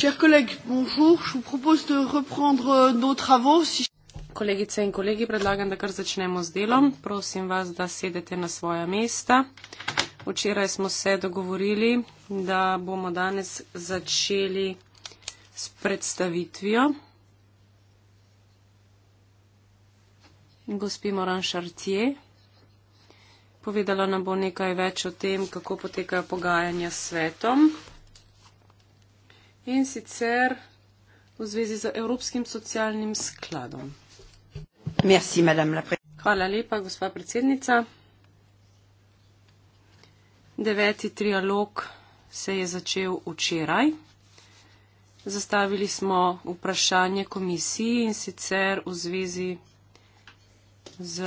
Chers collègues, bonjour. Je vous propose de reprendre euh, nos travaux. Si... Kolegice in kolegi, predlagam, da kar začnemo z delom. Prosim vas, da sedete na svoja mesta. Včeraj smo se dogovorili, da bomo danes začeli s predstavitvijo. Gospi Moran Šartje, povedala nam bo nekaj več o tem, kako potekajo pogajanja s svetom in sicer v zvezi z Evropskim socialnim skladom. Merci, Hvala lepa, gospa predsednica. Deveti trialog se je začel včeraj. Zastavili smo vprašanje komisiji in sicer v zvezi z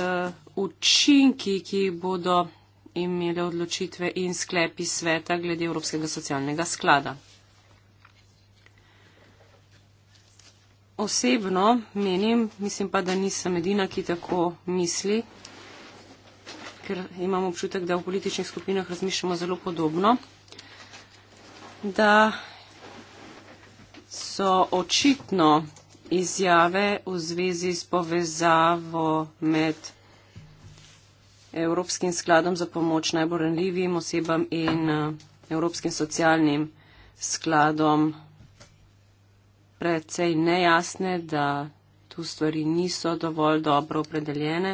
učinki, ki bodo imele odločitve in sklepi sveta glede Evropskega socialnega sklada. osebno menim, mislim pa, da nisem edina, ki tako misli, ker imam občutek, da v političnih skupinah razmišljamo zelo podobno, da so očitno izjave v zvezi s povezavo med Evropskim skladom za pomoč najbolj ranljivim osebam in eh, Evropskim socialnim skladom precej nejasne, da tu stvari niso dovolj dobro opredeljene,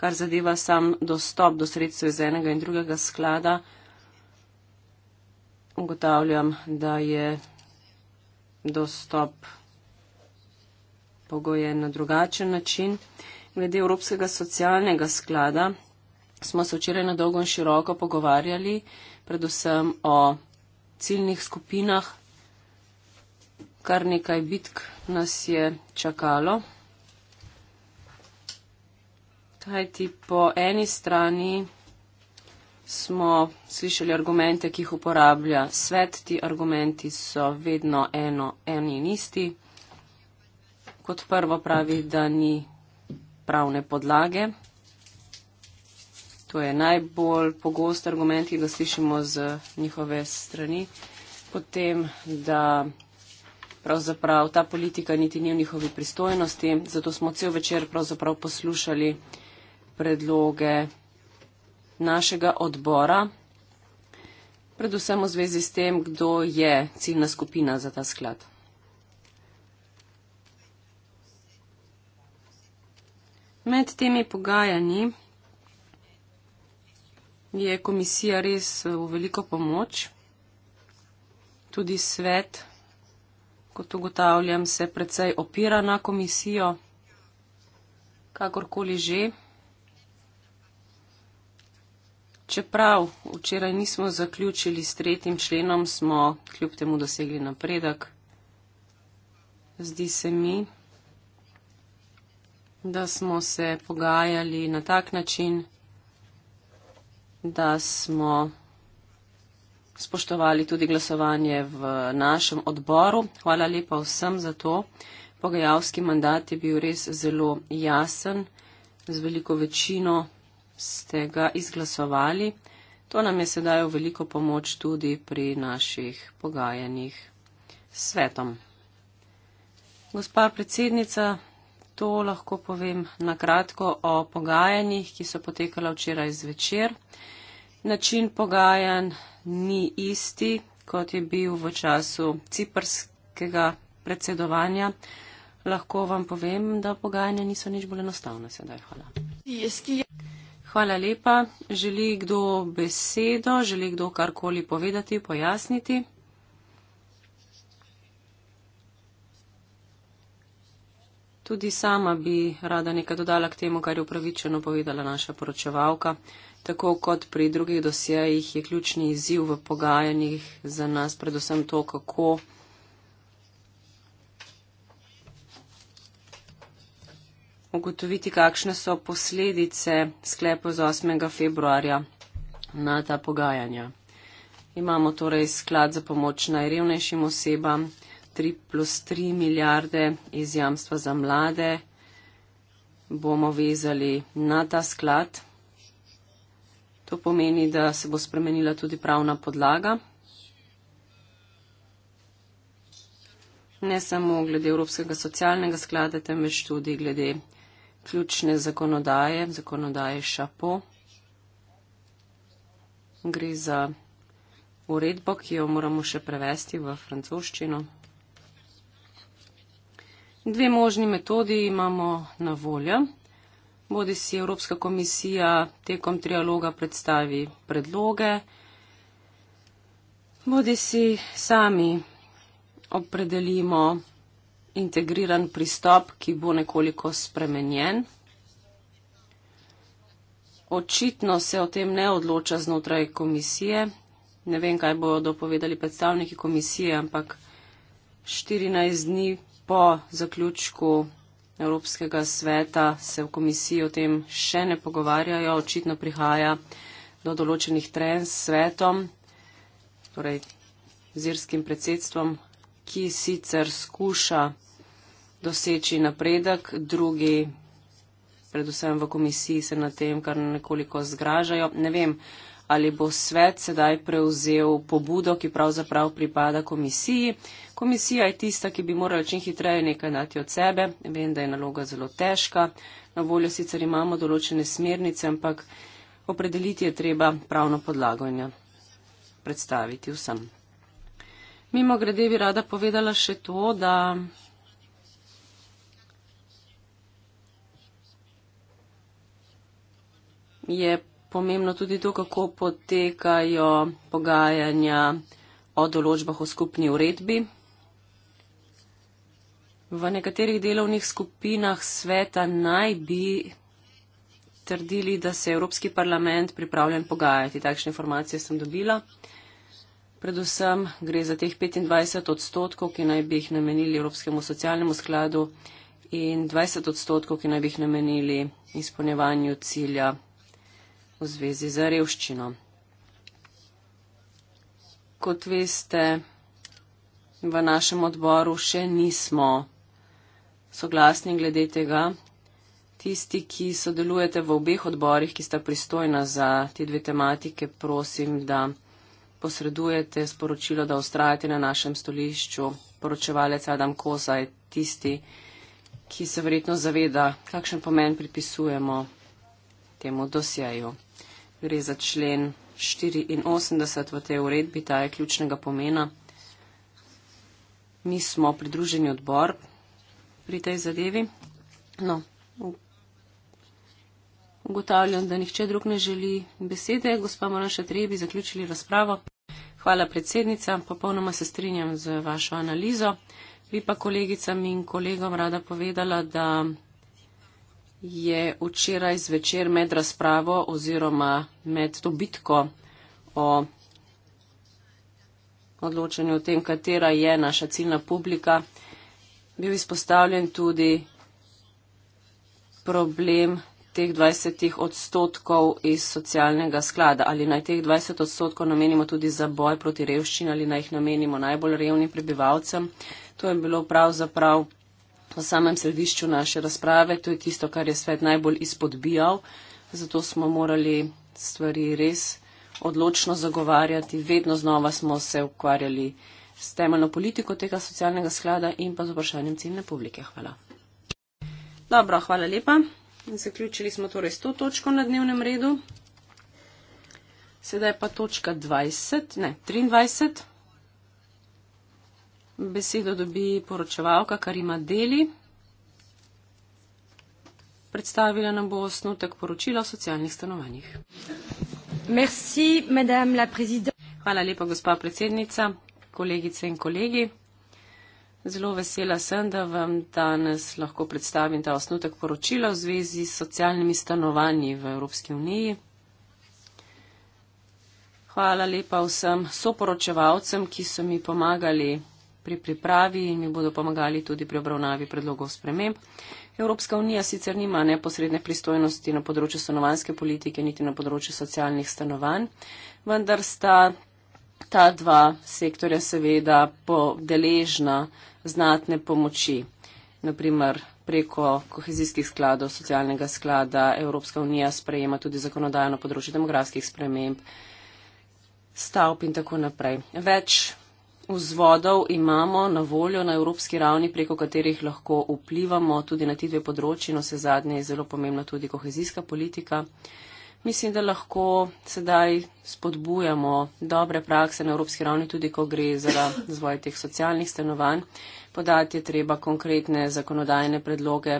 kar zadeva sam dostop do sredstva iz enega in drugega sklada. Ugotavljam, da je dostop pogojen na drugačen način. Glede Evropskega socialnega sklada smo se včeraj na dolgo in široko pogovarjali, predvsem o ciljnih skupinah, kar nekaj bitk nas je čakalo. Kajti po eni strani smo slišali argumente, ki jih uporablja svet, ti argumenti so vedno eno, eni in isti. Kot prvo pravi, da ni pravne podlage. To je najbolj pogost argument, ki ga slišimo z njihove strani. Potem, da pravzaprav ta politika niti ni v njihovi pristojnosti, zato smo cel večer pravzaprav poslušali predloge našega odbora, predvsem v zvezi s tem, kdo je ciljna skupina za ta sklad. Med temi pogajanji je komisija res v veliko pomoč, tudi svet kot ugotavljam, se precej opira na komisijo, kakorkoli že. Čeprav včeraj nismo zaključili s tretjim členom, smo kljub temu dosegli napredek. Zdi se mi, da smo se pogajali na tak način, da smo spoštovali tudi glasovanje v našem odboru. Hvala lepa vsem za to. Pogajalski mandat je bil res zelo jasen, z veliko večino ste ga izglasovali. To nam je sedaj v veliko pomoč tudi pri naših pogajanjih s svetom. Gospa predsednica, to lahko povem na kratko o pogajanjih, ki so potekala včeraj zvečer. Način pogajan ni isti, kot je bil v času ciprskega predsedovanja. Lahko vam povem, da pogajanja niso nič bolj enostavna sedaj. Hvala. Hvala lepa. Želi kdo besedo, želi kdo karkoli povedati, pojasniti? Tudi sama bi rada nekaj dodala k temu, kar je upravičeno povedala naša poročevalka tako kot pri drugih dosjejih, je ključni izziv v pogajanjih za nas predvsem to, kako ugotoviti, kakšne so posledice sklepov z 8. februarja na ta pogajanja. Imamo torej sklad za pomoč najrevnejšim osebam, 3 plus 3 milijarde iz jamstva za mlade bomo vezali na ta sklad. To pomeni, da se bo spremenila tudi pravna podlaga. Ne samo glede Evropskega socialnega sklada, temveč tudi glede ključne zakonodaje, zakonodaje ŠAPO. Gre za uredbo, ki jo moramo še prevesti v francoščino. Dve možni metodi imamo na voljo bodi si Evropska komisija tekom trialoga predstavi predloge, bodi si sami opredelimo integriran pristop, ki bo nekoliko spremenjen. Očitno se o tem ne odloča znotraj komisije. Ne vem, kaj bodo povedali predstavniki komisije, ampak 14 dni po zaključku Evropskega sveta se v komisiji o tem še ne pogovarjajo, očitno prihaja do določenih trenj s svetom, torej z irskim predsedstvom, ki sicer skuša doseči napredek, drugi, predvsem v komisiji, se na tem kar nekoliko zgražajo. Ne vem, ali bo svet sedaj prevzel pobudo, ki pravzaprav pripada komisiji. Komisija je tista, ki bi morala čim hitreje nekaj dati od sebe. Vem, da je naloga zelo težka. Na voljo sicer imamo določene smernice, ampak opredeliti je treba pravno podlago in jo predstaviti vsem. Mimo grede bi rada povedala še to, da. je pomembno tudi to, kako potekajo pogajanja o določbah o skupni uredbi. V nekaterih delovnih skupinah sveta naj bi trdili, da se je Evropski parlament pripravljen pogajati. Takšne informacije sem dobila. Predvsem gre za teh 25 odstotkov, ki naj bi jih namenili Evropskemu socialnemu skladu in 20 odstotkov, ki naj bi jih namenili izpolnjevanju cilja v zvezi z revščino. Kot veste, v našem odboru še nismo soglasni glede tega. Tisti, ki sodelujete v obeh odborih, ki sta pristojna za te dve tematike, prosim, da posredujete sporočilo, da ustrajate na našem stolišču. Poročevalec Adam Koza je tisti, ki se verjetno zaveda, kakšen pomen pripisujemo temu dosjeju gre za člen 84 v tej uredbi, ta je ključnega pomena. Mi smo pridruženi odbor pri tej zadevi. No, ugotavljam, da nihče drug ne želi besede. Gospa Moraša Trebi, zaključili razpravo. Hvala predsednica, popolnoma se strinjam z vašo analizo. Bi pa kolegicam in kolegom rada povedala, da je včeraj zvečer med razpravo oziroma med to bitko o odločanju o tem, katera je naša ciljna publika, bil izpostavljen tudi problem teh 20 odstotkov iz socialnega sklada. Ali naj teh 20 odstotkov namenimo tudi za boj proti revščini ali naj jih namenimo najbolj revnim prebivalcem. To je bilo pravzaprav v samem središču naše razprave. To je tisto, kar je svet najbolj izpodbijal. Zato smo morali stvari res odločno zagovarjati. Vedno znova smo se ukvarjali s temeljno politiko tega socialnega sklada in pa z vprašanjem ciljne publike. Hvala. Dobro, hvala lepa. Zaključili smo torej s to točko na dnevnem redu. Sedaj pa točka 20, ne, 23. Besedo dobi poročevalka Karima Deli. Predstavila nam bo osnutek poročila o socialnih stanovanjih. Merci, Hvala lepa, gospa predsednica, kolegice in kolegi. Zelo vesela sem, da vam danes lahko predstavim ta osnutek poročila v zvezi s socialnimi stanovanji v Evropski uniji. Hvala lepa vsem soporočevalcem, ki so mi pomagali pri pripravi in mi bodo pomagali tudi pri obravnavi predlogov sprememb. Evropska unija sicer nima neposredne pristojnosti na področju stanovanske politike, niti na področju socialnih stanovanj, vendar sta ta dva sektorja seveda podeležna znatne pomoči. Naprimer, preko kohezijskih skladov, socialnega sklada Evropska unija sprejema tudi zakonodajno področje demografskih sprememb, stavb in tako naprej. Več vzvodov imamo na voljo na evropski ravni, preko katerih lahko vplivamo tudi na ti dve področji, no se zadnje je zelo pomembna tudi kohezijska politika. Mislim, da lahko sedaj spodbujamo dobre prakse na evropski ravni, tudi ko gre za razvoj teh socialnih stanovanj. Podati je treba konkretne zakonodajne predloge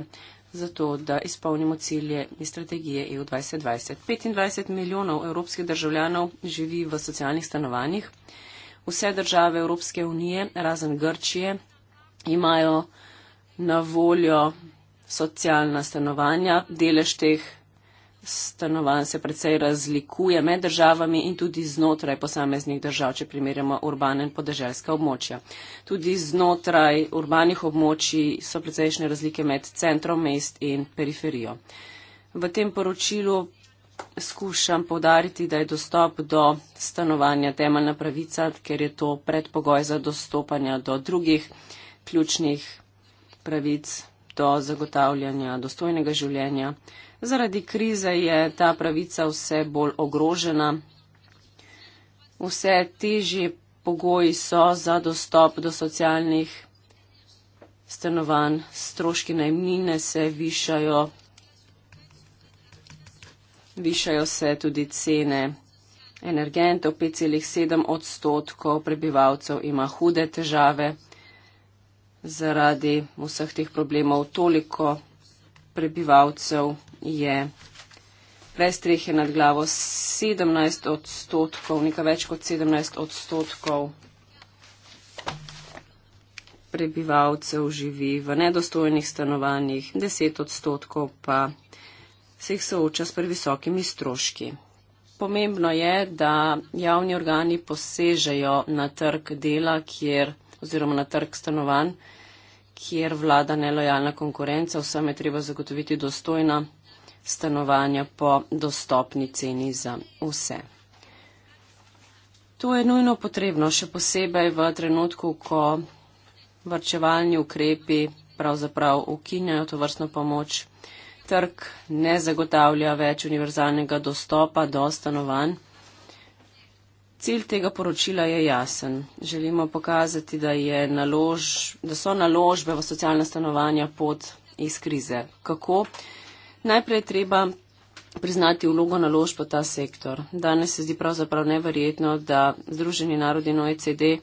za to, da izpolnimo cilje in strategije EU 2020. 25 milijonov evropskih državljanov živi v socialnih stanovanjih vse države Evropske unije, razen Grčije, imajo na voljo socialna stanovanja. Delež teh stanovanj se precej razlikuje med državami in tudi znotraj posameznih držav, če primerjamo urbane in podeželjska območja. Tudi znotraj urbanih območij so precejšnje razlike med centrom mest in periferijo. V tem poročilu skušam povdariti, da je dostop do stanovanja temeljna pravica, ker je to predpogoj za dostopanje do drugih ključnih pravic, do zagotavljanja dostojnega življenja. Zaradi krize je ta pravica vse bolj ogrožena. Vse težje pogoji so za dostop do socialnih stanovanj, stroški najmine se višajo, Višajo se tudi cene energentov, 5,7 odstotkov prebivalcev ima hude težave zaradi vseh teh problemov. Toliko prebivalcev je brez strehe nad glavo, 17 odstotkov, nekaj več kot 17 odstotkov prebivalcev živi v nedostojnih stanovanjih, 10 odstotkov pa se jih sooča s previsokimi stroški. Pomembno je, da javni organi posežejo na trg dela, kjer, oziroma na trg stanovanj, kjer vlada nelojalna konkurenca, vsem je treba zagotoviti dostojna stanovanja po dostopni ceni za vse. To je nujno potrebno, še posebej v trenutku, ko varčevalni ukrepi pravzaprav ukinjajo to vrstno pomoč trg ne zagotavlja več univerzalnega dostopa do stanovanj. Cilj tega poročila je jasen. Želimo pokazati, da, nalož, da so naložbe v socialna stanovanja pot iz krize. Kako? Najprej treba priznati vlogo naložb v ta sektor. Danes se zdi pravzaprav neverjetno, da Združeni narodi in OECD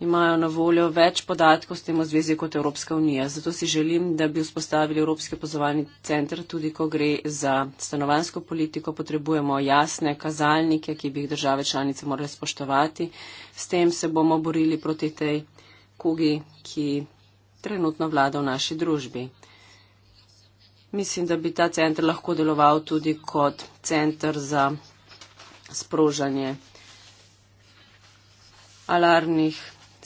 imajo na voljo več podatkov s tem v zvezi kot Evropska unija. Zato si želim, da bi vzpostavili Evropski opozovalni centr, tudi ko gre za stanovansko politiko, potrebujemo jasne kazalnike, ki bi jih države članice morale spoštovati. S tem se bomo borili proti tej kugi, ki trenutno vlada v naši družbi. Mislim, da bi ta centr lahko deloval tudi kot centr za sprožanje alarmnih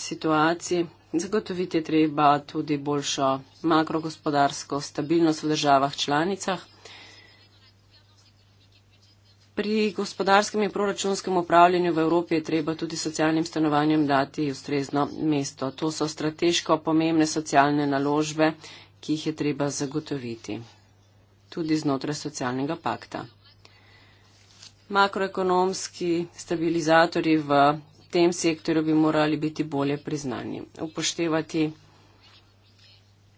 situaciji. Zagotoviti je treba tudi boljšo makrogospodarsko stabilnost v državah članicah. Pri gospodarskem in proračunskem upravljanju v Evropi je treba tudi socialnim stanovanjem dati ustrezno mesto. To so strateško pomembne socialne naložbe, ki jih je treba zagotoviti tudi znotraj socialnega pakta. Makroekonomski stabilizatorji v tem sektorju bi morali biti bolje priznani. Upoštevati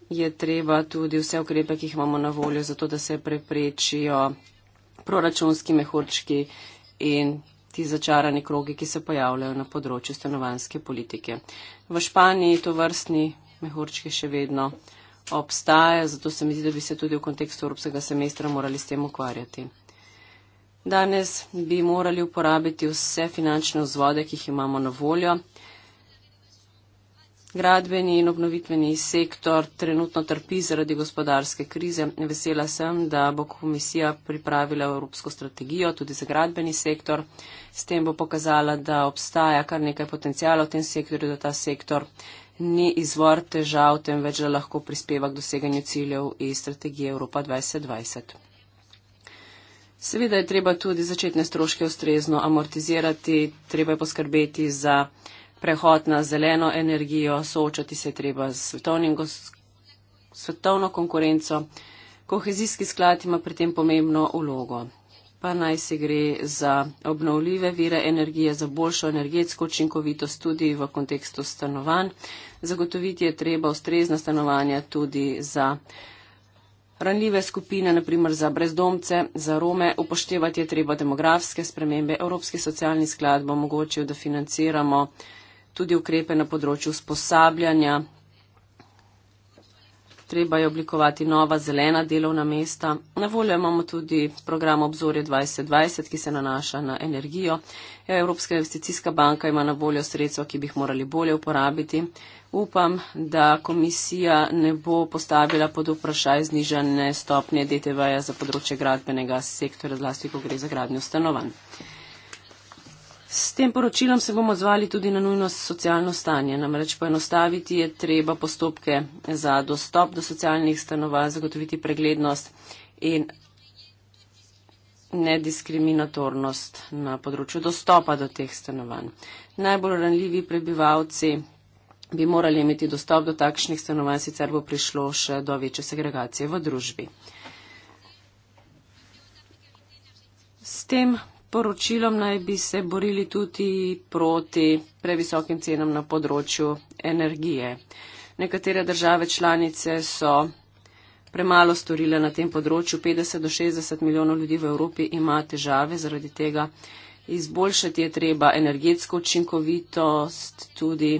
je treba tudi vse ukrepe, ki jih imamo na voljo, zato da se preprečijo proračunski mehurčki in ti začarani krogi, ki se pojavljajo na področju stanovanske politike. V Španiji to vrstni mehurčki še vedno obstaja, zato se mi zdi, da bi se tudi v kontekstu Evropskega semestra morali s tem ukvarjati. Danes bi morali uporabiti vse finančne vzvode, ki jih imamo na voljo. Gradbeni in obnovitveni sektor trenutno trpi zaradi gospodarske krize. Vesela sem, da bo komisija pripravila evropsko strategijo tudi za gradbeni sektor. S tem bo pokazala, da obstaja kar nekaj potencijala v tem sektorju, da ta sektor ni izvor težav, temveč da lahko prispeva k doseganju ciljev iz strategije Evropa 2020. Seveda je treba tudi začetne stroške ustrezno amortizirati, treba je poskrbeti za prehod na zeleno energijo, soočati se je treba z svetovno konkurenco. Kohezijski sklad ima pri tem pomembno ulogo. Pa naj se gre za obnovljive vire energije, za boljšo energetsko učinkovitost tudi v kontekstu stanovanj. Zagotoviti je treba ustrezna stanovanja tudi za ranljive skupine, naprimer za brezdomce, za Rome, upoštevati je treba demografske spremembe. Evropski socialni sklad bo omogočil, da financiramo tudi ukrepe na področju usposabljanja treba je oblikovati nova zelena delovna mesta. Na voljo imamo tudi program Obzorje 2020, ki se nanaša na energijo. Evropska investicijska banka ima na voljo sredstva, ki bi jih morali bolje uporabiti. Upam, da komisija ne bo postavila pod vprašaj znižane stopnje DTV-ja za področje gradbenega sektora, zlasti ko gre za gradnjo stanovanj. S tem poročilom se bomo odzvali tudi na nujnost socialno stanje. Namreč poenostaviti je treba postopke za dostop do socialnih stanovanj, zagotoviti preglednost in nediskriminatornost na področju dostopa do teh stanovanj. Najbolj ranljivi prebivalci bi morali imeti dostop do takšnih stanovanj, sicer bo prišlo še do večje segregacije v družbi. S tem poročilom naj bi se borili tudi proti previsokim cenam na področju energije. Nekatere države članice so premalo storile na tem področju. 50 do 60 milijonov ljudi v Evropi ima težave zaradi tega. Izboljšati je treba energetsko učinkovitost, tudi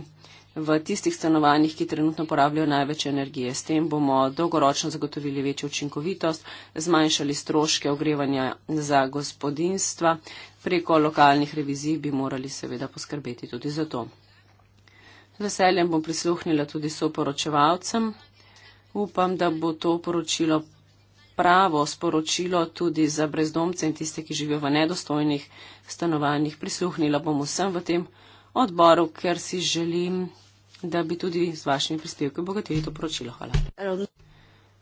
v tistih stanovanjih, ki trenutno porabljajo največ energije. S tem bomo dolgoročno zagotovili večjo učinkovitost, zmanjšali stroške ogrevanja za gospodinstva. Preko lokalnih revizij bi morali seveda poskrbeti tudi za to. Z veseljem bom prisluhnila tudi soporočevalcem. Upam, da bo to poročilo pravo sporočilo tudi za brezdomce in tiste, ki živijo v nedostojnih stanovanjih. Prisluhnila bom vsem v tem odboru, ker si želim da bi tudi z vašimi prispevki obogatili to poročilo. Hvala.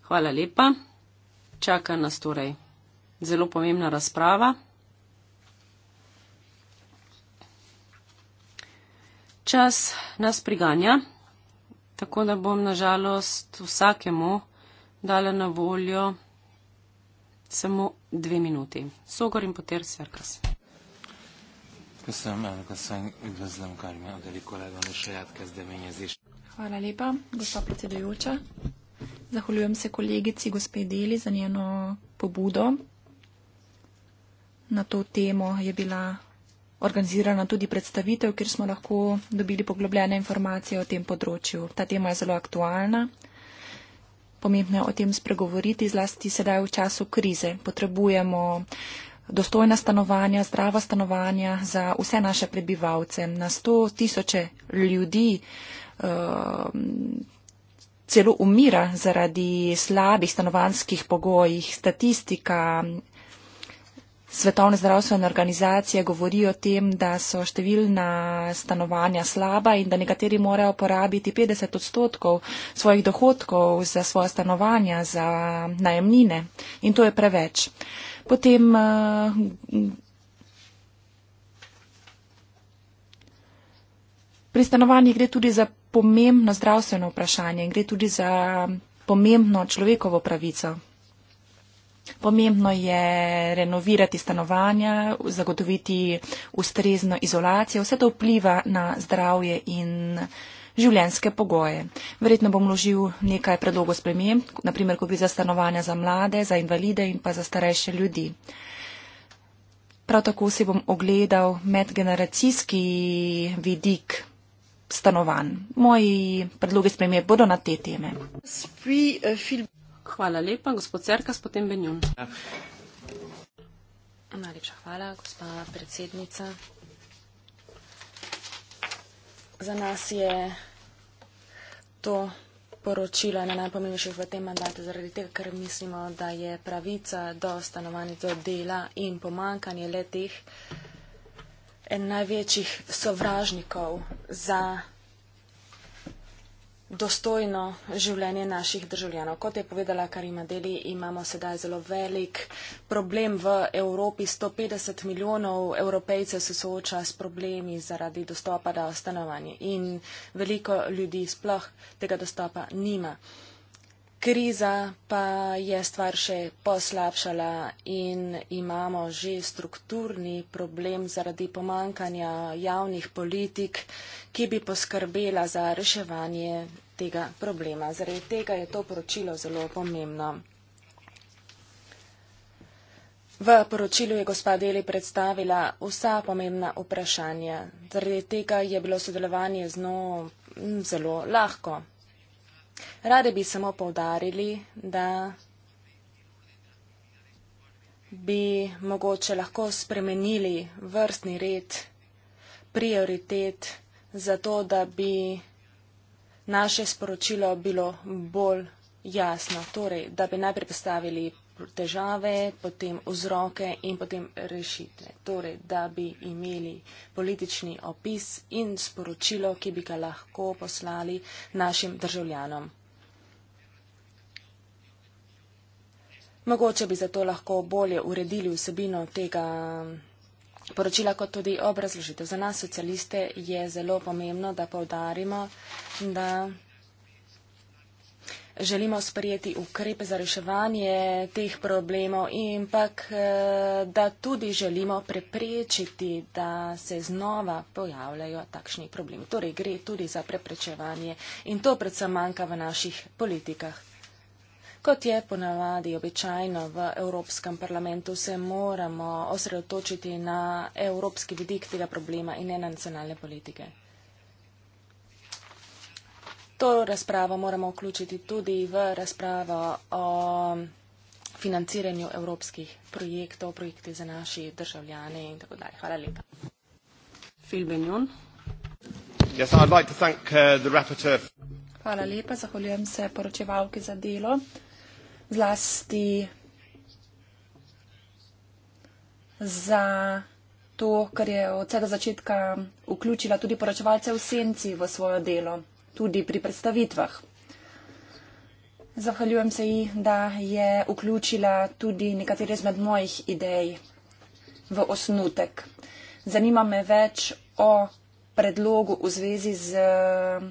Hvala lepa. Čaka nas torej zelo pomembna razprava. Čas nas priganja, tako da bom nažalost vsakemu dala na voljo samo dve minuti. Sogor in poter, srkas. Köszönöm, elnök asszony, üdvözlöm Karim Adeli kolléganő saját kezdeményezést. Hvala lepa, gospa predsedujoča. Zahvaljujem se kolegici gospe Deli za njeno pobudo. Na to temo je bila organizirana tudi predstavitev, kjer smo lahko dobili poglobljene informacije o tem področju. Ta tema je zelo aktualna. Pomembno je o tem spregovoriti, zlasti sedaj v času krize. Potrebujemo uh, dostojna stanovanja, zdrava stanovanja za vse naše prebivalce, na sto tisoče ljudi. Uh, celo umira zaradi slabih stanovanskih pogojih. Statistika Svetovne zdravstvene organizacije govori o tem, da so številna stanovanja slaba in da nekateri morajo porabiti 50 odstotkov svojih dohodkov za svoje stanovanja, za najemnine. In to je preveč. Uh, Potem eh, pri stanovanjih gre tudi za pomembno zdravstveno vprašanje, gre tudi za pomembno človekovo pravico. Pomembno je renovirati stanovanja, zagotoviti ustrezno izolacijo. Vse to vpliva na zdravje in življenske pogoje. Verjetno bom vložil nekaj predlogov spremem, naprimer, ko bi za stanovanja za mlade, za invalide in pa za starejše ljudi. Prav tako si bom ogledal medgeneracijski vidik stanovanj. Moji predlogi spremije bodo na te teme. Hvala lepa, gospod Cerkas, potem Benjum. Najlepša hvala, gospa predsednica za nas je to poročilo ena najpomembnejših v tem mandatu, zaradi tega, ker mislimo, da je pravica do stanovanja, do dela in pomankanje letih en največjih sovražnikov za dostojno življenje naših državljanov. Kot je povedala Karima Deli, imamo sedaj zelo velik problem v Evropi. 150 milijonov evropejcev se sooča s problemi zaradi dostopa do stanovanja in veliko ljudi sploh tega dostopa nima kriza pa je stvar še poslabšala in imamo že strukturni problem zaradi pomankanja javnih politik, ki bi poskrbela za reševanje tega problema. Zaradi tega je to poročilo zelo pomembno. V poročilu je gospa Deli predstavila vsa pomembna vprašanja. Zaradi tega je bilo sodelovanje z njo zelo lahko. Rade bi samo povdarili, da bi mogoče lahko spremenili vrstni red, prioritet, zato da bi naše sporočilo bilo bolj jasno. Torej, da bi najprej postavili težave, potem vzroke in potem rešitve. Torej, da bi imeli politični opis in sporočilo, ki bi ga lahko poslali našim državljanom. Mogoče bi zato lahko bolje uredili vsebino tega poročila kot tudi obrazložitev. Za nas socialiste je zelo pomembno, da povdarimo, da želimo sprejeti ukrepe za reševanje teh problemov in pak, eh, da tudi želimo preprečiti, da se znova pojavljajo takšni problemi. Torej gre tudi za preprečevanje in to predvsem manjka v naših politikah. Kot je ponavadi običajno v Evropskem parlamentu, se moramo osredotočiti na evropski vidik tega problema in ne na nacionalne politike to razpravo moramo vključiti tudi v razpravo o financiranju evropskih projektov, projekti za naši državljane in tako dalje. Hvala lepa. Phil Benjon. Yes, I'd like to thank uh, the rapporteur. Hvala lepa, zahvaljujem se poročevalki za delo, zlasti za to, kar je od vsega začetka vključila tudi poročevalce v senci v svojo delo tudi pri predstavitvah. Zahvaljujem se ji, da je vključila tudi nekatere izmed mojih idej v osnutek. Zanima me več o predlogu v zvezi z eh,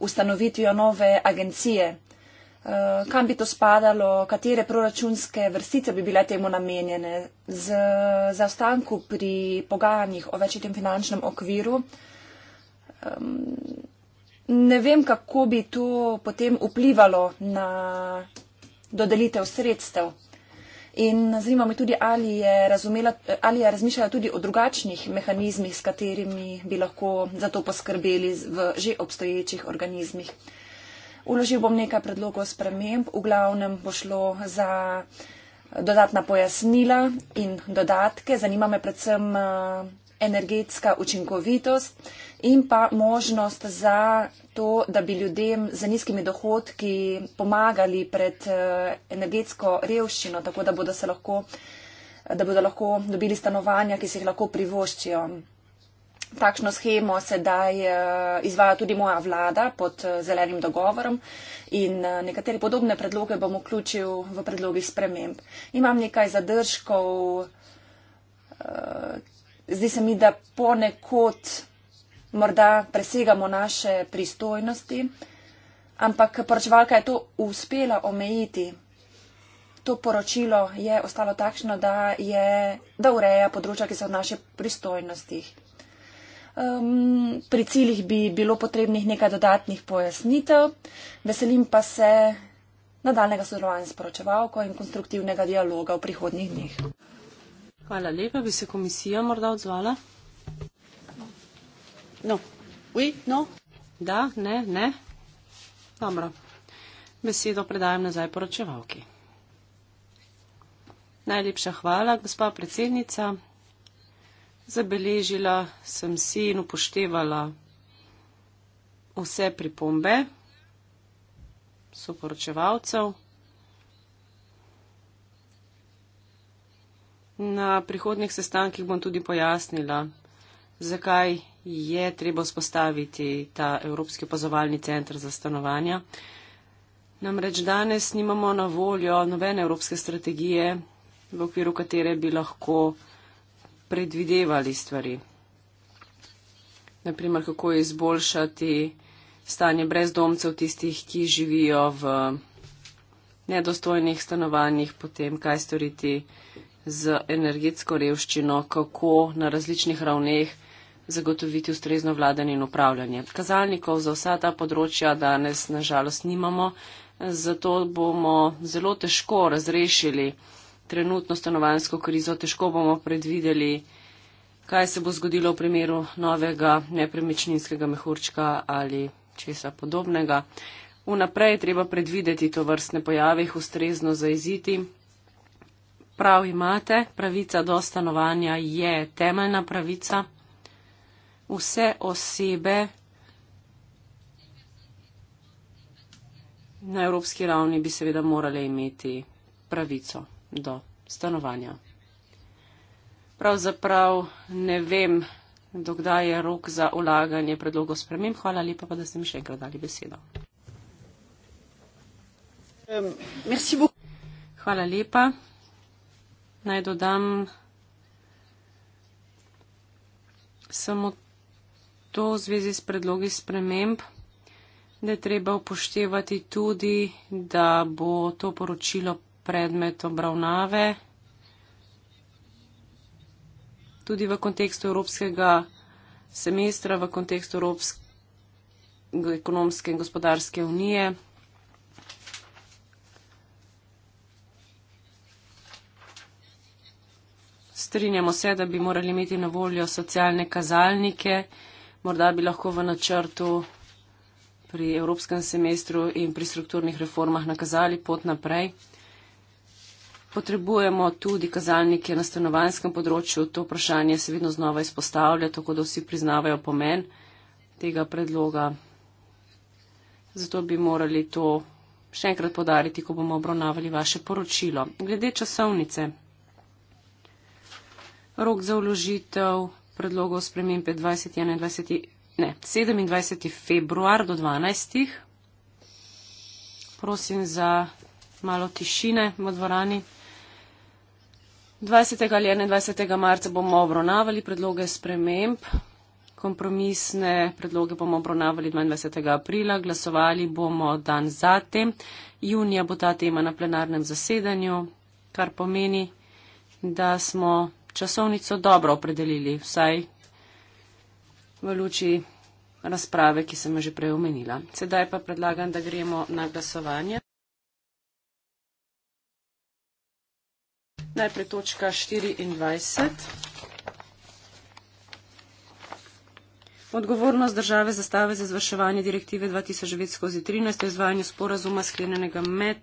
ustanovitvijo nove agencije. Eh, kam bi to spadalo, katere proračunske vrstice bi bile temu namenjene? Z zaostanku pri pogajanjih o večjem finančnem okviru ehm, ne vem, kako bi to potem vplivalo na dodelitev sredstev. In zanima me tudi, ali je, razumela, ali je razmišljala tudi o drugačnih mehanizmih, s katerimi bi lahko za to poskrbeli v že obstoječih organizmih. Uložil bom nekaj predlogov sprememb, v glavnem bo šlo za eh, dodatna pojasnila in dodatke. Zanima me predvsem eh, energetska učinkovitost in pa možnost za to, da bi ljudem z nizkimi dohodki pomagali pred eh, energetsko revščino, tako da bodo, lahko, da bodo lahko dobili stanovanja, ki si jih lahko privoščijo. Takšno schemo sedaj eh, izvaja tudi moja vlada pod eh, zelenim dogovorom in nekatere podobne predloge bom vključil v predlogih sprememb. Imam nekaj zadržkov. Zdi se mi, da ponekod morda presegamo naše pristojnosti, ampak poročevalka je to uspela omejiti. To poročilo je ostalo takšno, da, je, da ureja področja, ki so v naših pristojnostih. Um, pri ciljih bi bilo potrebnih nekaj dodatnih pojasnitev, veselim pa se nadaljnega sodelovanja s poročevalko in konstruktivnega dialoga v prihodnjih dneh. Hvala lepa, bi se komisija morda odzvala? No. Oui, no. Da, ne, ne. Dobro. Besedo predajam nazaj poročevalki. Najlepša hvala, gospa predsednica. Zabeležila sem si in upoštevala vse pripombe soporočevalcev na prihodnih sestankih bom tudi pojasnila zakaj je treba spostaviti ta Evropski opazovalni centr za stanovanja. Namreč danes nimamo na voljo nobene evropske strategije, v okviru katere bi lahko predvidevali stvari. Naprimer, kako izboljšati stanje brezdomcev tistih, ki živijo v nedostojnih stanovanjih, potem kaj storiti z energetsko revščino, kako na različnih ravneh zagotoviti ustrezno vladanje in upravljanje. Kazalnikov za vsa ta področja danes nažalost nimamo, zato bomo zelo težko razrešili trenutno stanovansko krizo, težko bomo predvideli, kaj se bo zgodilo v primeru novega nepremičninskega mehurčka ali česa podobnega. Vnaprej je treba predvideti to vrstne pojave, jih ustrezno zaiziti. Prav imate, pravica do stanovanja je temeljna pravica vse osebe na evropski ravni bi seveda morale imeti pravico do stanovanja. Pravzaprav ne vem, dokdaj je rok za ulaganje predlogov spremem. Hvala lepa, pa, da ste mi še enkrat dali besedo. Um, Hvala lepa. Naj dodam samo to to v zvezi s predlogi sprememb, da je treba upoštevati tudi, da bo to poročilo predmet obravnave tudi v kontekstu evropskega semestra, v kontekstu Evropske ekonomske in gospodarske unije. Strinjamo se, da bi morali imeti na voljo socialne kazalnike morda bi lahko v načrtu pri evropskem semestru in pri strukturnih reformah nakazali pot naprej. Potrebujemo tudi kazalnike na stanovanjskem področju. To vprašanje se vedno znova izpostavlja, tako da vsi priznavajo pomen tega predloga. Zato bi morali to še enkrat podariti, ko bomo obravnavali vaše poročilo. Glede časovnice. Rok za vložitev predlogov spremembe 20, 21, ne, 27. februar do 12. Prosim za malo tišine v dvorani. 20. ali 21. marca bomo obravnavali predloge sprememb, kompromisne predloge bomo obravnavali 22. aprila, glasovali bomo dan zatem. Junija bo ta tema na plenarnem zasedanju, kar pomeni, da smo časovnico dobro opredelili, vsaj v luči razprave, ki sem jo že prej omenila. Sedaj pa predlagam, da gremo na glasovanje. Najprej točka 24. Odgovornost države zastave za izvrševanje direktive 2009-13 o izvajanju sporazuma sklenjenega med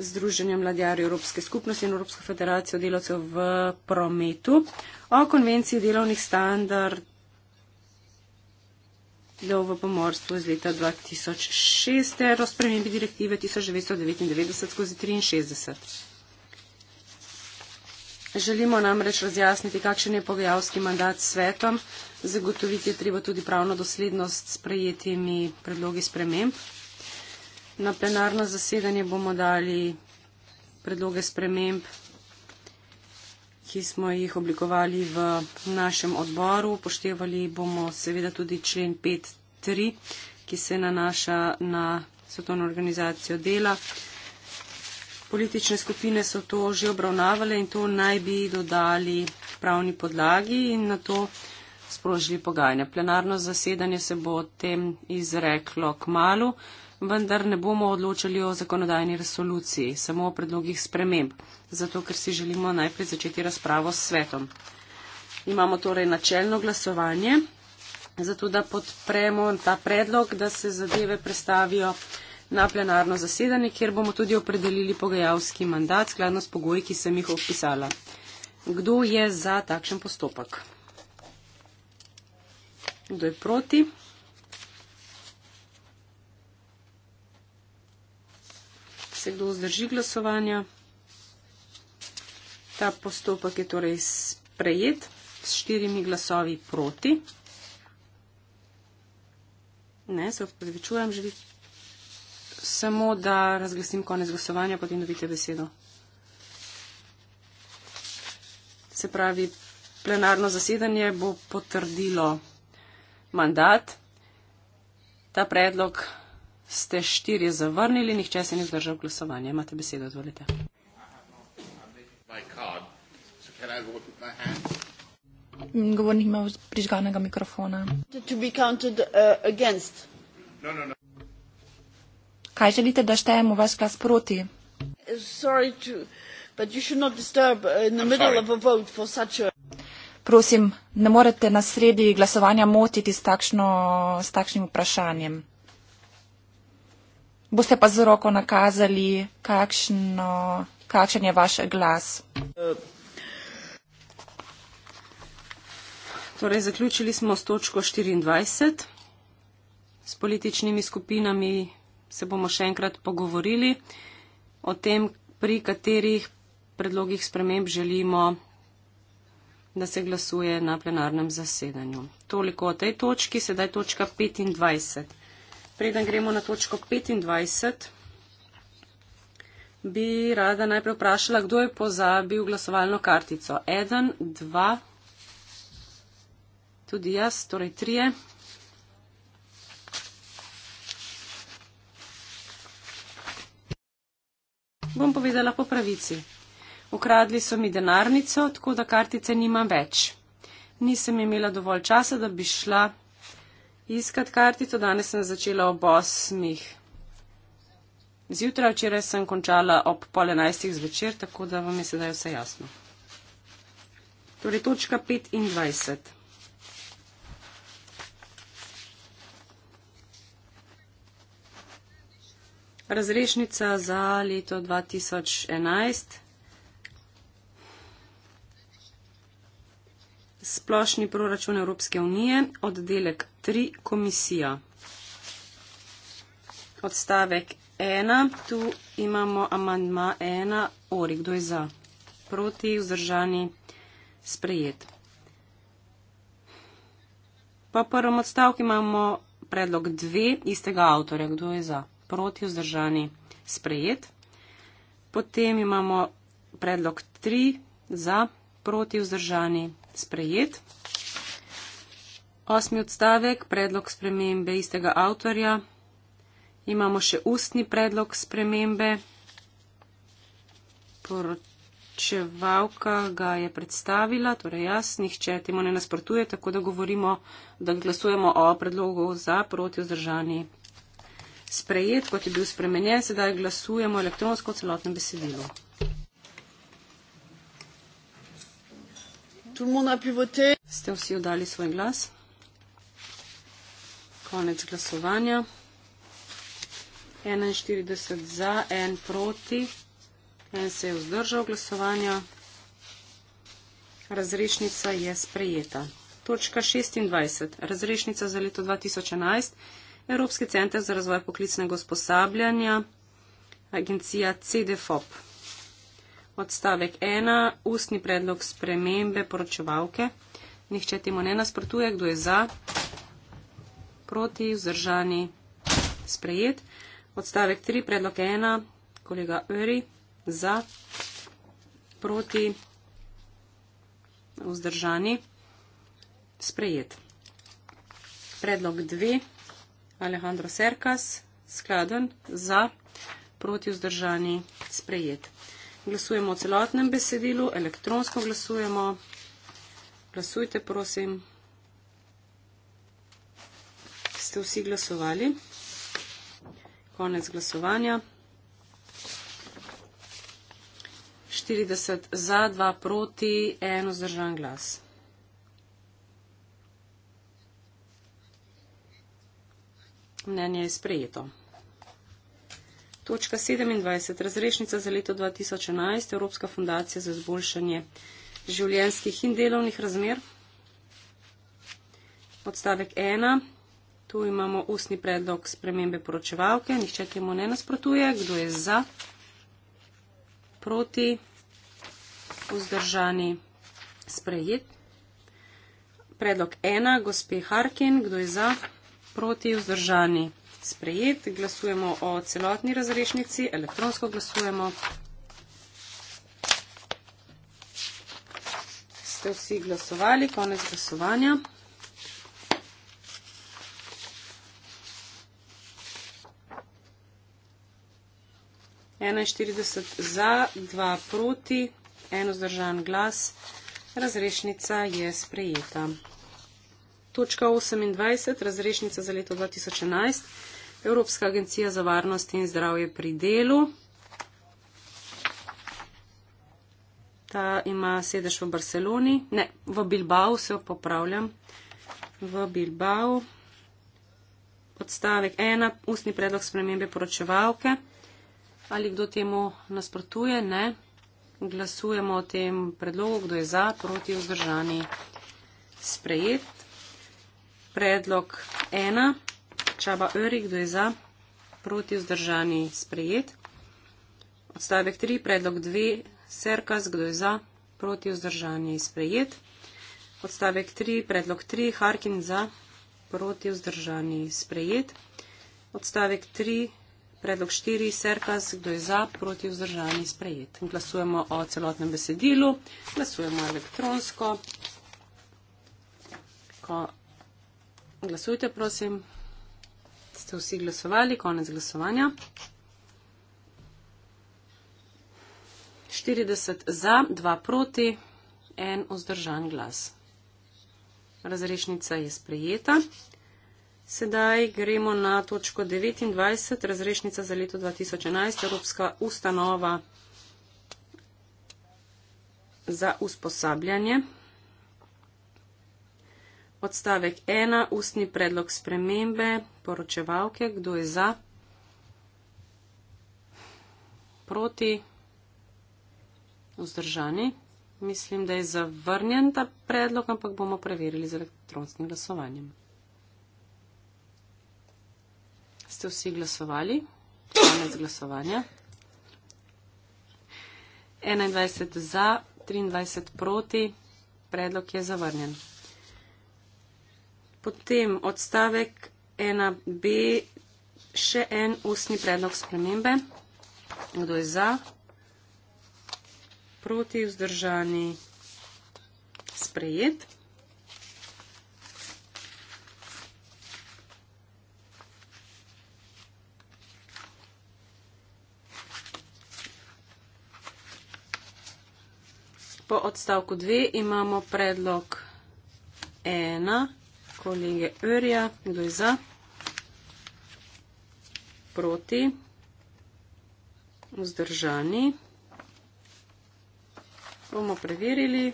Združenja mladjarjev Evropske skupnosti in Evropske federacije delavcev v prometu o konvenciji delovnih standardov v pomorstvu iz leta 2006 ter o spremembi direktive 1999 skozi 63. Želimo namreč razjasniti, kakšen je pogajalski mandat svetom, zagotoviti je treba tudi pravno doslednost sprejetimi predlogi sprememb. Na plenarno zasedanje bomo dali predloge sprememb, ki smo jih oblikovali v našem odboru. Poštevali bomo seveda tudi člen 5.3, ki se nanaša na svetovno organizacijo dela. Politične skupine so to že obravnavale in to naj bi dodali pravni podlagi in na to sprožili pogajanja. Plenarno zasedanje se bo o tem izreklo k malu vendar ne bomo odločali o zakonodajni resoluciji, samo o predlogih sprememb, zato ker si želimo najprej začeti razpravo s svetom. Imamo torej načelno glasovanje, zato da podpremo ta predlog, da se zadeve predstavijo na plenarno zasedanje, kjer bomo tudi opredelili pogajalski mandat skladno s pogoji, ki sem jih opisala. Kdo je za takšen postopek? Kdo je proti? se kdo zdrži glasovanja. Ta postopek je torej sprejet s štirimi glasovi proti. Ne, se upravičujem, želim samo, da razglasim konec glasovanja, potem dobite besedo. Se pravi, plenarno zasedanje bo potrdilo mandat. Ta predlog ste štiri zavrnili, nihče se ni zdržal glasovanja. Imate besedo, izvolite. Govornik ima prižganega mikrofona. Counted, uh, no, no, no. Kaj želite, da štejemo vaš glas proti? Uh, to, disturb, uh, a... Prosim, ne morete na sredi glasovanja motiti s, takšno, s takšnim vprašanjem. Boste pa z roko nakazali, kakšno, kakšen je vaš glas. Torej, zaključili smo s točko 24. S političnimi skupinami se bomo še enkrat pogovorili o tem, pri katerih predlogih sprememb želimo, da se glasuje na plenarnem zasedanju. Toliko o tej točki, sedaj točka 25. Preden gremo na točko 25, bi rada najprej vprašala, kdo je pozabil glasovalno kartico. Eden, dva, tudi jaz, torej trije. Bom povedala po pravici. Ukradli so mi denarnico, tako da kartice nimam več. Nisem imela dovolj časa, da bi šla iskat kartico. Danes sem začela ob osmih. Zjutraj včeraj sem končala ob pol enajstih zvečer, tako da vam je sedaj vse jasno. Torej, točka 25. Razrešnica za leto 2011. Splošni proračun Evropske unije, oddelek 3, komisija. Odstavek 1, tu imamo amandma 1, ori, kdo je za, proti, vzdržani, sprejet. Po prvem odstavku imamo predlog 2, istega avtorja, kdo je za, proti, vzdržani, sprejet. Potem imamo predlog 3, za, proti proti vzdržani sprejet. Osmi odstavek, predlog spremembe istega avtorja. Imamo še ustni predlog spremembe. Poročevalka ga je predstavila, torej jaz, nihče temu ne nasprotuje, tako da govorimo, da glasujemo o predlogu za proti vzdržani sprejet, kot je bil spremenjen, sedaj glasujemo elektronsko celotnem besedilu. Tout le monde a pu voter. Ste vsi oddali svoj glas? Konec glasovanja. 41 za, 1 proti, 1 se je vzdržal glasovanja. Razrešnica je sprejeta. Točka 26. Razrešnica za leto 2011. Evropski center za razvoj poklicnega usposabljanja, agencija CDFOP odstavek 1, ustni predlog spremembe poročevalke. Nihče temu ne nasprotuje, kdo je za, proti, vzdržani, sprejet. Odstavek 3, predlog 1, kolega Öri, za, proti, vzdržani, sprejet. Predlog 2, Alejandro Serkas, skladen, za, proti, vzdržani, sprejet glasujemo o celotnem besedilu, elektronsko glasujemo. Glasujte, prosim. Ste vsi glasovali? Konec glasovanja. 40 za, 2 proti, 1 zdržan glas. Mnenje je sprejeto. Točka 27. Razrešnica za leto 2011. Evropska fundacija za zboljšanje življenjskih in delovnih razmer. Odstavek 1. Tu imamo ustni predlog spremembe poročevalke. Nihče temu ne nasprotuje. Kdo je za? Proti? Vzdržani? Sprejet. Predlog 1. Gospe Harkin. Kdo je za? Proti? Vzdržani? Sprejet sprejet. Glasujemo o celotni razrešnici, elektronsko glasujemo. Ste vsi glasovali, konec glasovanja. za, dva proti, eno zdržan glas, razrešnica je sprejeta. Točka 28, razrešnica za leto 2011. Evropska agencija za varnost in zdravje pri delu. Ta ima sedež v Barceloni, ne, v Bilbao, se popravljam. V Bilbao. Odstavek 1, ustni predlog spremembe poročevalke. Ali kdo temu nasprotuje? Ne. Glasujemo o tem predlogu, kdo je za, proti, vzdržani. Sprejet. Predlog 1. Čaba Örik, kdo je za, proti vzdržani sprejet. Odstavek 3, predlog 2, Serkas, kdo je za, proti vzdržani sprejet. Odstavek 3, predlog 3, Harkin za, proti vzdržani sprejet. Odstavek 3, predlog 4, Serkas, kdo je za, proti vzdržani sprejet. Glasujemo o celotnem besedilu, glasujemo elektronsko. Ko Glasujte, prosim ste vsi glasovali, konec glasovanja. 40 za, 2 proti, 1 vzdržan glas. Razrešnica je sprejeta. Sedaj gremo na točko 29, razrešnica za leto 2011, Evropska ustanova za usposabljanje. Odstavek 1, ustni predlog spremembe, poročevalke, kdo je za, proti, vzdržani. Mislim, da je zavrnjen ta predlog, ampak bomo preverili z elektronskim glasovanjem. Ste vsi glasovali? Konec glasovanja. 21 za, 23 proti, predlog je zavrnjen. Potem odstavek 1b, še en ustni predlog spremembe. Kdo je za? Proti vzdržani sprejet. Po odstavku 2 imamo predlog 1 kolege Örja. Kdo je za? Proti? Vzdržani? Bomo preverili.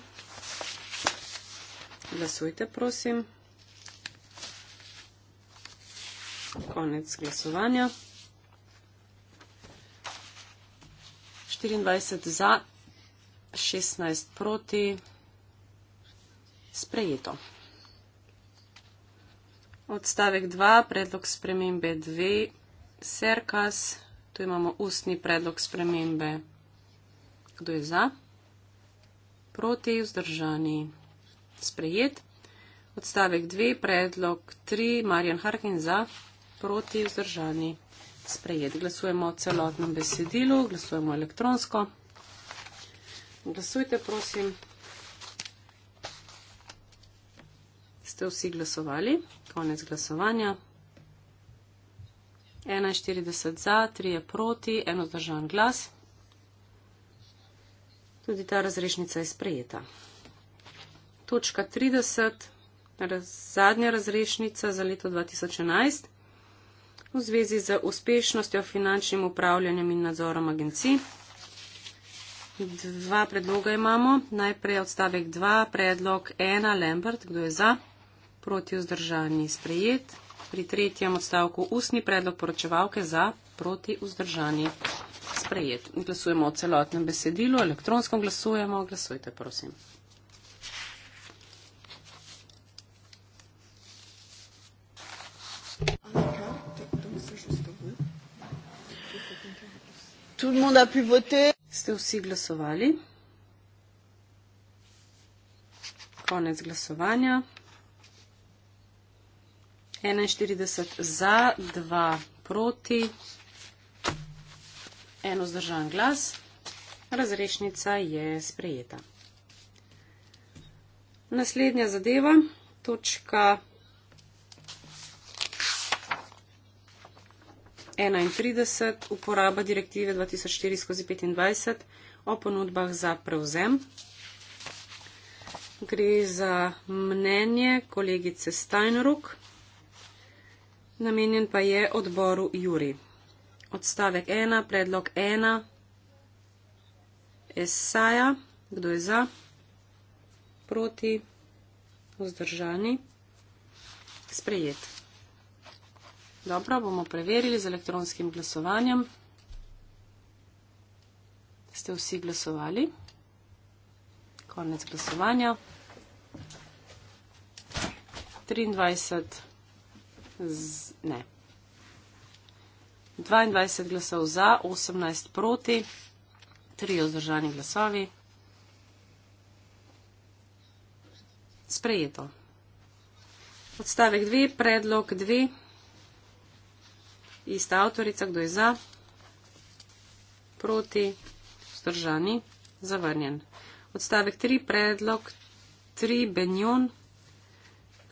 Glasujte, prosim. Konec glasovanja. 24 za, 16 proti. Sprejeto. Odstavek 2, predlog spremembe 2, serkas, tu imamo ustni predlog spremembe. Kdo je za? Proti, vzdržani, sprejet. Odstavek 2, predlog 3, Marjan Harkin za, proti, vzdržani, sprejet. Glasujemo o celotnem besedilu, glasujemo elektronsko. Glasujte, prosim. Ste vsi glasovali? konec glasovanja. 41 za, 3 je proti, eno zdržan glas. Tudi ta razrešnica je sprejeta. Točka 30, raz, zadnja razrešnica za leto 2011 v zvezi z uspešnostjo finančnim upravljanjem in nadzorom agencij. Dva predloga imamo. Najprej odstavek 2, predlog 1, Lambert, kdo je za? proti vzdržani sprejet. Pri tretjem odstavku ustni predlog poročevalke za proti vzdržani sprejet. Glasujemo o celotnem besedilu, elektronsko glasujemo. Glasujte, prosim. Ste vsi glasovali? Konec glasovanja. 41 za, 2 proti, 1 vzdržan glas. Razrešnica je sprejeta. Naslednja zadeva, točka 31, uporaba direktive 2004 skozi 25 o ponudbah za prevzem. Gre za mnenje kolegice Steinruck namenjen pa je odboru Juri. Odstavek 1, predlog 1, esaja, kdo je za, proti, vzdržani, sprejet. Dobro, bomo preverili z elektronskim glasovanjem. Ste vsi glasovali? Konec glasovanja. 23 z ne. 22 glasov za, 18 proti, 3 vzdržani glasovi. Sprejeto. Odstavek 2, predlog 2. Ista avtorica, kdo je za? Proti, vzdržani, zavrnjen. Odstavek 3, predlog 3, Benjon,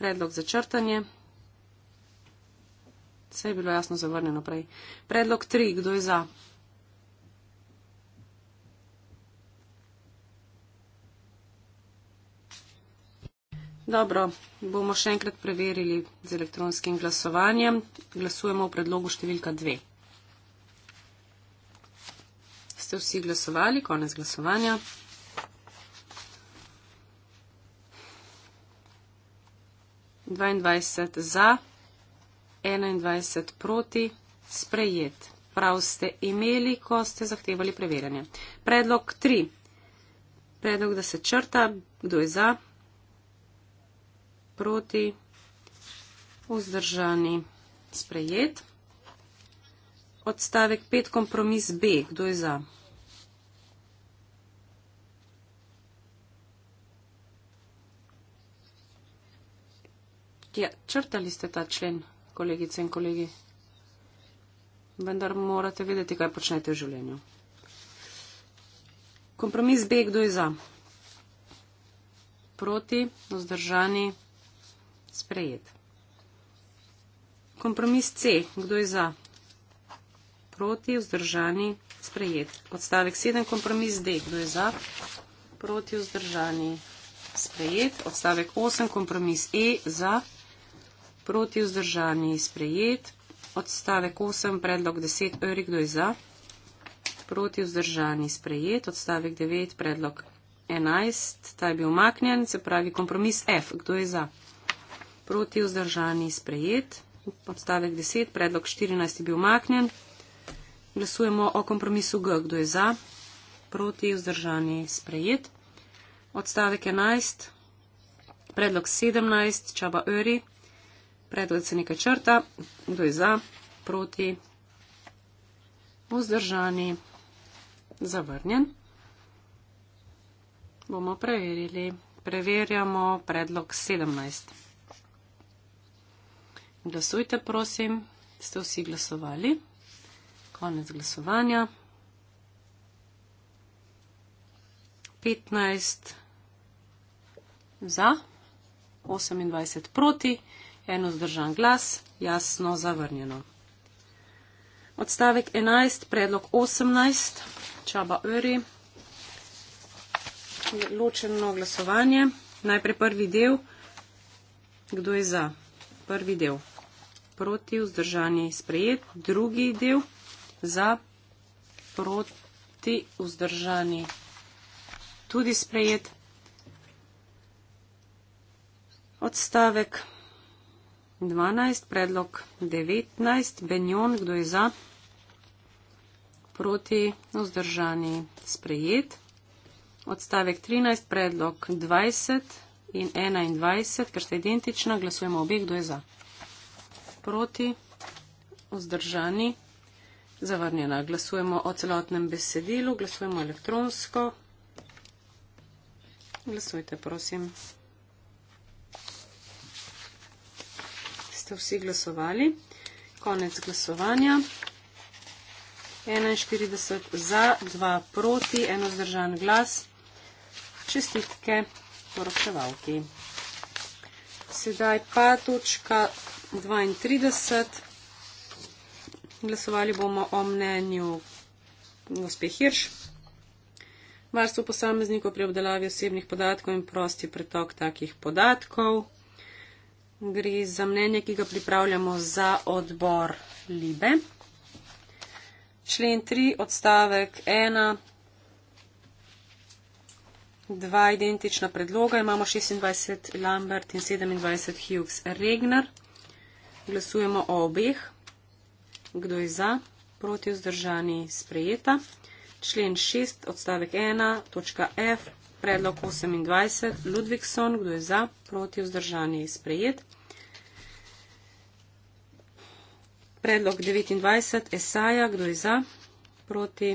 predlog za črtanje. Vse je bilo jasno zavrnjeno prej. Predlog 3. Kdo je za? Dobro, bomo še enkrat preverili z elektronskim glasovanjem. Glasujemo v predlogu številka 2. Ste vsi glasovali? Konec glasovanja. Dvaindvajset za. 21 proti sprejet. Prav ste imeli, ko ste zahtevali preverjanje. Predlog 3. Predlog, da se črta, kdo je za, proti, vzdržani, sprejet. Odstavek 5, kompromis B, kdo je za. Ja, črtali ste ta člen kolegice in kolegi. Vendar morate vedeti, kaj počnete v življenju. Kompromis B, kdo je za? Proti, vzdržani, sprejet. Kompromis C, kdo je za? Proti, vzdržani, sprejet. Odstavek 7, kompromis D, kdo je za? Proti, vzdržani, sprejet. Odstavek 8, kompromis E, za? proti vzdržani sprejet. Odstavek 8, predlog 10, ori kdo je za, proti vzdržani sprejet. Odstavek 9, predlog 11, ta je bil umaknjen, se pravi kompromis F, kdo je za, proti vzdržani sprejet. Odstavek 10, predlog 14 je bil umaknjen. Glasujemo o kompromisu G, kdo je za, proti vzdržani sprejet. Odstavek 11, predlog 17, čaba ori predlog se nekaj črta, kdo je za, proti, vzdržani, zavrnjen. Bomo preverili. Preverjamo predlog 17. Glasujte, prosim, ste vsi glasovali. Konec glasovanja. 15 za, 28 proti eno zdržan glas, jasno zavrnjeno. Odstavek 11, predlog 18, Čaba Öri, ločeno glasovanje. Najprej prvi del, kdo je za? Prvi del, proti vzdržanje sprejet, drugi del, za, proti vzdržanje tudi sprejet. Odstavek 12, predlog 19, Benjon, kdo je za, proti, vzdržani, sprejet. Odstavek 13, predlog 20 in 21, ker sta identična, glasujemo obe, kdo je za, proti, vzdržani, zavrnjena. Glasujemo o celotnem besedilu, glasujemo elektronsko. Glasujte, prosim. ste vsi glasovali. Konec glasovanja. 41 za, 2 proti, 1 zdržan glas. Čestitke poročevalki. Sedaj pa točka 32. Glasovali bomo o mnenju gospe Hirš. Varstvo posameznikov pri obdelavi osebnih podatkov in prosti pretok takih podatkov gre za mnenje, ki ga pripravljamo za odbor Libe. Člen 3, odstavek 1, dva identična predloga. Imamo 26 Lambert in 27 Hughes Regner. Glasujemo o obeh. Kdo je za? Proti vzdržani sprejeta. Člen 6, odstavek 1, točka F, predlog 28, Ludvikson, kdo je za, proti vzdržanje je sprejet. Predlog 29, Esaja, kdo je za, proti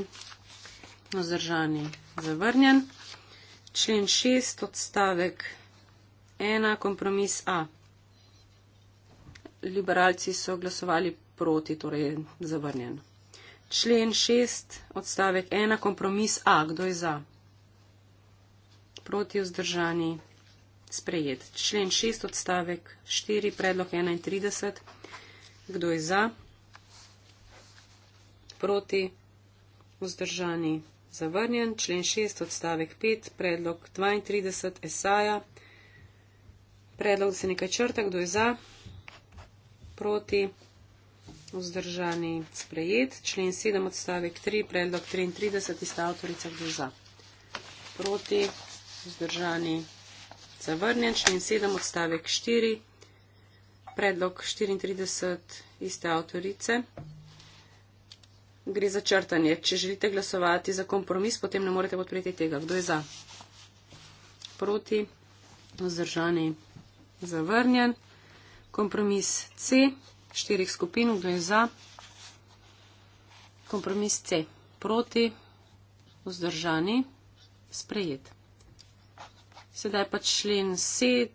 vzdržanje zavrnjen. Člen 6, odstavek 1, kompromis A. Liberalci so glasovali proti, torej zavrnjen. Člen 6, odstavek 1, kompromis A, kdo je za proti vzdržani. Sprejet. Člen 6 odstavek 4, predlog 31. Kdo je za? Proti. Vzdržani. Zavrnjen. Člen 6 odstavek 5, predlog 32. Esaja. Predlog se nekaj črta. Kdo je za? Proti. Vzdržani. Sprejet. Člen 7 odstavek 3, predlog 33. Ista avtorica. Kdo je za? Proti vzdržani zavrnjenčni in 7 odstavek 4, predlog 34 iste avtorice. Gre za črtanje. Če želite glasovati za kompromis, potem ne morete podpreti tega. Kdo je za? Proti, vzdržani, zavrnjen. Kompromis C, štirih skupin, kdo je za? Kompromis C, proti, vzdržani, sprejet. Sedaj pa člen 7,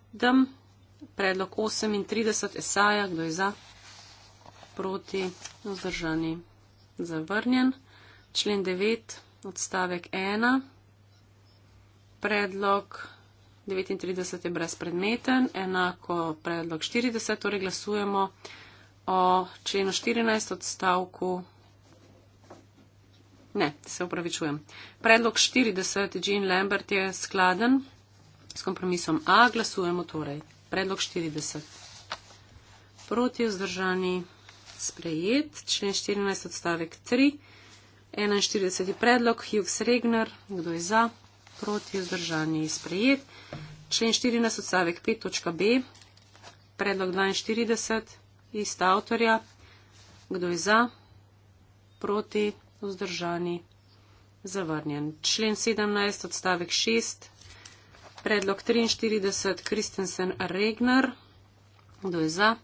predlog 38, esaja, kdo je za, proti, vzdržani, zavrnjen. Člen 9, odstavek 1, predlog 39 je brezpredmeten, enako predlog 40, torej glasujemo o členu 14 odstavku. Ne, se upravičujem. Predlog 40 Jean Lambert je skladen s kompromisom A glasujemo torej. Predlog 40. Proti vzdržani sprejet. Člen 14 odstavek 3. 41. predlog. Hughes Regner. Kdo je za? Proti vzdržani sprejet. Člen 14 odstavek 5.b. Predlog 42. Ista avtorja. Kdo je za? Proti vzdržani. Zavrnjen. Člen 17 odstavek 6 predlog 43, Kristensen Regner. Kdo je za?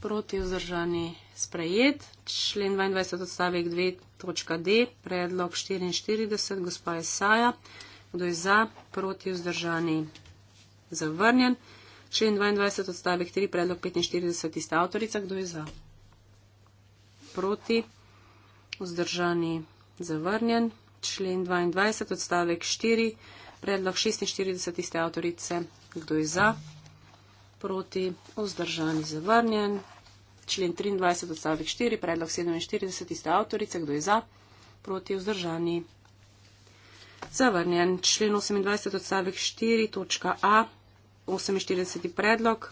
Proti vzdržani sprejet. Člen 22 odstavek 2 točka D, predlog 44, gospa Esaja. Kdo je za? Proti vzdržani zavrnjen. Člen 22 odstavek 3, predlog 45, tista avtorica. Kdo je za? Proti vzdržani zavrnjen. Člen 22 odstavek 4, Predlog 46 iste avtorice. Kdo je za? Proti? Ozdržan je zavrnjen. Člen 23 odstavek 4. Predlog 47 iste avtorice. Kdo je za? Proti? Ozdržan je zavrnjen. Člen 28 odstavek 4. Točka A. 48. predlog.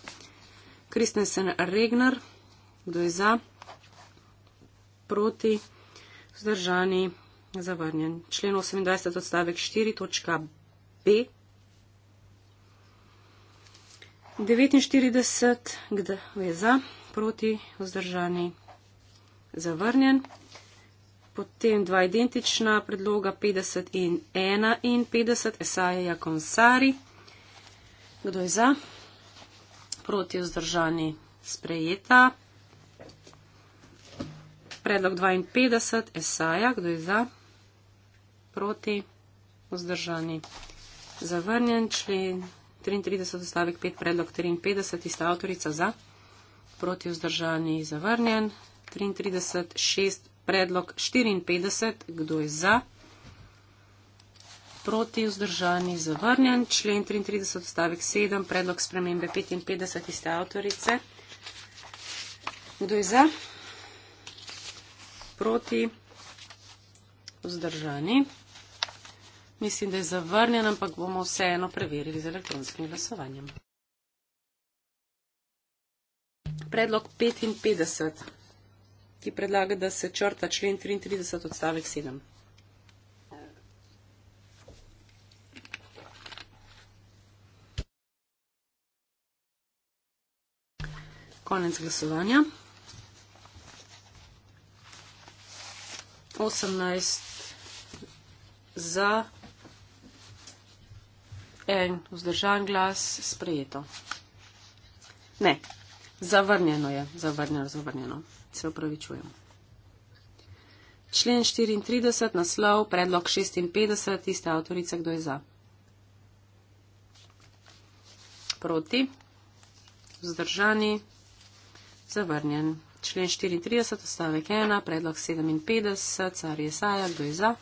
Kristensen Regner. Kdo je za? Proti? Zdržani, zavrnjen. Člen 28 odstavek 4. Točka B. 49, kde je za, proti, vzdržani, zavrnjen. Potem dva identična predloga, 50 in 51, Esaja Konsari. Kdo je za? Proti vzdržani sprejeta. Predlog 52, Esaja. Kdo je za? Proti vzdržani sprejeta zavrnjen člen 33 odstavek 5 predlog 53, tista avtorica za, proti vzdržani zavrnjen, 33 6 predlog 54, kdo je za, proti vzdržani zavrnjen, člen 33 odstavek 7 predlog spremembe 55, tiste avtorice, kdo je za, proti vzdržani. Mislim, da je zavrnjen, ampak bomo vseeno preverili z elektronskim glasovanjem. Predlog 55, ki predlaga, da se črta člen 33 odstavek 7. Konec glasovanja. 18 za, en vzdržan glas, sprejeto. Ne, zavrnjeno je, zavrnjeno, zavrnjeno. Se upravičujem. Člen 34, naslov, predlog 56, tiste avtorice, kdo je za. Proti, vzdržani, zavrnjen. Člen 34, ostavek 1, predlog 57, car je saja, kdo je za.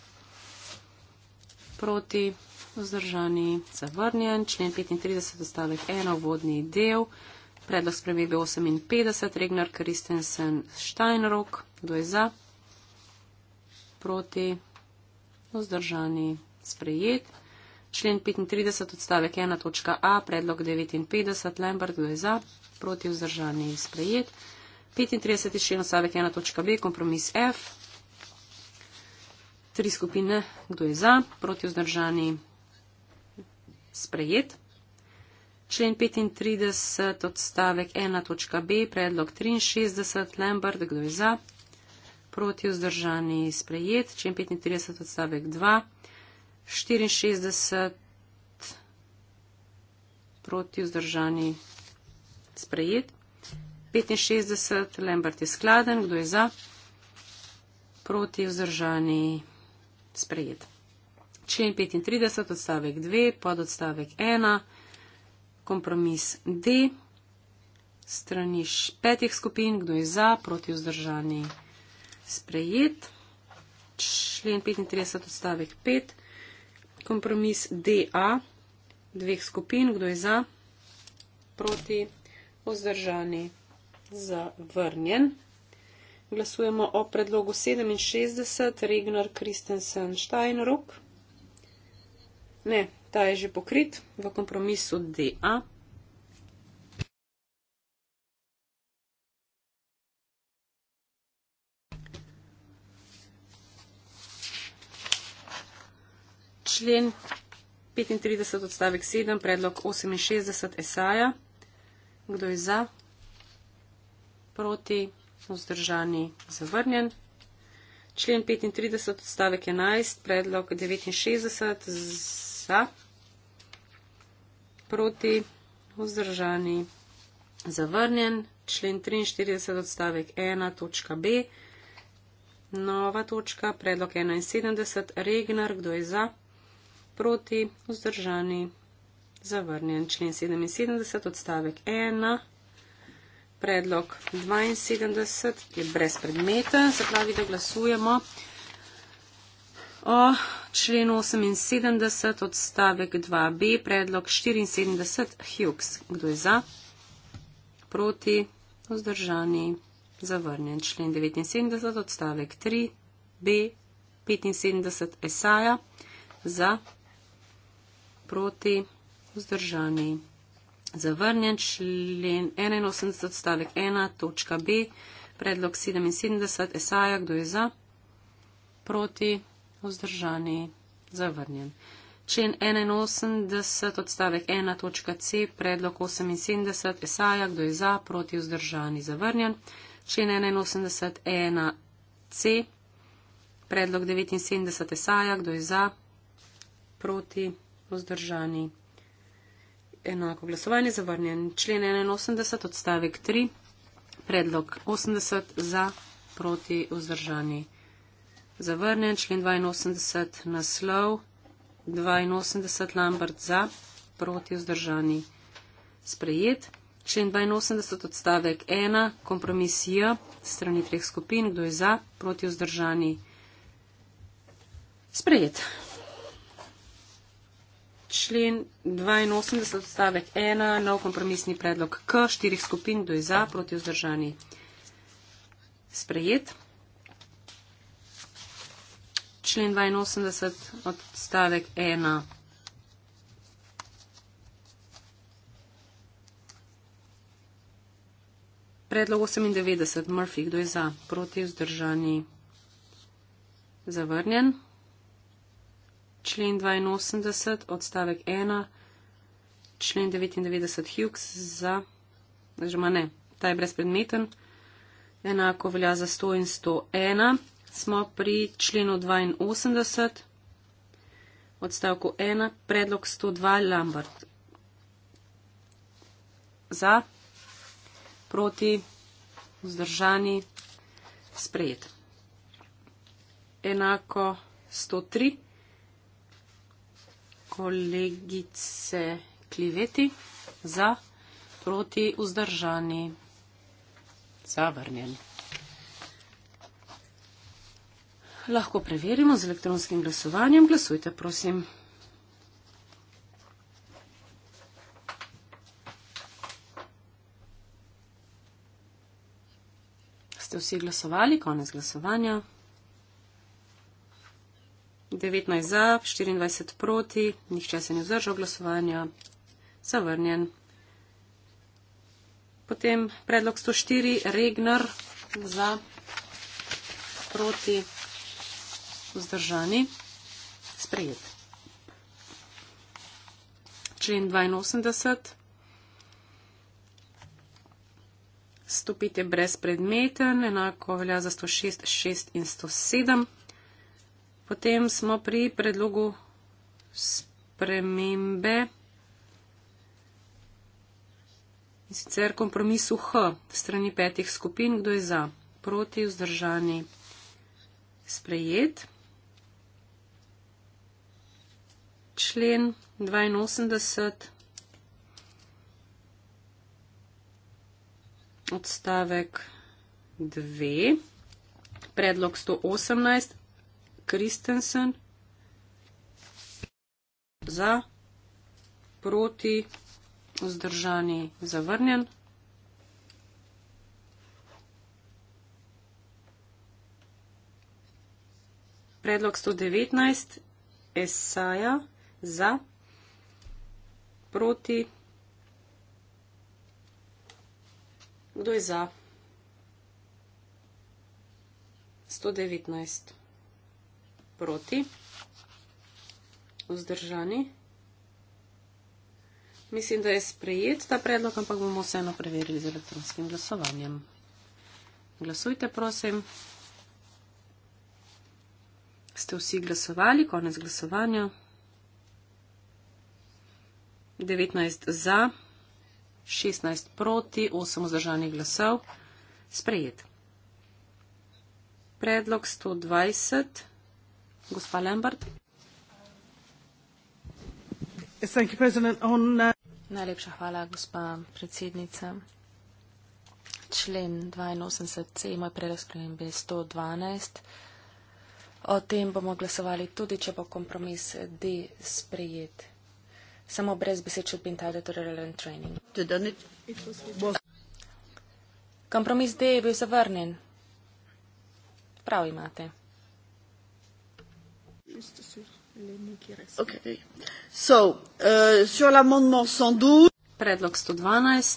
Proti, vzdržani, zavrnjen. Člen 35, ostavek 1, vodni del. Predlog spremembe 58, Regnar Kristensen Steinrock, kdo je za, proti, vzdržani, sprejet. Člen 35, odstavek 1, točka A, predlog 59, Lambert, kdo je za, proti, vzdržani, sprejet. 35. člen, odstavek 1, točka B, kompromis F. Tri skupine, kdo je za, proti, vzdržani, sprejet sprejet. Člen 35 odstavek 1.b, predlog 63, Lambert, kdo je za? Proti vzdržani sprejet. Člen 35 odstavek 2, 64, proti vzdržani sprejet. 65, Lambert je skladen, kdo je za? Proti vzdržani sprejet člen 35, odstavek 2, pod odstavek 1, kompromis D, straniš petih skupin, kdo je za, proti vzdržani, sprejet. Člen 35, odstavek 5, kompromis DA, dveh skupin, kdo je za, proti vzdržani, zavrnjen. Glasujemo o predlogu 67, Regnar Kristensen Steinrock. Ne, ta je že pokrit v kompromisu DA. Člen 35 odstavek 7, predlog 68 esaja. Kdo je za? Proti? Vzdržani? Zavrnjen? Člen 35 odstavek 11, predlog 69. Z za, proti, vzdržani, zavrnjen, člen 43 odstavek 1 točka B, nova točka, predlog 71, Regnar, kdo je za, proti, vzdržani, zavrnjen, člen 77 odstavek 1. Predlog 72 je brezpredmeten, se pravi, da glasujemo o členu 78 odstavek 2b predlog 74 Hughes. Kdo je za? Proti? Vzdržani? Zavrnjen. Člen 79 odstavek 3b 75 Esaja. Za? Proti? Vzdržani? Zavrnjen. Člen 81 odstavek 1 točka b predlog 77 Esaja. Kdo je za? Proti? vzdržani, zavrnjen. Člen 81 odstavek 1 točka C, predlog 78, esaja, kdo je za, proti vzdržani, zavrnjen. Člen 81 1 C, predlog 79, esaja, kdo je za, proti vzdržani, enako glasovanje, zavrnjen. Člen 81 odstavek 3, predlog 80 za, proti vzdržani, zavrnjen zavrnjen. Člen 82 naslov, 82 Lambert za, proti vzdržani sprejet. Člen 82 odstavek 1, kompromisija strani treh skupin, kdo je za, proti vzdržani sprejet. Člen 82 odstavek 1, nov kompromisni predlog K, štirih skupin, kdo je za, proti vzdržani sprejet člen 82 odstavek 1. Predlog 98, Murphy, kdo je za, proti, vzdržani, zavrnjen. Člen 82, odstavek 1, člen 99, Hughes, za, že ima ne, ta je brezpredmeten. Enako velja za 100 in 101 smo pri členu 82, odstavku 1, predlog 102 Lambert. Za, proti, vzdržani, sprejet. Enako 103, kolegice kliveti, za, proti, vzdržani, zavrnjeni. lahko preverimo z elektronskim glasovanjem. Glasujte, prosim. Ste vsi glasovali? Konec glasovanja. 19 za, 24 proti, nihče se ni vzdržal glasovanja. Zavrnjen. Potem predlog 104, Regner za, proti vzdržani, sprejet. Člen 82. Stopite brezpredmeten, enako velja za 106, 6 in 107. Potem smo pri predlogu spremembe in sicer kompromisu H strani petih skupin, kdo je za, proti, vzdržani, sprejet. člen 82 odstavek 2, predlog 118, Kristensen za, proti, vzdržani, zavrnjen. Predlog 119, Esaja za, proti. Kdo je za? 119 proti, vzdržani. Mislim, da je sprejet ta predlog, ampak bomo vseeno preverili z elektronskim glasovanjem. Glasujte, prosim. Ste vsi glasovali? Konec glasovanja. 19 za, 16 proti, 8 vzdržanih glasov. Sprejet. Predlog 120. Gospa Lambert. Uh, Najlepša hvala, gospa predsednica. Člen 82c, moj predlog spremembe 112. O tem bomo glasovali tudi, če bo kompromis D sprejet samo brez besed should be entitled to relevant training. Kompromis D je bil zavrnen. Prav imate. Eh, Predlog 112.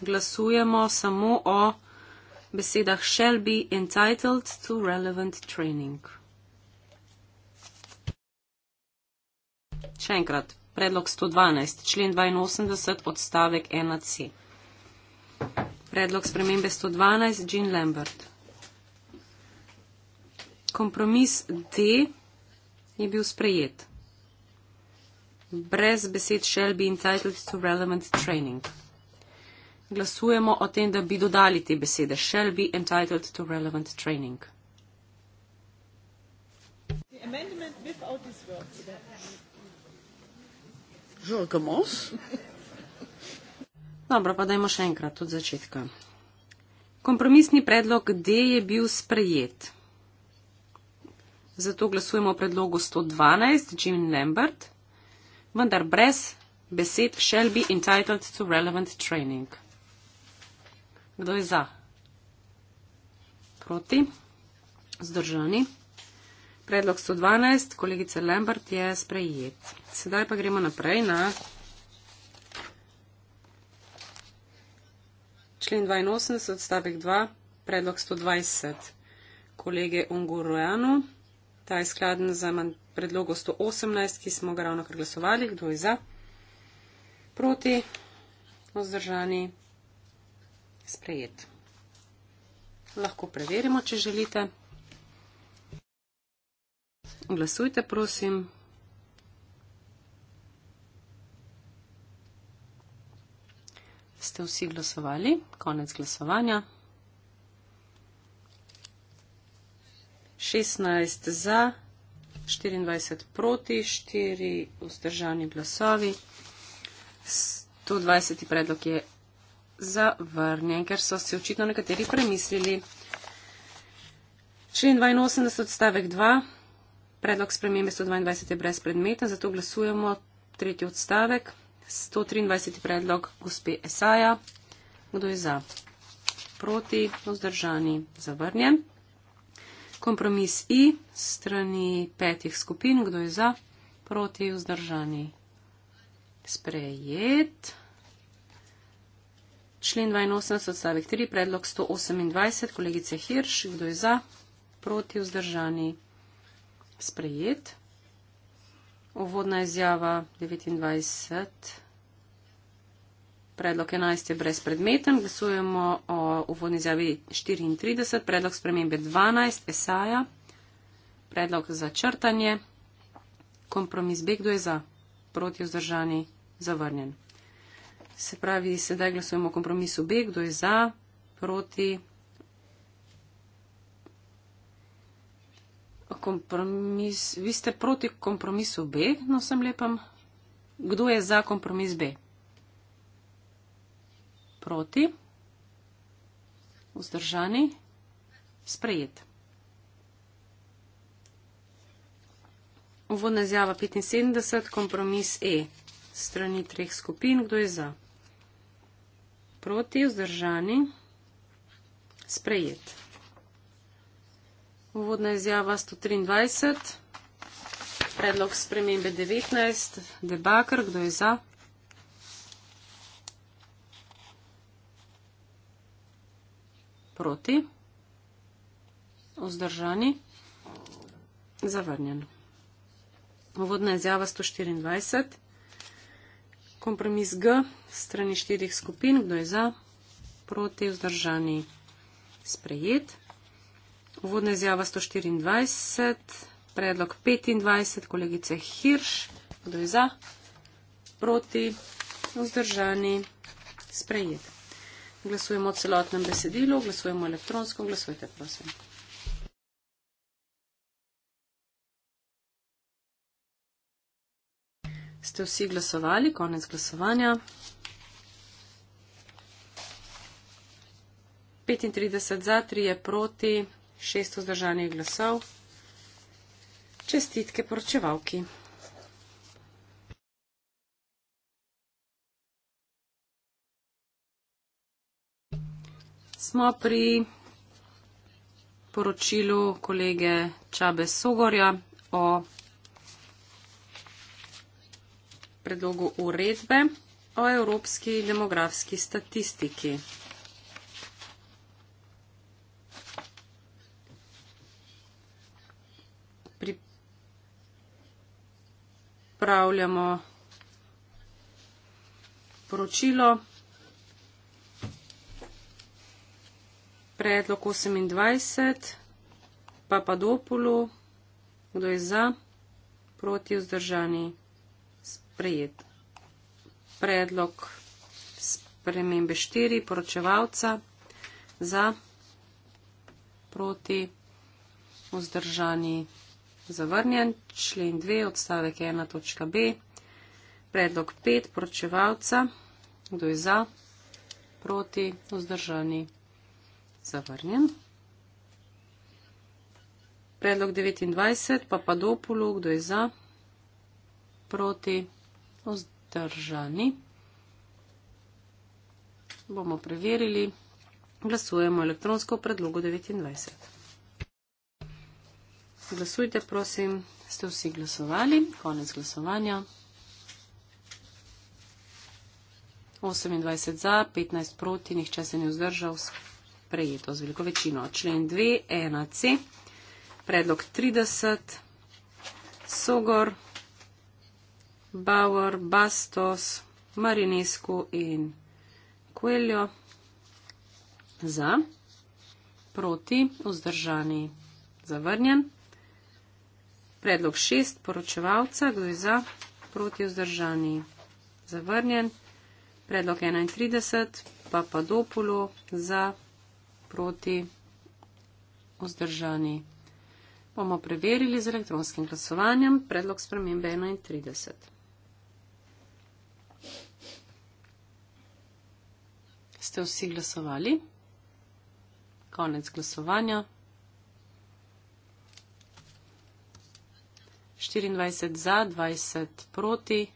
Glasujemo samo o besedah shall be entitled to relevant training. Še enkrat, Predlog 112, člen 82, odstavek 1c. Predlog spremembe 112, Jean Lambert. Kompromis D je bil sprejet. Brez besed shall be entitled to relevant training. Glasujemo o tem, da bi dodali te besede. Shall be entitled to relevant training. The amendment without these words. Je recommence. Dobro, pa dajmo še enkrat od začetka. Kompromisni predlog D je bil sprejet. Zato glasujemo o predlogu 112 Jim Lambert, vendar brez besed shall be entitled to relevant training. Kdo je za? Proti? Zdržani? Predlog 112, kolegica Lambert je sprejet. Sedaj pa gremo naprej na člen 82, odstavek 2, predlog 120. Kolege Ungurujanu, ta je skladen z predlogom 118, ki smo ga ravno kar glasovali. Kdo je za? Proti? Ozdržani? Sprejet. Lahko preverimo, če želite. Glasujte, prosim. Ste vsi glasovali? Konec glasovanja. 16 za, 24 proti, 4 vzdržani glasovi. 120 predlog je zavrnjen, ker so se očitno nekateri premislili. Člen 82 odstavek 2. Predlog spremembe 122 je brezpredmeten, zato glasujemo tretji odstavek. 123. predlog gospe Esaja. Kdo je za? Proti, vzdržani, zavrnjen. Kompromis I strani petih skupin. Kdo je za? Proti, vzdržani, sprejet. Člen 82, odstavek 3, predlog 128. Kolegice Hirš, kdo je za? Proti, vzdržani, sprejet sprejet. Uvodna izjava 29. Predlog 11 je brezpredmeten. Glasujemo o uvodni izjavi 34. Predlog spremembe 12. Esaja. Predlog za črtanje. Kompromis B, kdo je za? Proti vzdržani, zavrnjen. Se pravi, sedaj glasujemo o kompromisu B, kdo je za? Proti kompromis, vi ste proti kompromisu B na no, vsem lepem. Kdo je za kompromis B? Proti. Vzdržani. Sprejet. Uvodna izjava 75, kompromis E. Strani treh skupin, kdo je za? Proti, vzdržani, sprejet. Uvodna izjava 123, predlog spremembe 19, debakr, kdo je za? Proti? Ozdržani? Zavrnjen. Uvodna izjava 124, kompromis G, strani štirih skupin, kdo je za? Proti? Ozdržani? Sprejet? Uvodna izjava 124, predlog 25, kolegice Hirš, kdo je za, proti, vzdržani, sprejet. Glasujemo o celotnem besedilu, glasujemo elektronsko, glasujte prosim. Ste vsi glasovali, konec glasovanja. 35 za, 3 je proti, šest vzdržanih glasov. Čestitke poročevalki. Smo pri poročilu kolege Čabe Sogorja o predlogu uredbe o evropski demografski statistiki. pripravljamo poročilo. Predlog 28, Papadopulu, kdo je za, proti vzdržani, sprejet. Predlog spremembe 4, poročevalca, za, proti vzdržani, sprejet zavrnjen. Člen 2, odstavek 1.b. Predlog 5, poročevalca. Kdo je za? Proti, vzdržani, zavrnjen. Predlog 29, Papadopulu, kdo je za? Proti, vzdržani. Bomo preverili. Glasujemo elektronsko v predlogu 29. Glasujte, prosim, ste vsi glasovali. Konec glasovanja. 28 za, 15 proti, nihče se ni vzdržal, sprejeto z veliko večino. Člen 2, 1c, predlog 30, Sogor, Bauer, Bastos, Marinescu in Kueljo za, proti, vzdržani, zavrnjen. Predlog šest poročevalca, kdo je za, proti vzdržani, zavrnjen. Predlog 31, Papadopulo, za, proti vzdržani. Bomo preverili z elektronskim glasovanjem predlog spremembe 31. Ste vsi glasovali? Konec glasovanja. 24 za, 20 proti.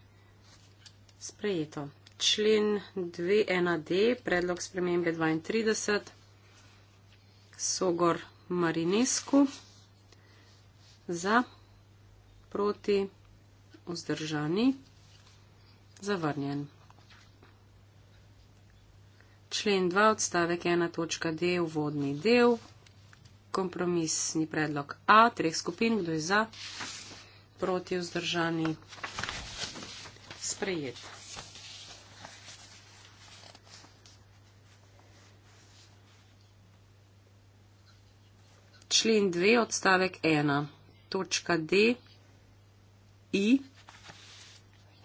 Sprejeto. Člen 2.1.d. predlog spremembe 32. Sogor Marinesku za, proti, vzdržani, zavrnjen. Člen 2 odstavek 1.d. uvodni del. Kompromisni predlog A, treh skupin, kdo je za? proti vzdržani sprejet. Člen 2 odstavek 1. Točka D. I.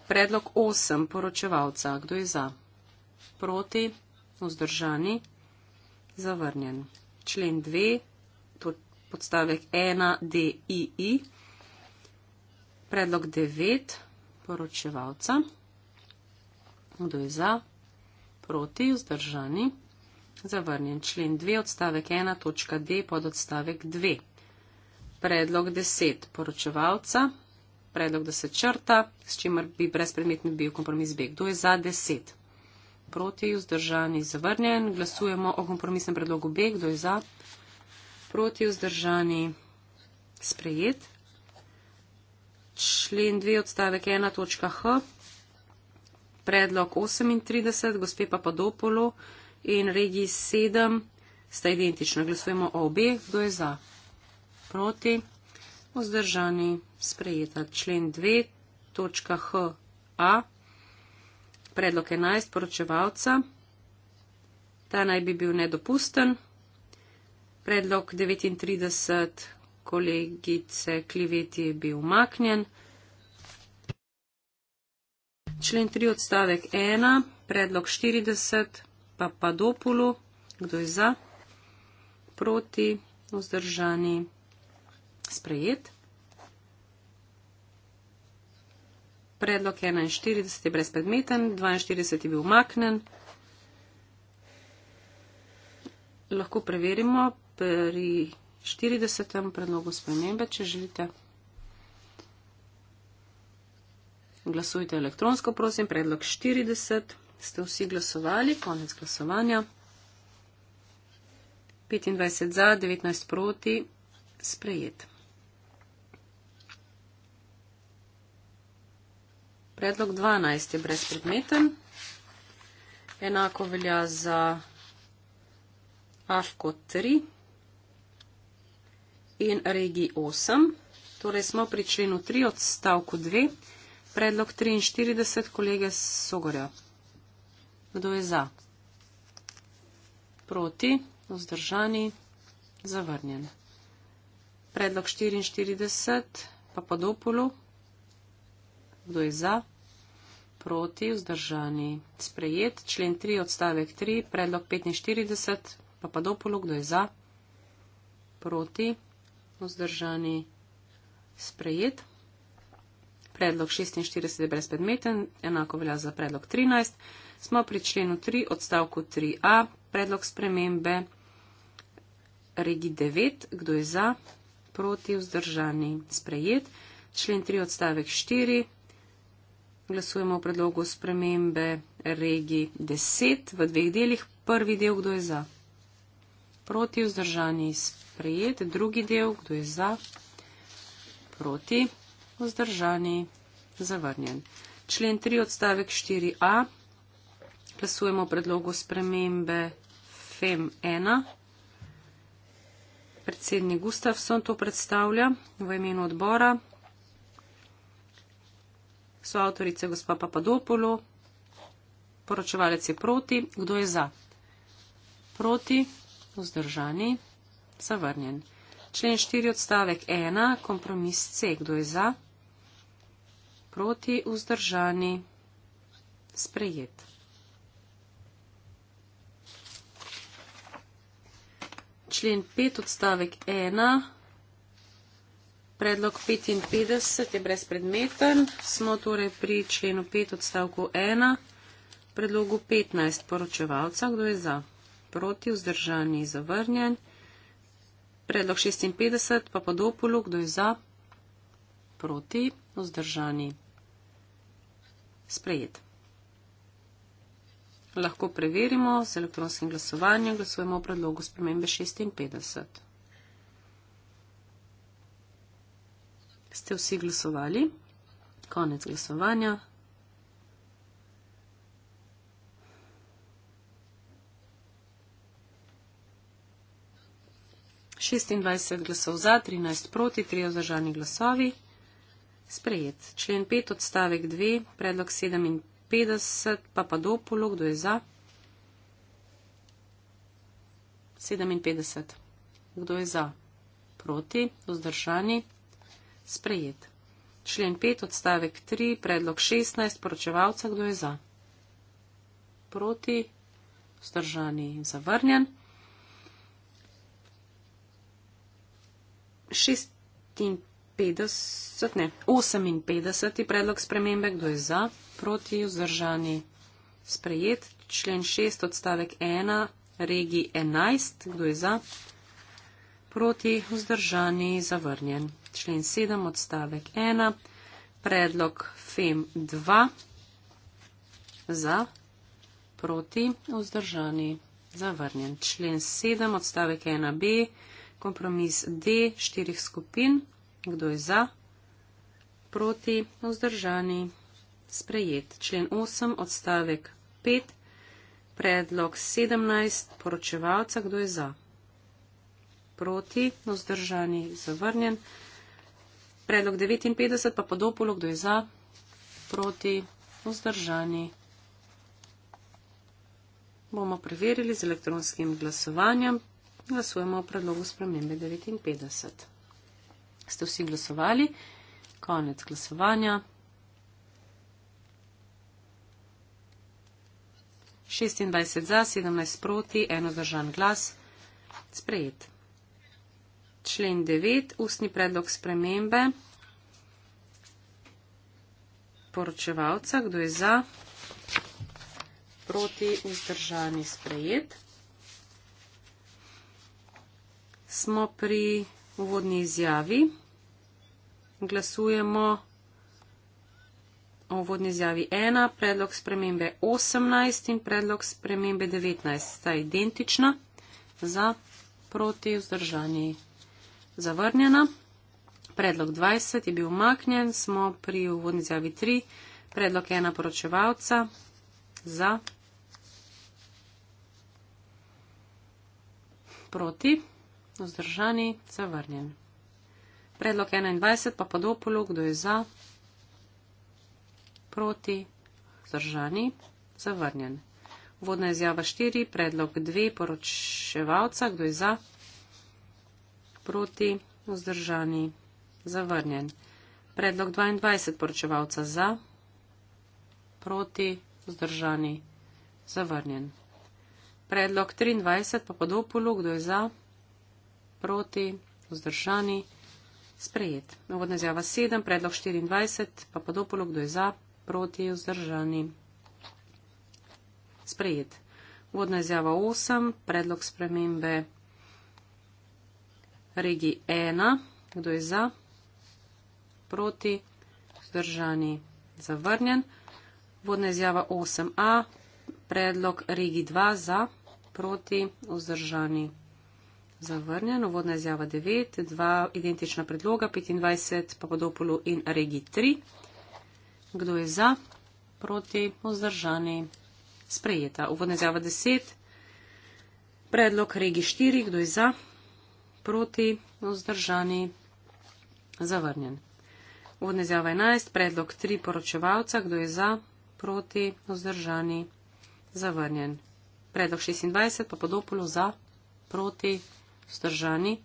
Predlog 8 poročevalca. Kdo je za? Proti, vzdržani, zavrnjen. Člen 2, podstavek 1, D, I, I. Predlog 9 poročevalca. Kdo je za? Proti, vzdržani. Zavrnjen člen 2 odstavek 1 točka D pod odstavek 2. Predlog 10 poročevalca. Predlog, da se črta, s čimer bi brezpredmetni bil kompromis B. Kdo je za 10? Proti, vzdržani, zavrnjen. Glasujemo o kompromisnem predlogu B. Kdo je za? Proti, vzdržani, sprejet člen 2 odstavek 1 točka H, predlog 38, gospe Papadopolo in regiji 7 sta identična. Glasujemo o obe, kdo je za, proti, vzdržani, sprejeta. Člen 2 točka H, A, predlog 11, poročevalca, ta naj bi bil nedopusten. Predlog 39, kolegice Kliveti je bil umaknjen. Člen 3 odstavek 1, predlog 40, Papadopulu, kdo je za, proti, vzdržani, sprejet. Predlog 41 je brezpredmeten, 42 je bil umaknen. Lahko preverimo pri 40. predlogu spremembe, če želite. Glasujte elektronsko, prosim, predlog 40. Ste vsi glasovali, konec glasovanja. 25 za, 19 proti, sprejet. Predlog 12 je brezpredmeten. Enako velja za AFCO 3 in regiji 8. Torej smo pri členu 3 odstavku 2, predlog 43, kolege Sogorja. Kdo je za? Proti, vzdržani, zavrnjen. Predlog 44, pa podopolu. Kdo je za? Proti, vzdržani, sprejet. Člen 3 odstavek 3, predlog 45, pa podopolu. Kdo je za? Proti, enotno zdržani sprejet. Predlog 46 je brezpredmeten, enako velja za predlog 13. Smo pri členu 3, odstavku 3a, predlog spremembe regi 9, kdo je za, proti, vzdržani, sprejet. Člen 3, odstavek 4, glasujemo o predlogu spremembe regi 10 v dveh delih. Prvi del, kdo je za, proti, vzdržani sprejet, drugi del, kdo je za, proti, vzdržani, zavrnjen. Člen 3 odstavek 4a, glasujemo o predlogu spremembe FEM 1. Predsednik Gustavson to predstavlja v imenu odbora. So avtorice gospa Papadopolo. Poročevalec je proti. Kdo je za? Proti. Vzdržani. Zavrnjen. Člen 4 odstavek 1. Kompromis C. Kdo je za? Proti. Vzdržani. Sprejet. Člen 5 odstavek 1. Predlog 55 je brezpredmeten. Smo torej pri členu 5 odstavku 1. Predlogu 15 poročevalca. Kdo je za? proti, vzdržani zavrnjen. Predlog 56, Papadopulu, kdo je za, proti, vzdržani sprejet. Lahko preverimo z elektronskim glasovanjem, glasujemo o predlogu spremembe 56. Ste vsi glasovali? Konec glasovanja. 26 glasov za, 13 proti, 3 vzdržani glasovi. Sprejet. Člen 5 odstavek 2, predlog 57, Papadopolo, kdo je za? 57. Kdo je za? Proti, vzdržani. Sprejet. Člen 5 odstavek 3, predlog 16, poročevalca, kdo je za? Proti, vzdržani, zavrnjen. 56, ne, 58. predlog spremembe, kdo je za, proti, vzdržani, sprejet. Člen 6, odstavek 1, regi 11, kdo je za, proti, vzdržani, zavrnjen. Člen 7, odstavek 1, predlog FEM 2, za, proti, vzdržani, zavrnjen. Člen 7, odstavek 1b, kompromis D štirih skupin. Kdo je za? Proti, vzdržani, sprejet. Člen 8, odstavek 5, predlog 17, poročevalca, kdo je za? Proti, vzdržani, zavrnjen. Predlog 59, pa podopolo, kdo je za? Proti, vzdržani. Bomo preverili z elektronskim glasovanjem. Glasujemo o predlogu spremembe 59. Ste vsi glasovali? Konec glasovanja. 26 za, 17 proti, eno zdržan glas. Sprejet. Člen 9. Ustni predlog spremembe. Poročevalca, kdo je za? Proti, vzdržani, sprejet smo pri uvodni izjavi. Glasujemo o uvodni izjavi 1, predlog spremembe 18 in predlog spremembe 19 sta identična, za proti vzdržanji zavrnjena. Predlog 20 je bil umaknjen, smo pri uvodni izjavi 3, predlog 1 poročevalca za proti vzdržani, zavrnjen. Predlog 21 pa podopolu, kdo je za, proti, vzdržani, zavrnjen. Vodna izjava 4, predlog 2 poročevalca, kdo je za, proti, vzdržani, zavrnjen. Predlog 22 poročevalca za, proti, vzdržani, zavrnjen. Predlog 23 pa podopolu, kdo je za proti, vzdržani, sprejet. Uvodna izjava 7, predlog 24, pa podopolo, kdo je za, proti, vzdržani, sprejet. Uvodna izjava 8, predlog spremembe regi 1, kdo je za, proti, vzdržani, zavrnjen. Uvodna izjava 8a, predlog regi 2 za, proti, vzdržani, zavrnjen zavrnjen, uvodna izjava 9, 2 identična predloga, 25 Papadopolu in Regi 3. Kdo je za, proti, vzdržani, sprejeta. Uvodna izjava 10, predlog Regi 4, kdo je za, proti, vzdržani, zavrnjen. Uvodna izjava 11, predlog 3 poročevalca, kdo je za, proti, vzdržani, zavrnjen. Predlog 26, Papadopolu za, proti, vzdržani,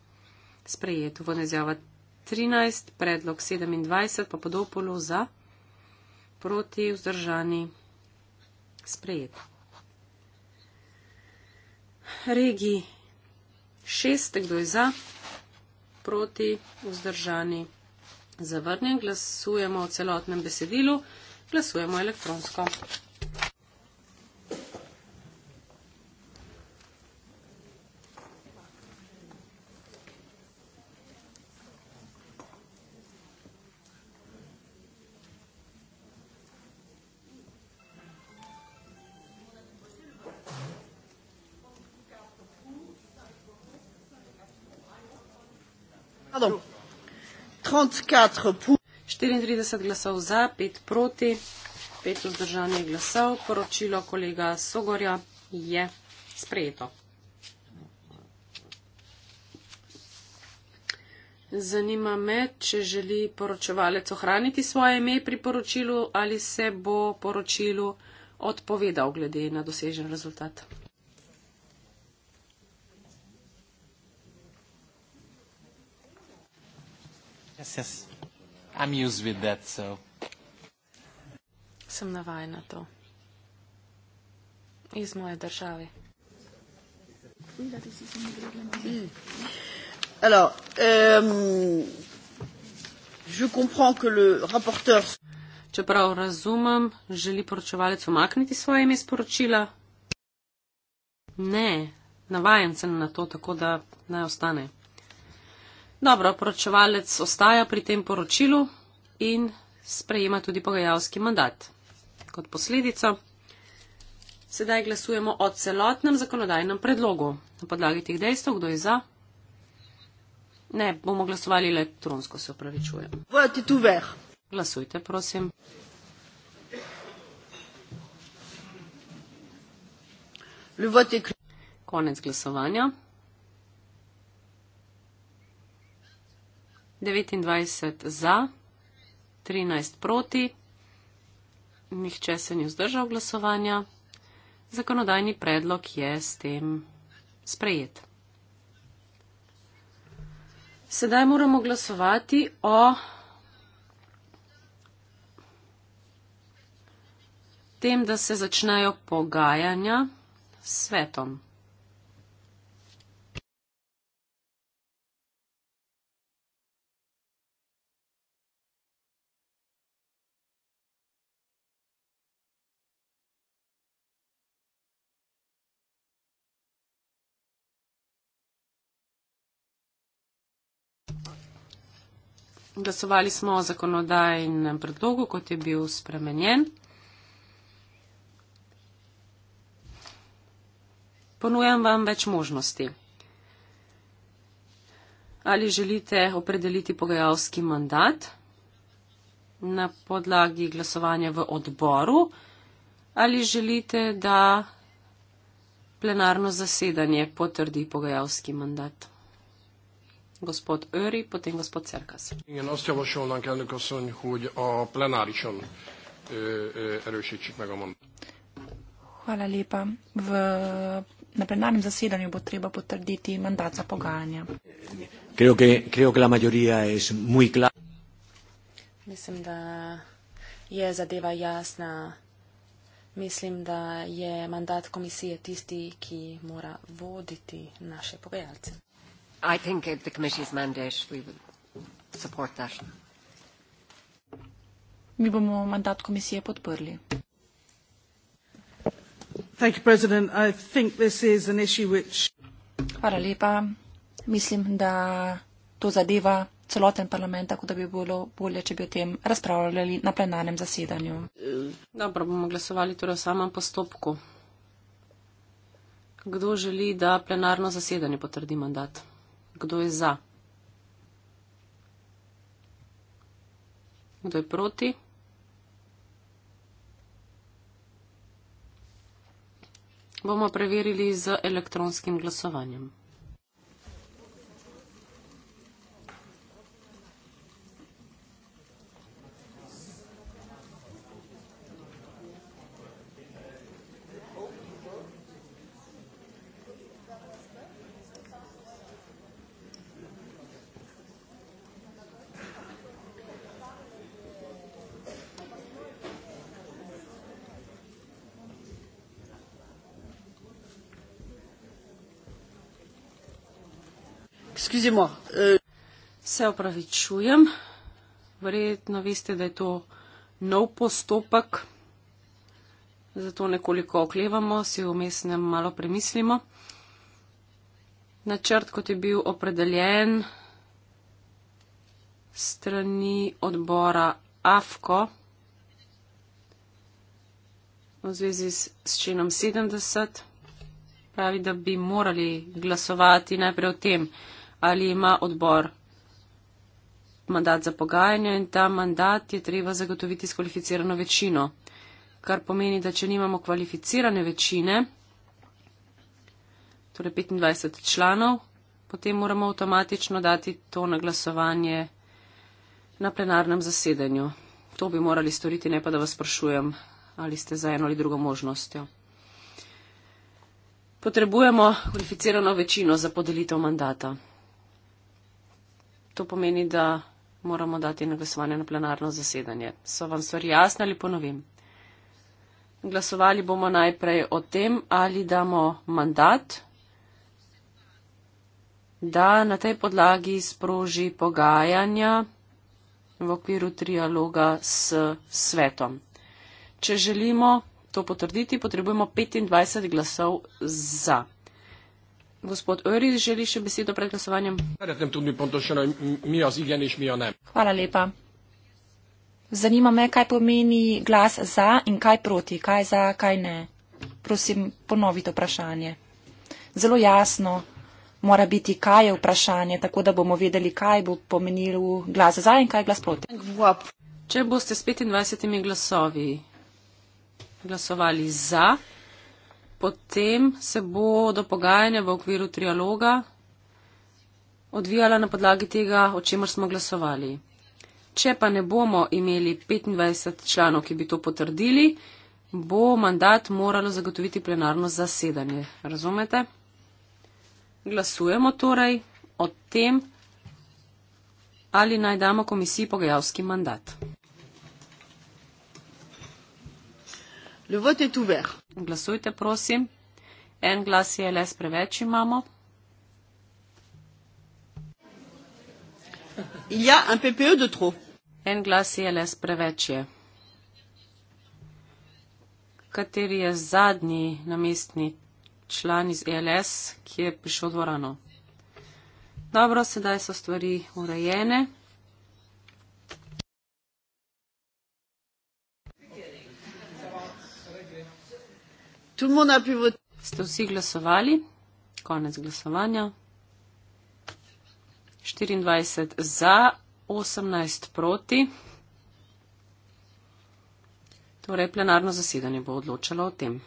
sprejet v nezjava 13, predlog 27, pa podopolo za, proti vzdržani, sprejet. Regi 6, kdo je za, proti vzdržani, zavrnjen, glasujemo o celotnem besedilu, glasujemo elektronsko. 34 glasov za, 5 proti, 5 vzdržanih glasov. Poročilo kolega Sogorja je sprejeto. Zanima me, če želi poročevalec ohraniti svoje ime pri poročilu ali se bo poročilu odpovedal glede na dosežen rezultat. Yes, yes. I'm used with that, so. Sem navajena to. Iz moje države. Hmm. Alors, euh, je comprends que le rapporteur. Čeprav razumem, želi poročevalec omakniti svoje ime iz poročila. Ne, navajen sem na to, tako da naj ostane. Dobro, poročevalec ostaja pri tem poročilu in sprejema tudi pogajalski mandat. Kot posledico sedaj glasujemo o celotnem zakonodajnem predlogu. Na podlagi teh dejstev, kdo je za? Ne, bomo glasovali elektronsko, se upravičujem. Glasujte, prosim. Konec glasovanja. 29 za, 13 proti, nihče se ni vzdržal glasovanja. Zakonodajni predlog je s tem sprejet. Sedaj moramo glasovati o tem, da se začnejo pogajanja s svetom. Glasovali smo o zakonodajnem predlogu, kot je bil spremenjen. Ponujam vam več možnosti. Ali želite opredeliti pogajalski mandat na podlagi glasovanja v odboru, ali želite, da plenarno zasedanje potrdi pogajalski mandat gospod Öri, potem gospod Cerkas. Igen, azt javasolnánk, elnök asszony, hogy a plenárison erősítsük meg a mondatot. Hvala lepa. V, na plenarnem zasedanju bo treba potrditi mandat za pogajanja. Creo que, creo que la mayoría es muy clara. Mislim, da je zadeva jasna. Mislim, da je mandat komisije tisti, ki mora voditi naše pogajalce. I think if the committee's mandate, we will support that. Mi bomo mandat komisije podprli. Thank you, President. I think this is an issue which... Hvala lepa. Mislim, da to zadeva celoten parlament, tako da bi bilo bolje, če bi o tem razpravljali na plenarnem zasedanju. Dobro, bomo glasovali torej o samem postopku. Kdo želi, da plenarno zasedanje potrdi mandat? Kdo je za? Kdo je proti? Bomo preverili z elektronskim glasovanjem. Izimo. Euh. Se opravičujem. Verjetno veste, da je to nov postopek, zato nekoliko oklevamo, si vmesnem malo premislimo. Načrt, kot je bil opredeljen strani odbora AFKO v zvezi s členom 70, pravi, da bi morali glasovati najprej o tem, ali ima odbor mandat za pogajanje in ta mandat je treba zagotoviti s kvalificirano večino, kar pomeni, da če nimamo kvalificirane večine, torej 25 članov, potem moramo avtomatično dati to na glasovanje na plenarnem zasedanju. To bi morali storiti, ne pa da vas sprašujem, ali ste za eno ali drugo možnostjo. Potrebujemo kvalificirano večino za podelitev mandata. To pomeni, da moramo dati na glasovanje na plenarno zasedanje. So vam stvari jasne ali ponovim? Glasovali bomo najprej o tem, ali damo mandat, da na tej podlagi sproži pogajanja v okviru trialoga s svetom. Če želimo to potrditi, potrebujemo 25 glasov za. Gospod Öriz želi še besedo pred glasovanjem. Hvala lepa. Zanima me, kaj pomeni glas za in kaj proti, kaj za, kaj ne. Prosim, ponovite vprašanje. Zelo jasno mora biti, kaj je vprašanje, tako da bomo vedeli, kaj bo pomenil glas za in kaj glas proti. Če boste s 25 glasovi glasovali za, potem se bodo pogajanja v okviru trialoga odvijala na podlagi tega, o čemer smo glasovali. Če pa ne bomo imeli 25 članov, ki bi to potrdili, bo mandat moralo zagotoviti plenarno zasedanje. Razumete? Glasujemo torej o tem, ali naj damo komisiji pogajalski mandat. Le vote est ouvert. Glasujte, prosim. En glas je le spreveč imamo. Il y a un PPE de trop. En glas je le spreveč je. Kateri je zadnji namestni član iz ELS, ki je prišel v dvorano? Dobro, sedaj so stvari urejene. Tout le monde a pu voter. Ste vsi glasovali? Konec glasovanja. 24 za, 18 proti. Torej, plenarno zasedanje bo odločalo o tem.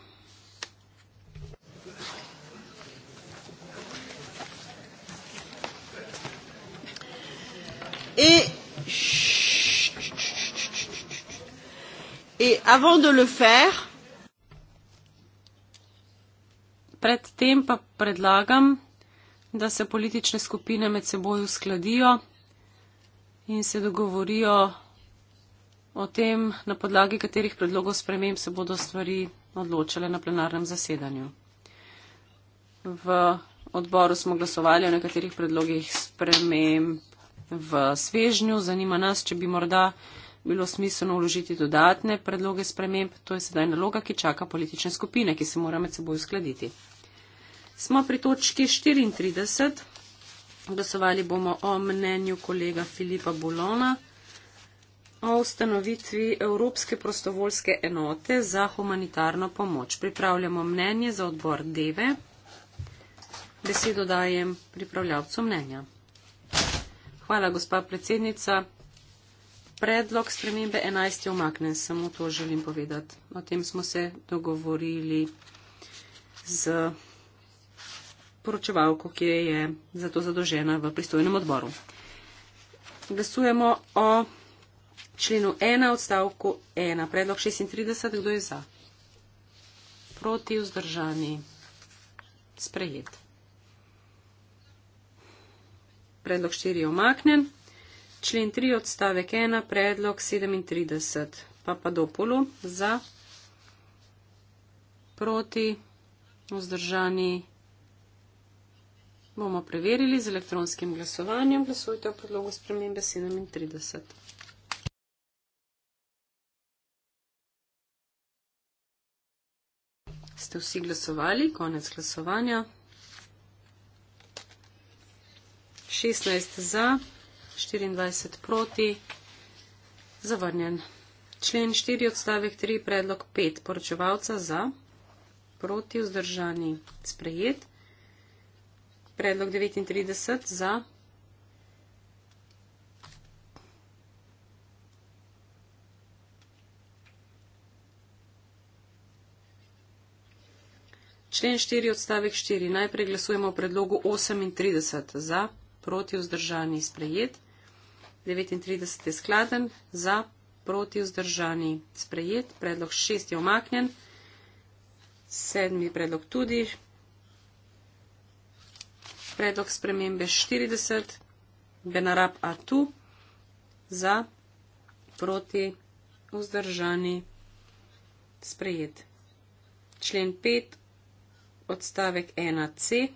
Et, et avant de le faire, predtem pa predlagam, da se politične skupine med seboj uskladijo in se dogovorijo o tem, na podlagi katerih predlogov sprememb se bodo stvari odločale na plenarnem zasedanju. V odboru smo glasovali o nekaterih predlogih sprememb v svežnju. Zanima nas, če bi morda bilo smiselno uložiti dodatne predloge sprememb, to je sedaj naloga, ki čaka politične skupine, ki se mora med seboj uskladiti. Smo pri točki 34, glasovali bomo o mnenju kolega Filipa Bolona o ustanovitvi Evropske prostovoljske enote za humanitarno pomoč. Pripravljamo mnenje za odbor Deve. Besedo dajem pripravljavcu mnenja. Hvala, gospa predsednica predlog spremembe 11 je omaknen, samo to želim povedati. O tem smo se dogovorili z poročevalko, ki je za to zadolžena v pristojnem odboru. Glasujemo o členu 1 odstavku 1. Predlog 36. Kdo je za? Proti vzdržani. Sprejet. Predlog 4 je omaknen člen 3 odstavek 1, predlog 37. Papadopolu za proti vzdržani bomo preverili z elektronskim glasovanjem. Glasujte o predlogu spremembe 37. Ste vsi glasovali? Konec glasovanja. 16 za, 24 proti, zavrnjen. Člen 4 odstavek 3 predlog 5 poročevalca za, proti vzdržani sprejet. Predlog 39 za. Člen 4 odstavek 4. Najprej glasujemo o predlogu 38 za, proti vzdržani sprejet. 39 je skladen, za proti vzdržani sprejet, predlog 6 je omaknjen, 7 je predlog tudi, predlog spremembe 40, Benarab A tu, za proti vzdržani sprejet. Člen 5, odstavek 1c.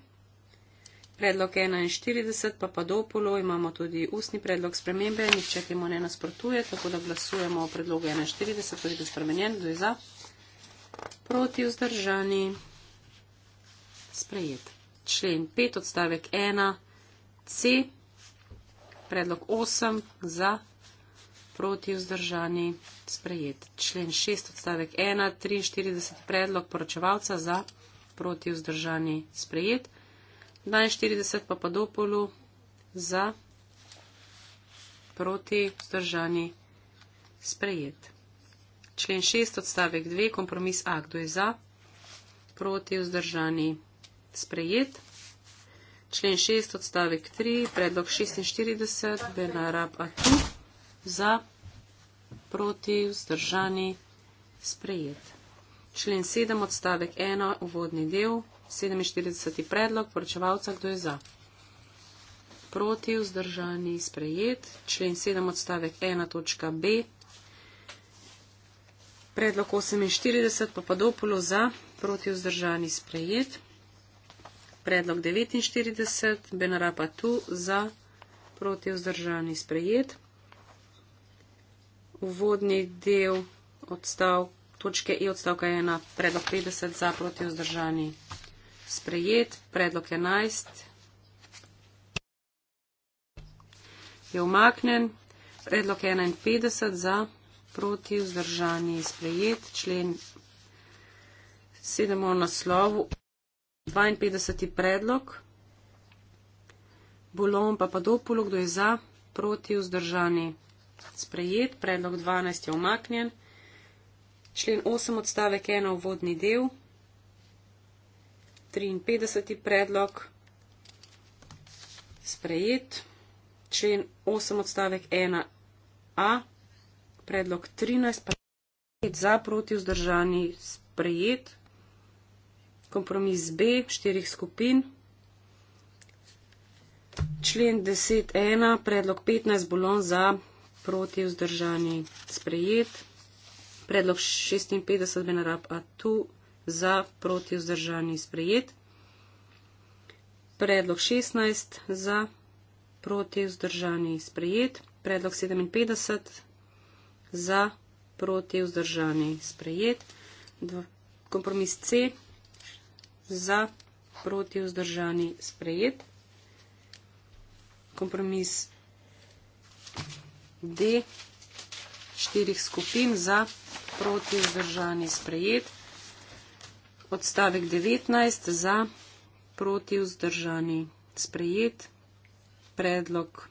Predlog 41, Papadopolo, imamo tudi ustni predlog spremembe, nihče temu ne nasprotuje, tako da glasujemo o predlogu 41, ki je spremenjen, kdo je za? Proti vzdržani. Sprejet. Člen 5, odstavek 1, C. Predlog 8, za. Proti vzdržani. Sprejet. Člen 6, odstavek 1, 43, predlog poročevalca za. Proti vzdržani. Sprejet. 42 pa Padopolu za proti vzdržani sprejet. Člen 6 odstavek 2, kompromis A, kdo je za proti vzdržani sprejet. Člen 6 odstavek 3, predlog 46, Benarab Atu za proti vzdržani sprejet. Člen 7 odstavek 1, uvodni del. 47. predlog poročevalca, kdo je za. Proti, vzdržani, sprejet. Člen 7 odstavek 1.b. Predlog 48, Papadopolo za, proti vzdržani sprejet. Predlog 49, Benarapa tu za, proti vzdržani sprejet. Uvodni del odstav, točke i e odstavka 1, predlog 50 za, proti vzdržani sprejet, predlog 11 je omaknen, predlog 51 za, proti vzdržanje sprejet, člen 7 o naslovu, 52. predlog, Bolon pa Padopulo, kdo je za, proti vzdržanje sprejet, predlog 12 je omaknen, člen 8 odstavek 1 v vodni del. 53. predlog sprejet. Člen 8 odstavek 1a. Predlog 13. Predlog za proti vzdržani sprejet. Kompromis B štirih skupin. Člen 10.1. Predlog 15. Bolon za proti vzdržani sprejet. Predlog 56. Benarab Atu za proti vzdržani sprejet. Predlog 16 za proti vzdržani sprejet. Predlog 57 za proti vzdržani sprejet. Kompromis C za proti vzdržani sprejet. Kompromis D štirih skupin za proti vzdržani sprejet odstavek 19 za proti vzdržani sprejet, predlog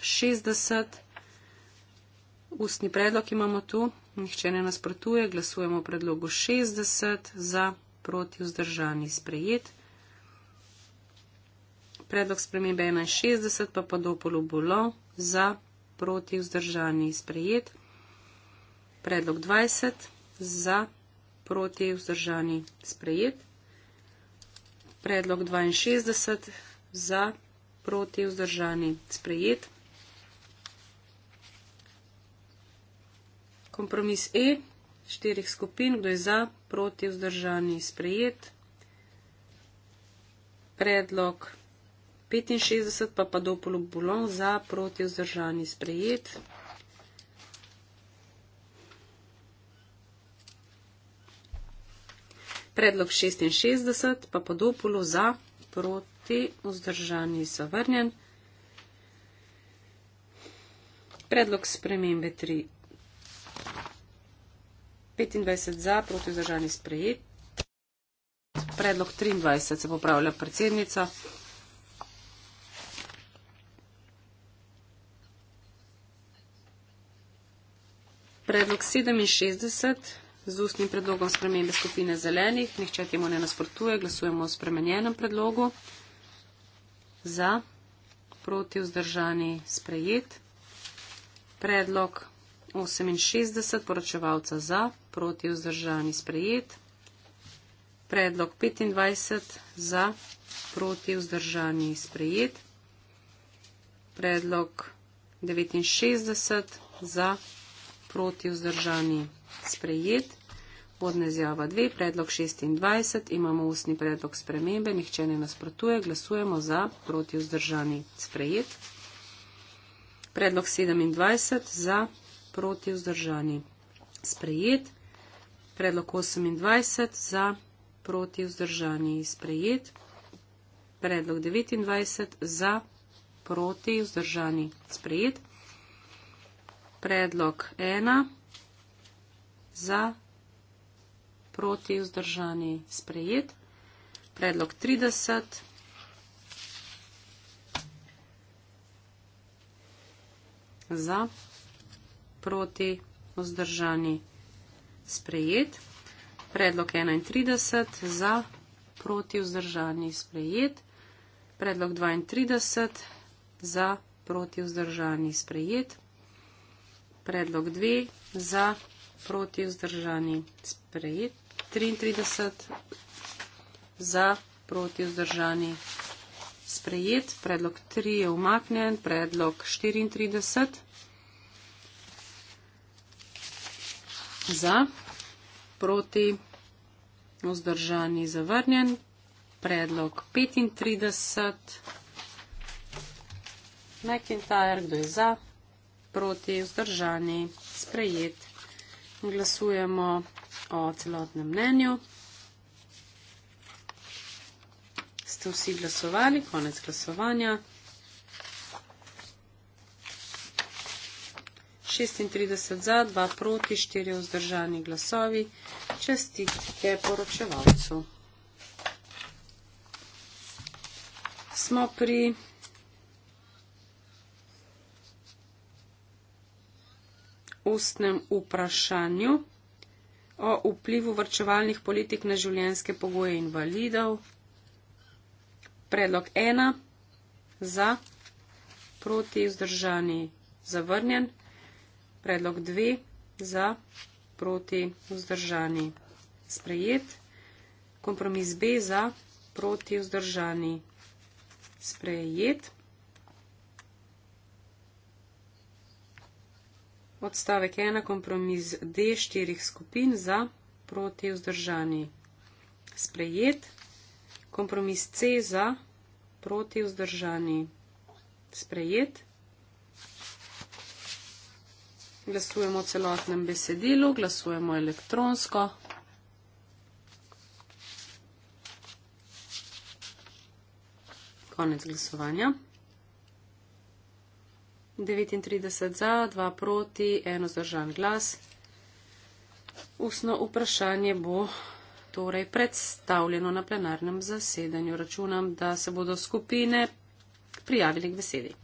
60, ustni predlog imamo tu, nihče ne nasprotuje, glasujemo o predlogu 60 za proti vzdržani sprejet. Predlog spremembe 61 pa pa dopolu bolo za proti vzdržani sprejet. Predlog 20 za proti vzdržani sprejet proti vzdržani sprejet. Predlog 62 za proti vzdržani sprejet. Kompromis E štirih skupin, kdo je za proti vzdržani sprejet. Predlog 65 pa pa dopolub bolon za proti vzdržani sprejet. Predlog 66, pa podopolu za, proti, vzdržani, zavrnjen. Predlog spremembe 3. 25 za, proti vzdržani sprejet. Predlog 23 se popravlja predsednica. Predlog 67, Z ustnim predlogom spremembe skupine zelenih. Nihče temu ne nasprotuje. Glasujemo o spremenjenem predlogu. Za. Proti vzdržani sprejet. Predlog 68 poročevalca za. Proti vzdržani sprejet. Predlog 25 za. Proti vzdržani sprejet. Predlog 69 za. Proti vzdržani sprejet sprejet. Vodna izjava 2, predlog 26, imamo ustni predlog spremembe, nihče ne nasprotuje, glasujemo za, proti vzdržani, sprejet. Predlog 27, za, proti vzdržani, sprejet. Predlog 28, za, proti vzdržani, sprejet. Predlog 29, za, proti vzdržani, sprejet. Predlog 1, za, proti vzdržani sprejet. Predlog 30. Za, proti vzdržani sprejet. Predlog 31. Za, proti vzdržani sprejet. Predlog 32. Za, proti vzdržani sprejet. Predlog 2. Za, proti vzdržani sprejet proti vzdržani sprejet, 33 za proti vzdržani sprejet, predlog 3 je umaknjen, predlog 34 za proti vzdržani zavrnjen, predlog 35 McIntyre, kdo je za proti vzdržani sprejet glasujemo o celotnem mnenju. Ste vsi glasovali, konec glasovanja. 36 za, 2 proti, 4 vzdržani glasovi. Čestitke poročevalcu. Smo pri ustnem vprašanju o vplivu vrčevalnih politik na življenske pogoje invalidov. Predlog ena za, proti vzdržani zavrnjen. Predlog dve za, proti vzdržani sprejet. Kompromis B za, proti vzdržani sprejet. Odstavek 1, kompromis D štirih skupin za proti vzdržani. Sprejet. Kompromis C za proti vzdržani. Sprejet. Glasujemo o celotnem besedilu, glasujemo elektronsko. Konec glasovanja. 39 za, 2 proti, 1 zdržan glas. Usno vprašanje bo torej predstavljeno na plenarnem zasedanju. Računam, da se bodo skupine prijavili k besedi.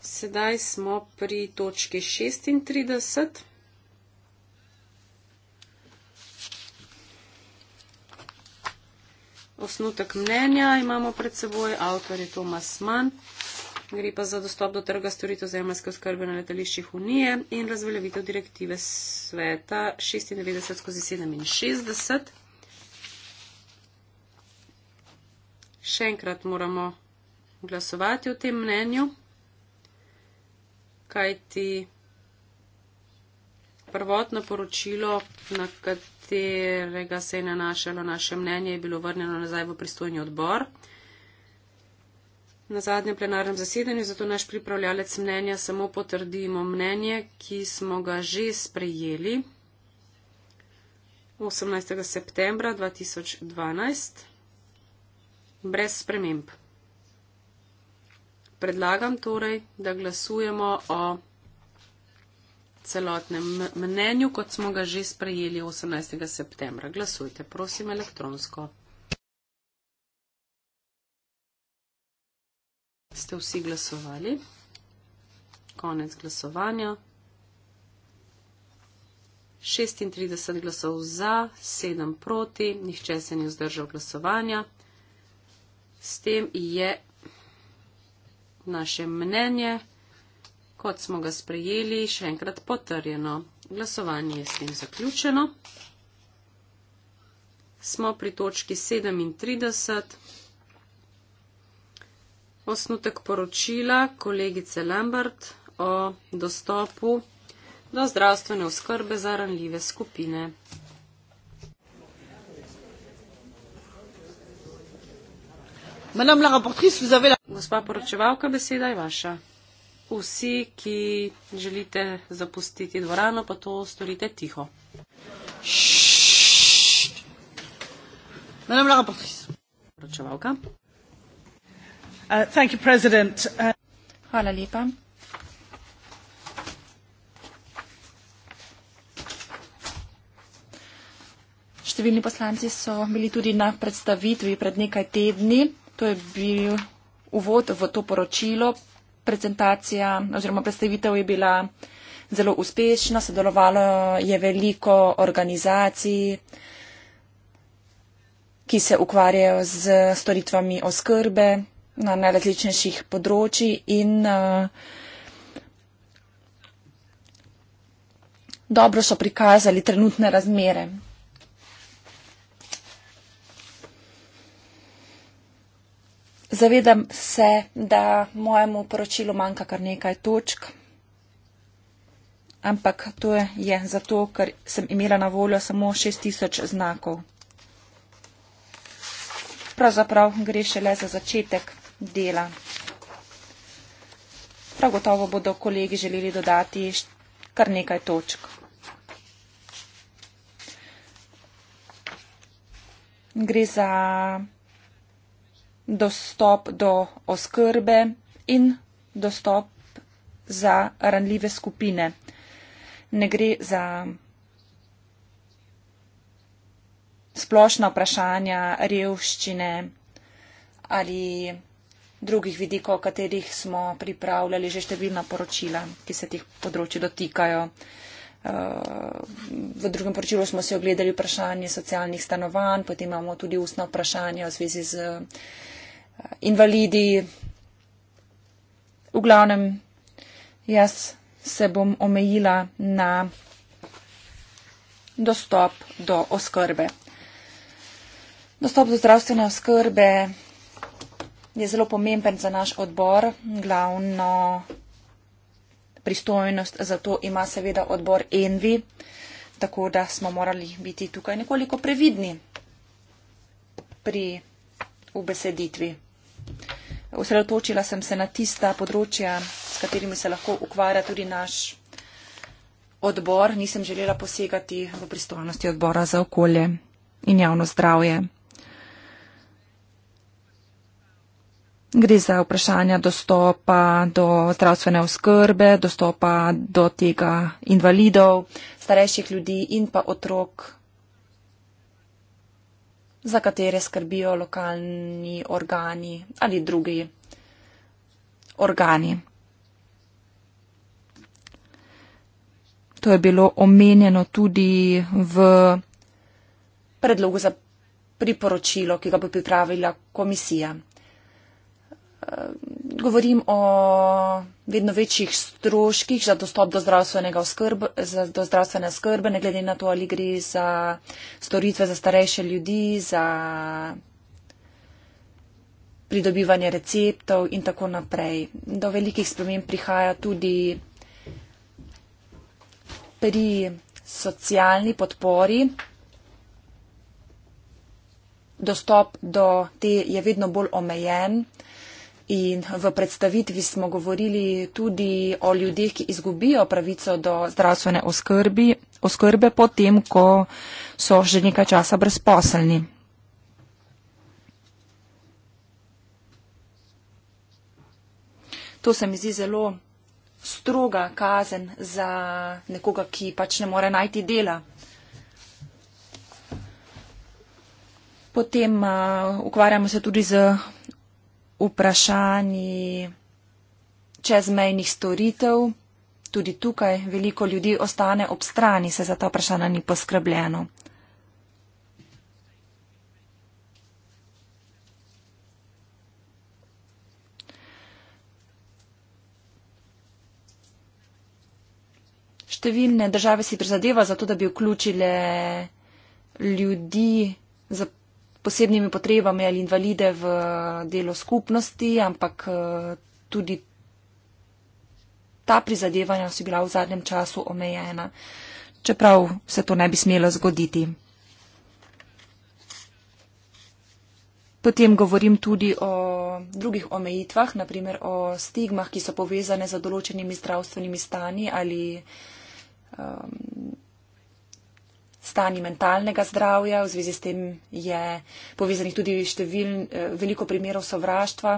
Sedaj smo pri točki 36. osnutek mnenja imamo pred seboj, avtor je Tomas Mann, gre pa za dostop do trga storitev zemljske oskrbe na letališčih Unije in razveljavitev direktive sveta 96 skozi 67. Še enkrat moramo glasovati o tem mnenju, kajti prvotno poročilo, na katerega se je nanašalo naše mnenje, je bilo vrnjeno nazaj v pristojni odbor. Na zadnjem plenarnem zasedanju zato naš pripravljalec mnenja samo potrdimo mnenje, ki smo ga že sprejeli 18. septembra 2012 brez sprememb. Predlagam torej, da glasujemo o celotnem mnenju, kot smo ga že sprejeli 18. septembra. Glasujte, prosim, elektronsko. Ste vsi glasovali? Konec glasovanja. 36 glasov za, 7 proti, nihče se ni vzdržal glasovanja. S tem je naše mnenje kot smo ga sprejeli, še enkrat potrjeno. Glasovanje je s tem zaključeno. Smo pri točki 37. Osnutek poročila kolegice Lambert o dostopu do zdravstvene oskrbe za ranljive skupine. Gospa poročevalka, beseda je vaša vsi, ki želite zapustiti dvorano, pa to storite tiho. Uh, uh, Hvala lepa. Številni poslanci so bili tudi na predstavitvi pred nekaj tedni. To je bil uvod v to poročilo prezentacija oziroma predstavitev je bila zelo uspešna, sodelovalo je veliko organizacij, ki se ukvarjajo z storitvami oskrbe na najrazličnejših področji in eh, dobro so prikazali trenutne razmere. Zavedam se, da mojemu poročilu manjka kar nekaj točk, ampak to je zato, ker sem imela na voljo samo 6000 znakov. Pravzaprav gre šele za začetek dela. Prav gotovo bodo kolegi želeli dodati kar nekaj točk. Gre za dostop do oskrbe in dostop za ranljive skupine. Ne gre za splošna vprašanja revščine ali drugih vidikov, o katerih smo pripravljali že številna poročila, ki se teh področji dotikajo. Eh, v drugem poročilu smo se ogledali vprašanje socialnih stanovanj, potem imamo tudi ustna vprašanja v zvezi z eh, invalidi. V glavnem, jaz se bom omejila na dostop do oskrbe. Dostop do zdravstvene oskrbe je zelo pomemben za naš odbor. Glavno pristojnost za to ima seveda odbor Envi, tako da smo morali biti tukaj nekoliko previdni pri ubeseditvi. Osredotočila sem se na tista področja, s katerimi se lahko ukvarja tudi naš odbor. Nisem želela posegati v pristojnosti odbora za okolje in javno zdravje. Gre za vprašanja dostopa do zdravstvene oskrbe, dostopa do tega invalidov, starejših ljudi in pa otrok, za katere skrbijo lokalni organi ali drugi organi. To je bilo omenjeno tudi v predlogu za priporočilo, ki ga bo pripravila komisija. Eh, govorim o vedno večjih stroških za dostop do zdravstvenega oskrbe, za, do zdravstvene skrbe, ne glede na to, ali gre za storitve za starejše ljudi, za pridobivanje receptov in tako naprej. Do velikih sprememb prihaja tudi pri socialni podpori. Dostop do te je vedno bolj omejen. Uh, In v predstavitvi smo govorili tudi o ljudeh, ki izgubijo pravico do zdravstvene oskrbi, oskrbe potem, ko so že nekaj časa brezposelni. To se mi zdi zelo stroga kazen za nekoga, ki pač ne more najti dela. Potem uh, ukvarjamo se tudi z vprašanji čezmejnih storitev. Tudi tukaj veliko ljudi ostane ob strani, se za ta vprašanja ni poskrbljeno. Številne države si prizadeva za to, da bi vključile ljudi za posebnimi potrebami ali invalide v eh, delo skupnosti, ampak eh, tudi ta prizadevanja so bila v zadnjem času omejena, čeprav se to ne bi smelo zgoditi. Potem govorim tudi o drugih omejitvah, naprimer o stigmah, ki so povezane z določenimi zdravstvenimi stani ali um, stanji mentalnega zdravja, v zvezi s tem je povezanih tudi števil, eh, veliko primerov sovraštva.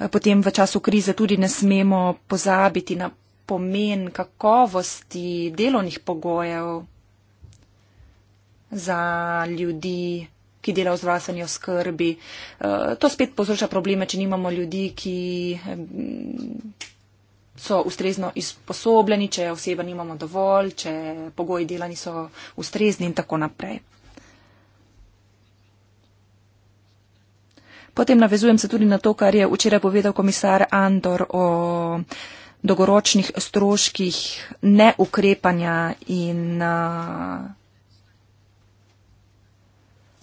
Eh, potem v času krize tudi ne smemo pozabiti na pomen kakovosti delovnih pogojev za ljudi, ki delajo v zdravstveni oskrbi. Eh, to spet povzroča probleme, če nimamo ljudi, ki so ustrezno izposobljeni, če oseba nimamo dovolj, če pogoji dela niso ustrezni in tako naprej. Potem navezujem se tudi na to, kar je včeraj povedal komisar Andor o dogoročnih stroških neukrepanja in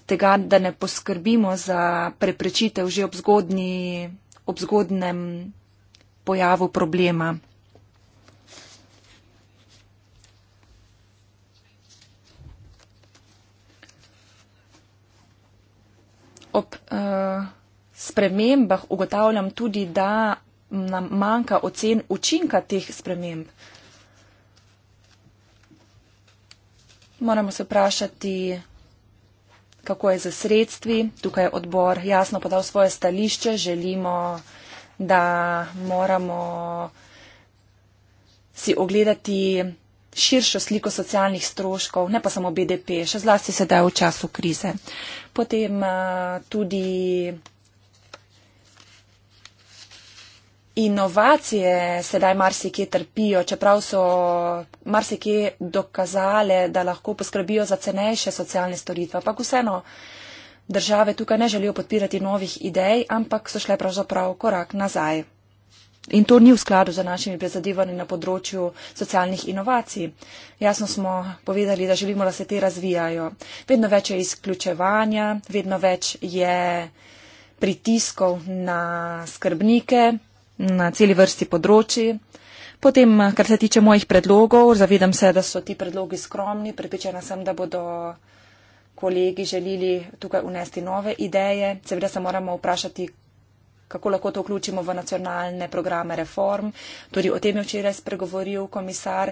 tega, da ne poskrbimo za preprečitev že ob, zgodni, ob zgodnem pojavu problema. Ob uh, spremembah ugotavljam tudi, da nam manjka ocen učinka teh sprememb. Moramo se vprašati, kako je za sredstvi. Tukaj je odbor jasno podal svoje stališče. Želimo da moramo si ogledati širšo sliko socialnih stroškov, ne pa samo BDP, še zlasti sedaj v času krize. Potem eh, tudi inovacije sedaj marsikje trpijo, čeprav so marsikje dokazale, da lahko poskrbijo za cenejše socialne storitve, ampak vseeno države tukaj ne želijo podpirati novih idej, ampak so šle pravzaprav korak nazaj. In to ni v skladu z našimi prizadevanji na področju socialnih inovacij. Jasno smo povedali, da želimo, da se te razvijajo. Vedno več je izključevanja, vedno več je pritiskov na skrbnike, na celi vrsti področji. Potem, kar se tiče mojih predlogov, zavedam se, da so ti predlogi skromni, pripričana sem, da bodo kolegi želeli tukaj unesti nove ideje. Seveda se moramo vprašati, kako lahko to vključimo v nacionalne programe reform. Tudi o tem je včeraj spregovoril komisar.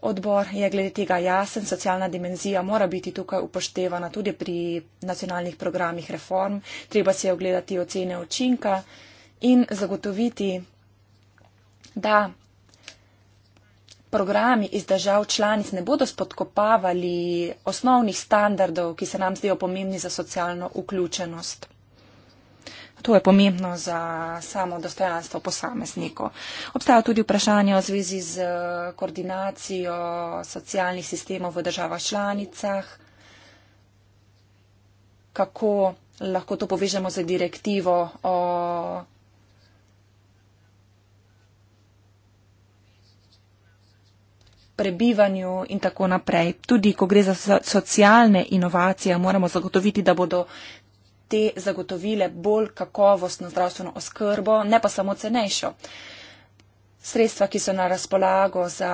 Odbor je glede tega jasen, socialna dimenzija mora biti tukaj upoštevana tudi pri nacionalnih programih reform. Treba si ogledati ocene učinka in zagotoviti, da programi iz držav članic ne bodo spodkopavali osnovnih standardov, ki se nam zdijo pomembni za socialno vključenost. To je pomembno za samo dostojanstvo posameznikov. Obstaja tudi vprašanje o zvezi z eh, koordinacijo socialnih sistemov v državah članicah, kako lahko to povežemo z direktivo o prebivanju in tako naprej. Tudi, ko gre za socialne inovacije, moramo zagotoviti, da bodo te zagotovile bolj kakovostno zdravstveno oskrbo, ne pa samo cenejšo. Sredstva, ki so na razpolago za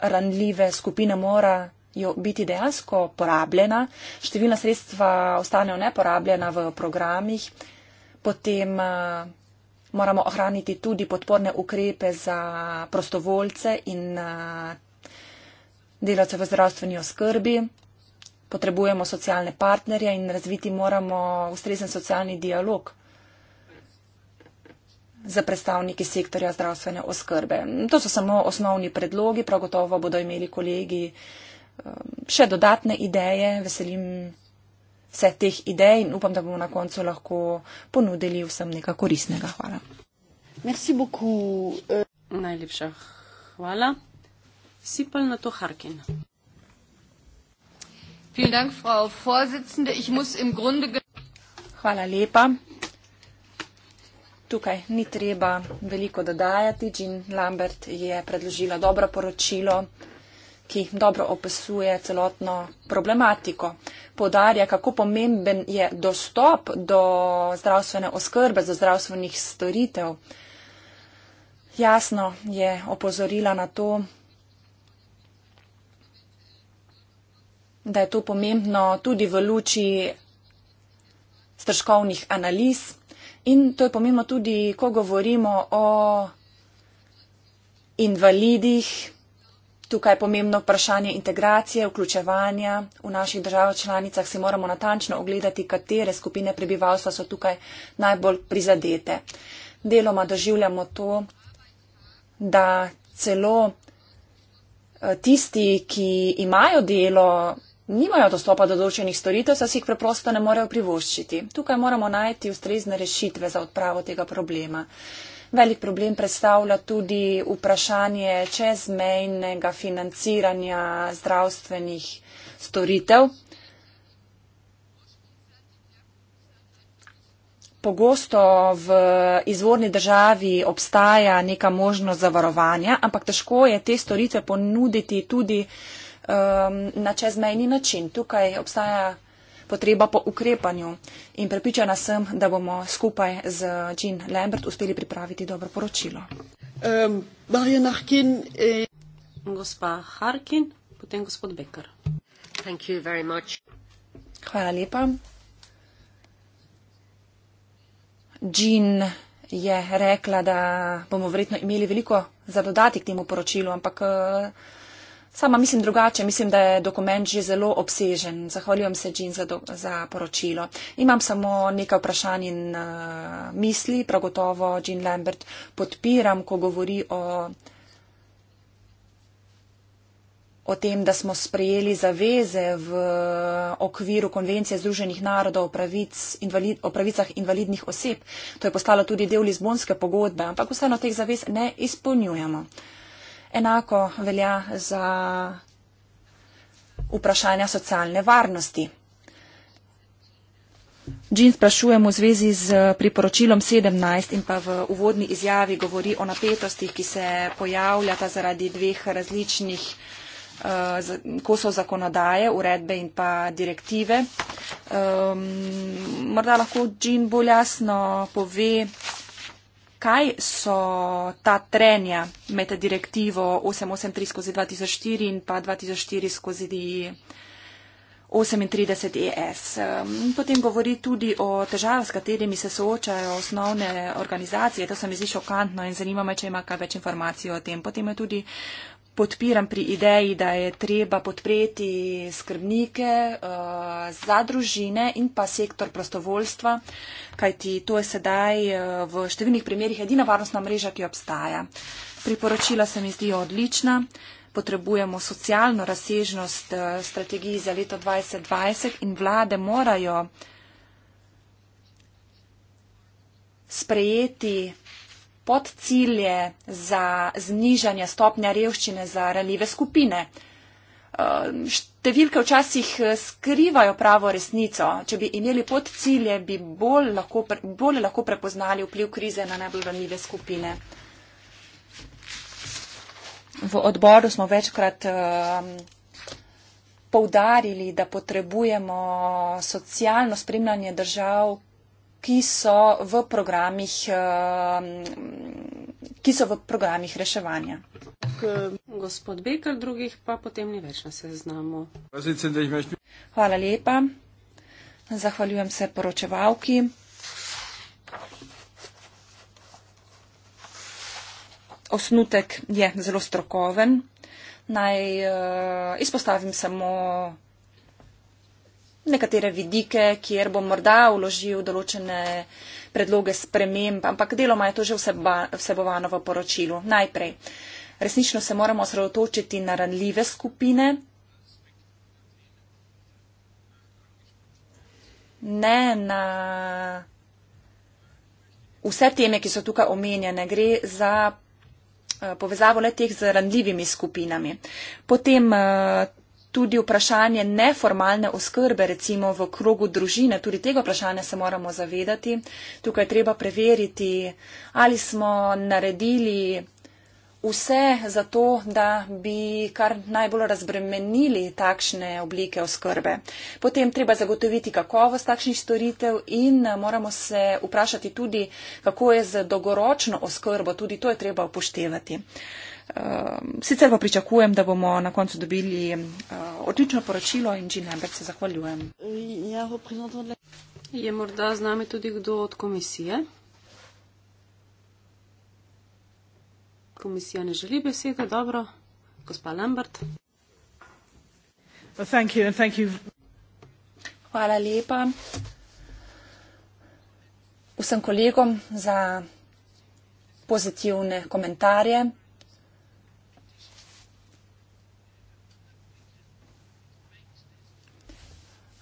ranljive skupine, mora jo biti dejansko porabljena. Številna sredstva ostanejo neporabljena v programih, potem moramo ohraniti tudi podporne ukrepe za prostovoljce in eh, delavce v zdravstveni oskrbi. Potrebujemo socialne partnerje in razviti moramo ustrezen socialni dialog za predstavniki sektorja zdravstvene oskrbe. To so samo osnovni predlogi, prav gotovo bodo imeli kolegi eh, še dodatne ideje. Veselim vse teh idej in upam, da bomo na koncu lahko ponudili vsem nekaj koristnega. Hvala. Merci beaucoup. Eh, najlepša hvala. Sipal na to Harkin. Vielen Dank, Frau Vorsitzende. Ich muss im Grunde. Hvala lepa. Tukaj ni treba veliko dodajati. Jean Lambert je predložila dobro poročilo ki dobro opisuje celotno problematiko. Podarja, kako pomemben je dostop do zdravstvene oskrbe, do zdravstvenih storitev. Jasno je opozorila na to, da je to pomembno tudi v luči stroškovnih analiz in to je pomembno tudi, ko govorimo o invalidih, Tukaj je pomembno vprašanje integracije, vključevanja. V naših državah članicah si moramo natančno ogledati, katere skupine prebivalstva so tukaj najbolj prizadete. Deloma doživljamo to, da celo eh, tisti, ki imajo delo, nimajo dostopa do določenih storitev, saj si jih preprosto ne morejo privoščiti. Tukaj moramo najti ustrezne rešitve za odpravo tega problema. Velik problem predstavlja tudi vprašanje čezmejnega financiranja zdravstvenih storitev. Pogosto v izvorni državi obstaja neka možnost zavarovanja, ampak težko je te storitve ponuditi tudi um, na čezmejni način. Tukaj obstaja potreba po ukrepanju in prepričana sem, da bomo skupaj z Jean Lambert uspeli pripraviti dobro poročilo. Um, Harkin, eh. Gospa Harkin, potem gospod Becker. Hvala lepa. Jean je rekla, da bomo verjetno imeli veliko za dodati k temu poročilu, ampak. Eh, Sama mislim drugače, mislim, da je dokument že zelo obsežen. Zahvaljujem se, Džin, za, za poročilo. Imam samo nekaj vprašanj in uh, misli, prav gotovo Džin Lambert podpiram, ko govori o, o tem, da smo sprejeli zaveze v okviru Konvencije Združenih narodov o, pravic, invalid, o pravicah invalidnih oseb. To je postalo tudi del Lizbonske pogodbe, ampak vseeno teh zavez ne izpolnjujemo. Uh, Enako velja za vprašanja socialne varnosti. Džin sprašujem v zvezi z priporočilom 17 in pa v uvodni izjavi govori o napetostih, ki se pojavljata zaradi dveh različnih uh, kosov zakonodaje, uredbe in pa direktive. Um, morda lahko Džin bolj jasno pove, kaj so ta trenja med direktivo 883/2004 in pa 2004/38ES. E potem govori tudi o težavah, s katerimi se soočajo osnovne organizacije. To se mi zdi šokantno in zanima me, če ima kaj več informacij o tem. Potem je tudi podpiram pri ideji, da je treba podpreti skrbnike uh, za družine in pa sektor prostovoljstva, kajti to je sedaj uh, v številnih primerjih edina varnostna mreža, ki obstaja. Priporočila se mi zdijo odlična. Potrebujemo socialno razsežnost uh, strategiji za leto 2020 in vlade morajo sprejeti pod cilje za znižanje stopnja revščine za ranljive skupine. Ehm, številke včasih eh, skrivajo pravo resnico. Če bi imeli pod cilje, bi bolj lahko, bolj lahko prepoznali vpliv krize na najbolj ranljive skupine. V odboru smo večkrat ehm, poudarili, da potrebujemo socialno spremljanje držav, ki so v programih, eh, ki so v programih reševanja. Gospod Bekar, drugih pa potem ni več na seznamu. Hvala lepa. Zahvaljujem se poročevalki. Osnutek je zelo strokoven. Naj uh, izpostavim samo nekatere vidike, kjer bom morda vložil določene predloge sprememb, ampak deloma je to že vsebovano v poročilu. Najprej, resnično se moramo osredotočiti na ranljive skupine. Ne na vse teme, ki so tukaj omenjene, gre za eh, povezavo le teh z randljivimi skupinami. Potem eh, tudi vprašanje neformalne oskrbe, recimo v krogu družine, tudi tega vprašanja se moramo zavedati. Tukaj treba preveriti, ali smo naredili vse za to, da bi kar najbolj razbremenili takšne oblike oskrbe. Potem treba zagotoviti kakovost takšnih storitev in moramo se vprašati tudi, kako je z dolgoročno oskrbo, tudi to je treba upoštevati. Ehm, sicer pa pričakujem, da bomo na koncu dobili uh, odlično poročilo in Gina Embert se zahvaljujem. Ja, Je morda z nami tudi kdo od komisije? Komisija ne želi besede, dobro. Gospa Lambert. Thank you thank you. Hvala lepa vsem kolegom za pozitivne komentarje.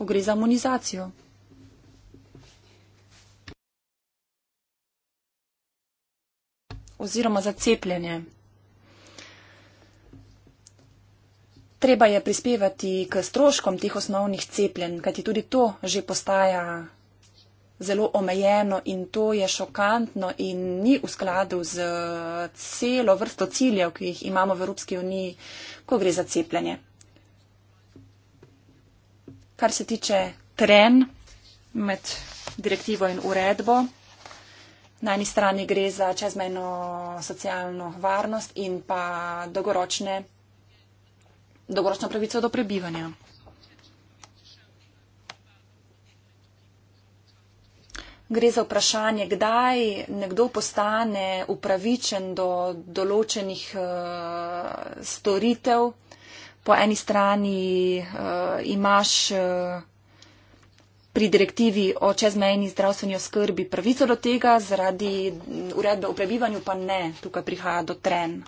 ko gre za monizacijo. oziroma za cepljenje. Treba je prispevati k stroškom teh osnovnih cepljen, kajti tudi to že postaja zelo omejeno in to je šokantno in ni v skladu z celo vrsto ciljev, ki jih imamo v Evropski uniji, ko gre za cepljenje kar se tiče tren med direktivo in uredbo. Na eni strani gre za čezmejno socialno varnost in pa dolgoročne, dolgoročno pravico do prebivanja. Gre za vprašanje, kdaj nekdo postane upravičen do določenih uh, storitev, uh, po eni strani uh, imaš uh, pri direktivi o čezmejni zdravstveni oskrbi pravico do tega, zaradi mm, uredbe o prebivanju pa ne, tukaj prihaja do tren.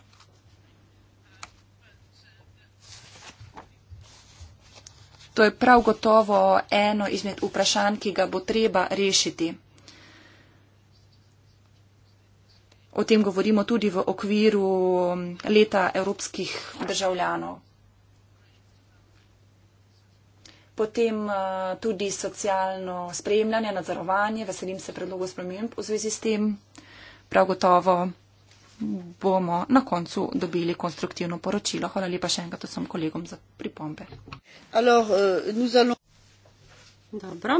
To je prav gotovo eno izmed vprašanj, ki ga bo treba rešiti. O tem govorimo tudi v okviru mm, leta evropskih državljanov. Potem uh, tudi socialno spremljanje, nadzorovanje, veselim se predlogov sprememb v zvezi s tem. Prav gotovo bomo na koncu dobili konstruktivno poročilo. Hvala lepa še enkrat vsem kolegom za pripombe. Euh, Dobro.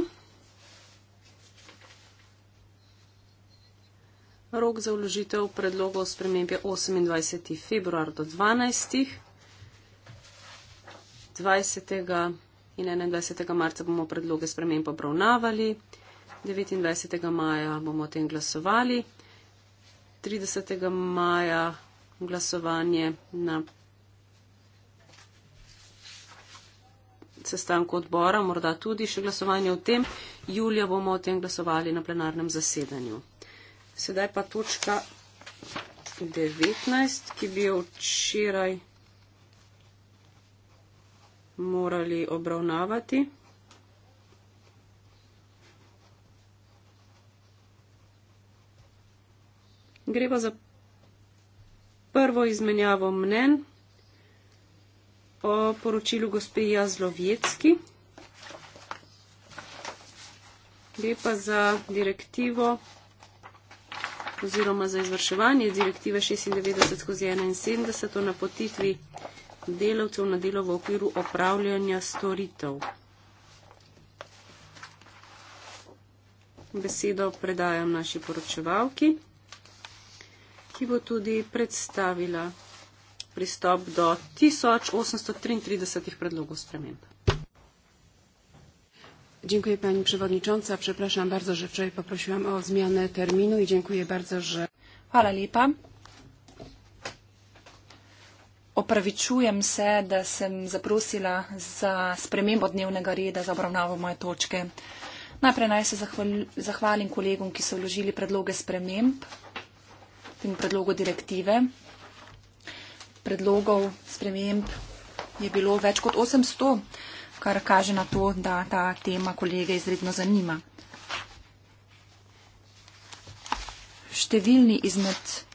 Rok za vložitev predlogov sprememb je 28. februar do 12. 20 in 21. marca bomo predloge sprememb obravnavali, 29. maja bomo o tem glasovali, 30. maja glasovanje na sestanku odbora, morda tudi še glasovanje o tem, julija bomo o tem glasovali na plenarnem zasedanju. Sedaj pa točka 19, ki bi jo včeraj morali obravnavati. Gre pa za prvo izmenjavo mnen o poročilu gospe Jazlovjetski. Gre pa za direktivo oziroma za izvrševanje direktive 96 skozi 71 o napotitvi delavcev na delo v okviru opravljanja storitev. Besedo predajam naši poročevalki, ki bo tudi predstavila pristop do 1833 predlogov sprememb. Dziękuję Pani Przewodnicząca. Przepraszam bardzo, że wczoraj poprosiłam o zmianę terminu i dziękuję bardzo, że. Hvala lepa opravičujem se, da sem zaprosila za spremembo dnevnega reda za obravnavo moje točke. Najprej naj se zahvalim kolegom, ki so vložili predloge sprememb in predlogo direktive. Predlogov sprememb je bilo več kot 800, kar kaže na to, da ta tema kolege izredno zanima. Številni izmed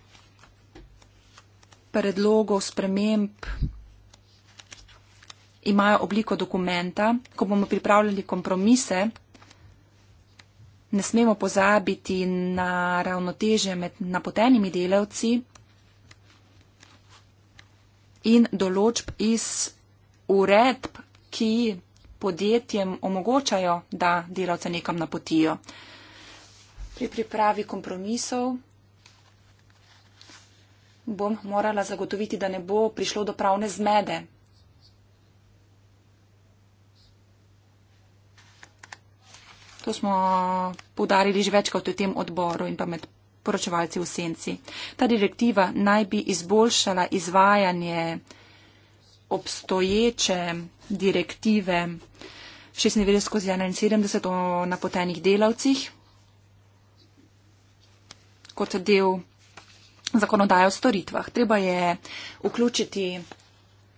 predlogov sprememb imajo obliko dokumenta, ko bomo pripravljali kompromise, ne smemo pozabiti na ravnoteže med napotenimi delavci in določb iz uredb, ki podjetjem omogočajo, da delavce nekam napotijo. Pri pripravi kompromisov bom morala zagotoviti, da ne bo prišlo do pravne zmede. To smo podarili že večkrat v tem odboru in pa med poročevalci v senci. Ta direktiva naj bi izboljšala izvajanje obstoječe direktive 96-71 o napotenih delavcih kot del zakonodajo o storitvah. Treba je vključiti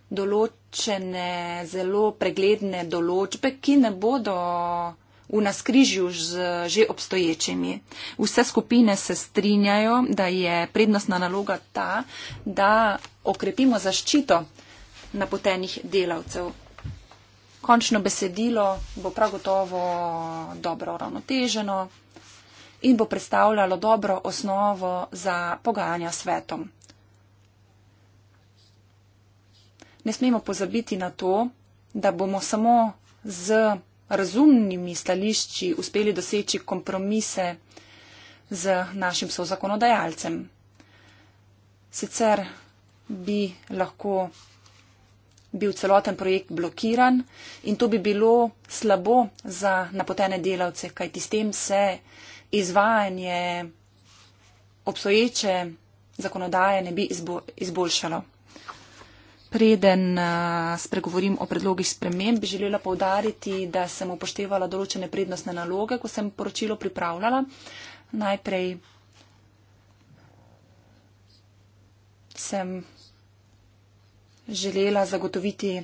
določene zelo pregledne določbe, ki ne bodo v naskrižju z že obstoječimi. Vse skupine se strinjajo, da je prednostna naloga ta, da okrepimo zaščito napotenih delavcev. Končno besedilo bo prav gotovo dobro ravnoteženo in bo predstavljalo dobro osnovo za pogajanja s svetom. Ne smemo pozabiti na to, da bomo samo z razumnimi stališči uspeli doseči kompromise z našim sozakonodajalcem. Sicer bi lahko bil celoten projekt blokiran in to bi bilo slabo za napotene delavce, kajti s tem se izvajanje obstoječe zakonodaje ne bi izboljšalo. Preden eh, spregovorim o predlogih sprememb, bi želela povdariti, da sem upoštevala določene prednostne naloge, ko sem poročilo pripravljala. Najprej sem želela zagotoviti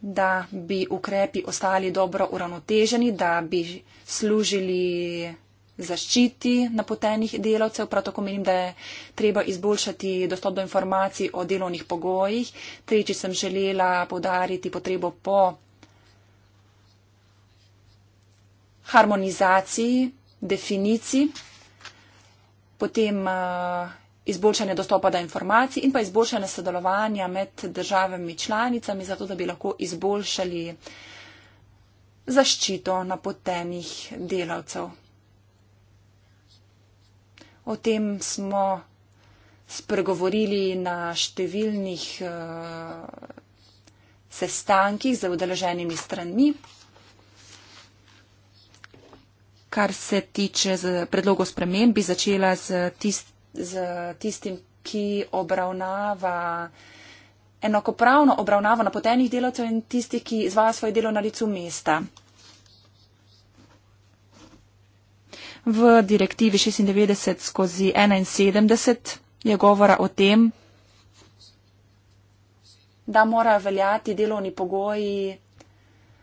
da bi ukrepi ostali dobro uravnoteženi, da bi služili zaščiti napotenih delavcev. Prav tako menim, da je treba izboljšati dostop do informacij o delovnih pogojih. Tretji sem želela podariti potrebo po harmonizaciji, definiciji, potem uh, izboljšanje dostopa do informacij in pa izboljšanje sodelovanja med državami članicami, zato da bi lahko izboljšali zaščito napotenih delavcev. O tem smo spregovorili na številnih eh, sestankih z udeleženimi stranmi. Kar se tiče predlogov spremembi, začela z tistimi, z tistim, ki obravnava enakopravno obravnavo napotenih delavcev in tistih, ki izvaja svoje delo na licu mesta. V direktivi 96 skozi 71 je govora o tem, da mora veljati delovni pogoji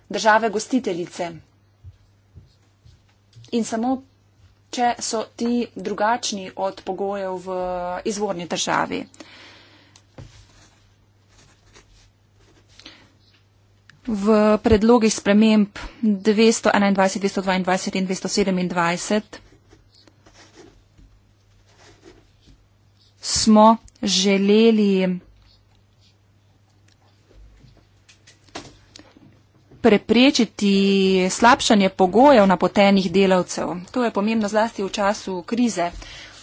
države gostiteljice. In samo če so ti drugačni od pogojev v izvorni državi. V predlogih sprememb 221, 222 in 227 smo želeli preprečiti slabšanje pogojev napotenih delavcev. To je pomembno zlasti v času krize.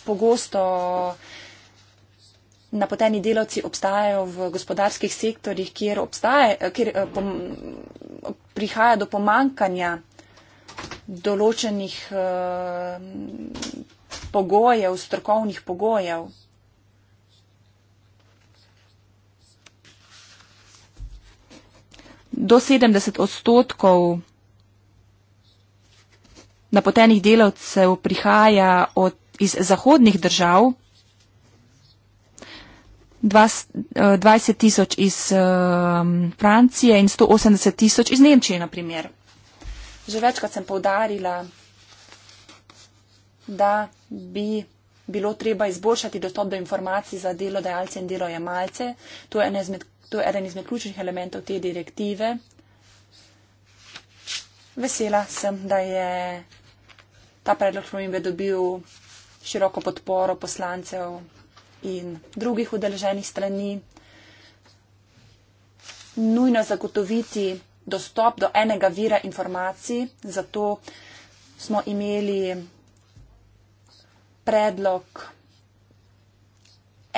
Pogosto napoteni delavci obstajajo v gospodarskih sektorjih, kjer, obstaje, kjer eh, pom, prihaja do pomankanja določenih eh, pogojev, strokovnih pogojev. do 70 odstotkov napotenih delavcev prihaja od, iz zahodnih držav, 20 eh, tisoč iz eh, Francije in 180 tisoč iz Nemčije, na primer. Že večkrat sem povdarila, da bi bilo treba izboljšati dostop do informacij za delodajalce in delojemalce. To je ena izmed To je eden izmed ključnih elementov te direktive. Vesela sem, da je ta predlog promimbe dobil široko podporo poslancev in drugih udeleženih strani. Nujno zagotoviti dostop do enega vira informacij, zato smo imeli predlog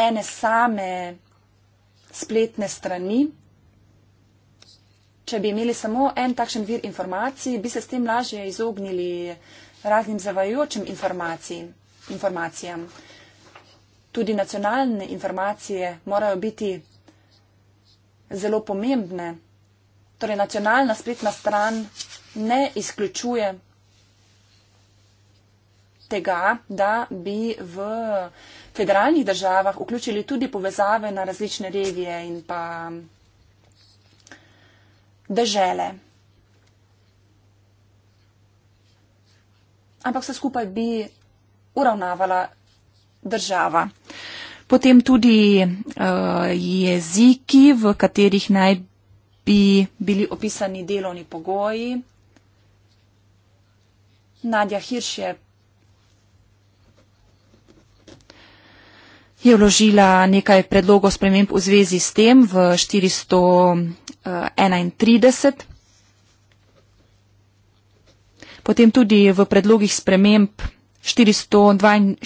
ene same spletne strani. Če bi imeli samo en takšen vir informacij, bi se s tem lažje izognili raznim zavajujočim informacijam. Tudi nacionalne informacije morajo biti zelo pomembne. Torej, nacionalna spletna stran ne izključuje tega, da bi v federalnih državah vključili tudi povezave na različne regije in pa dežele. Ampak vse skupaj bi uravnavala država. Potem tudi uh, jeziki, v katerih naj bi bili opisani delovni pogoji. Nadja Hirš je je vložila nekaj predlogov sprememb v zvezi s tem v 431. Eh, Potem tudi v predlogih sprememb 442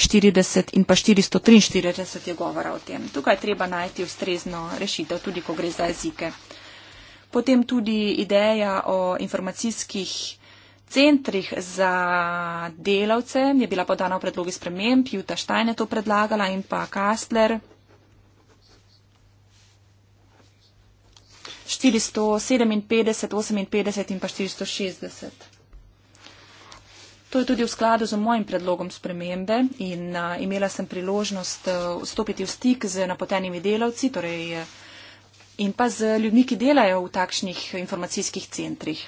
in pa 443 je govora o tem. Tukaj treba najti ustrezno rešitev, tudi ko gre za jezike. Potem tudi ideja o informacijskih centrih za delavce je bila podana v predlogi sprememb, Juta Štajn je to predlagala in pa Kastler. 457, 58 in pa 460. To je tudi v skladu z mojim predlogom spremembe in uh, imela sem priložnost uh, stopiti v stik z napotenimi delavci torej, in pa z ljudmi, ki delajo v takšnih informacijskih centrih.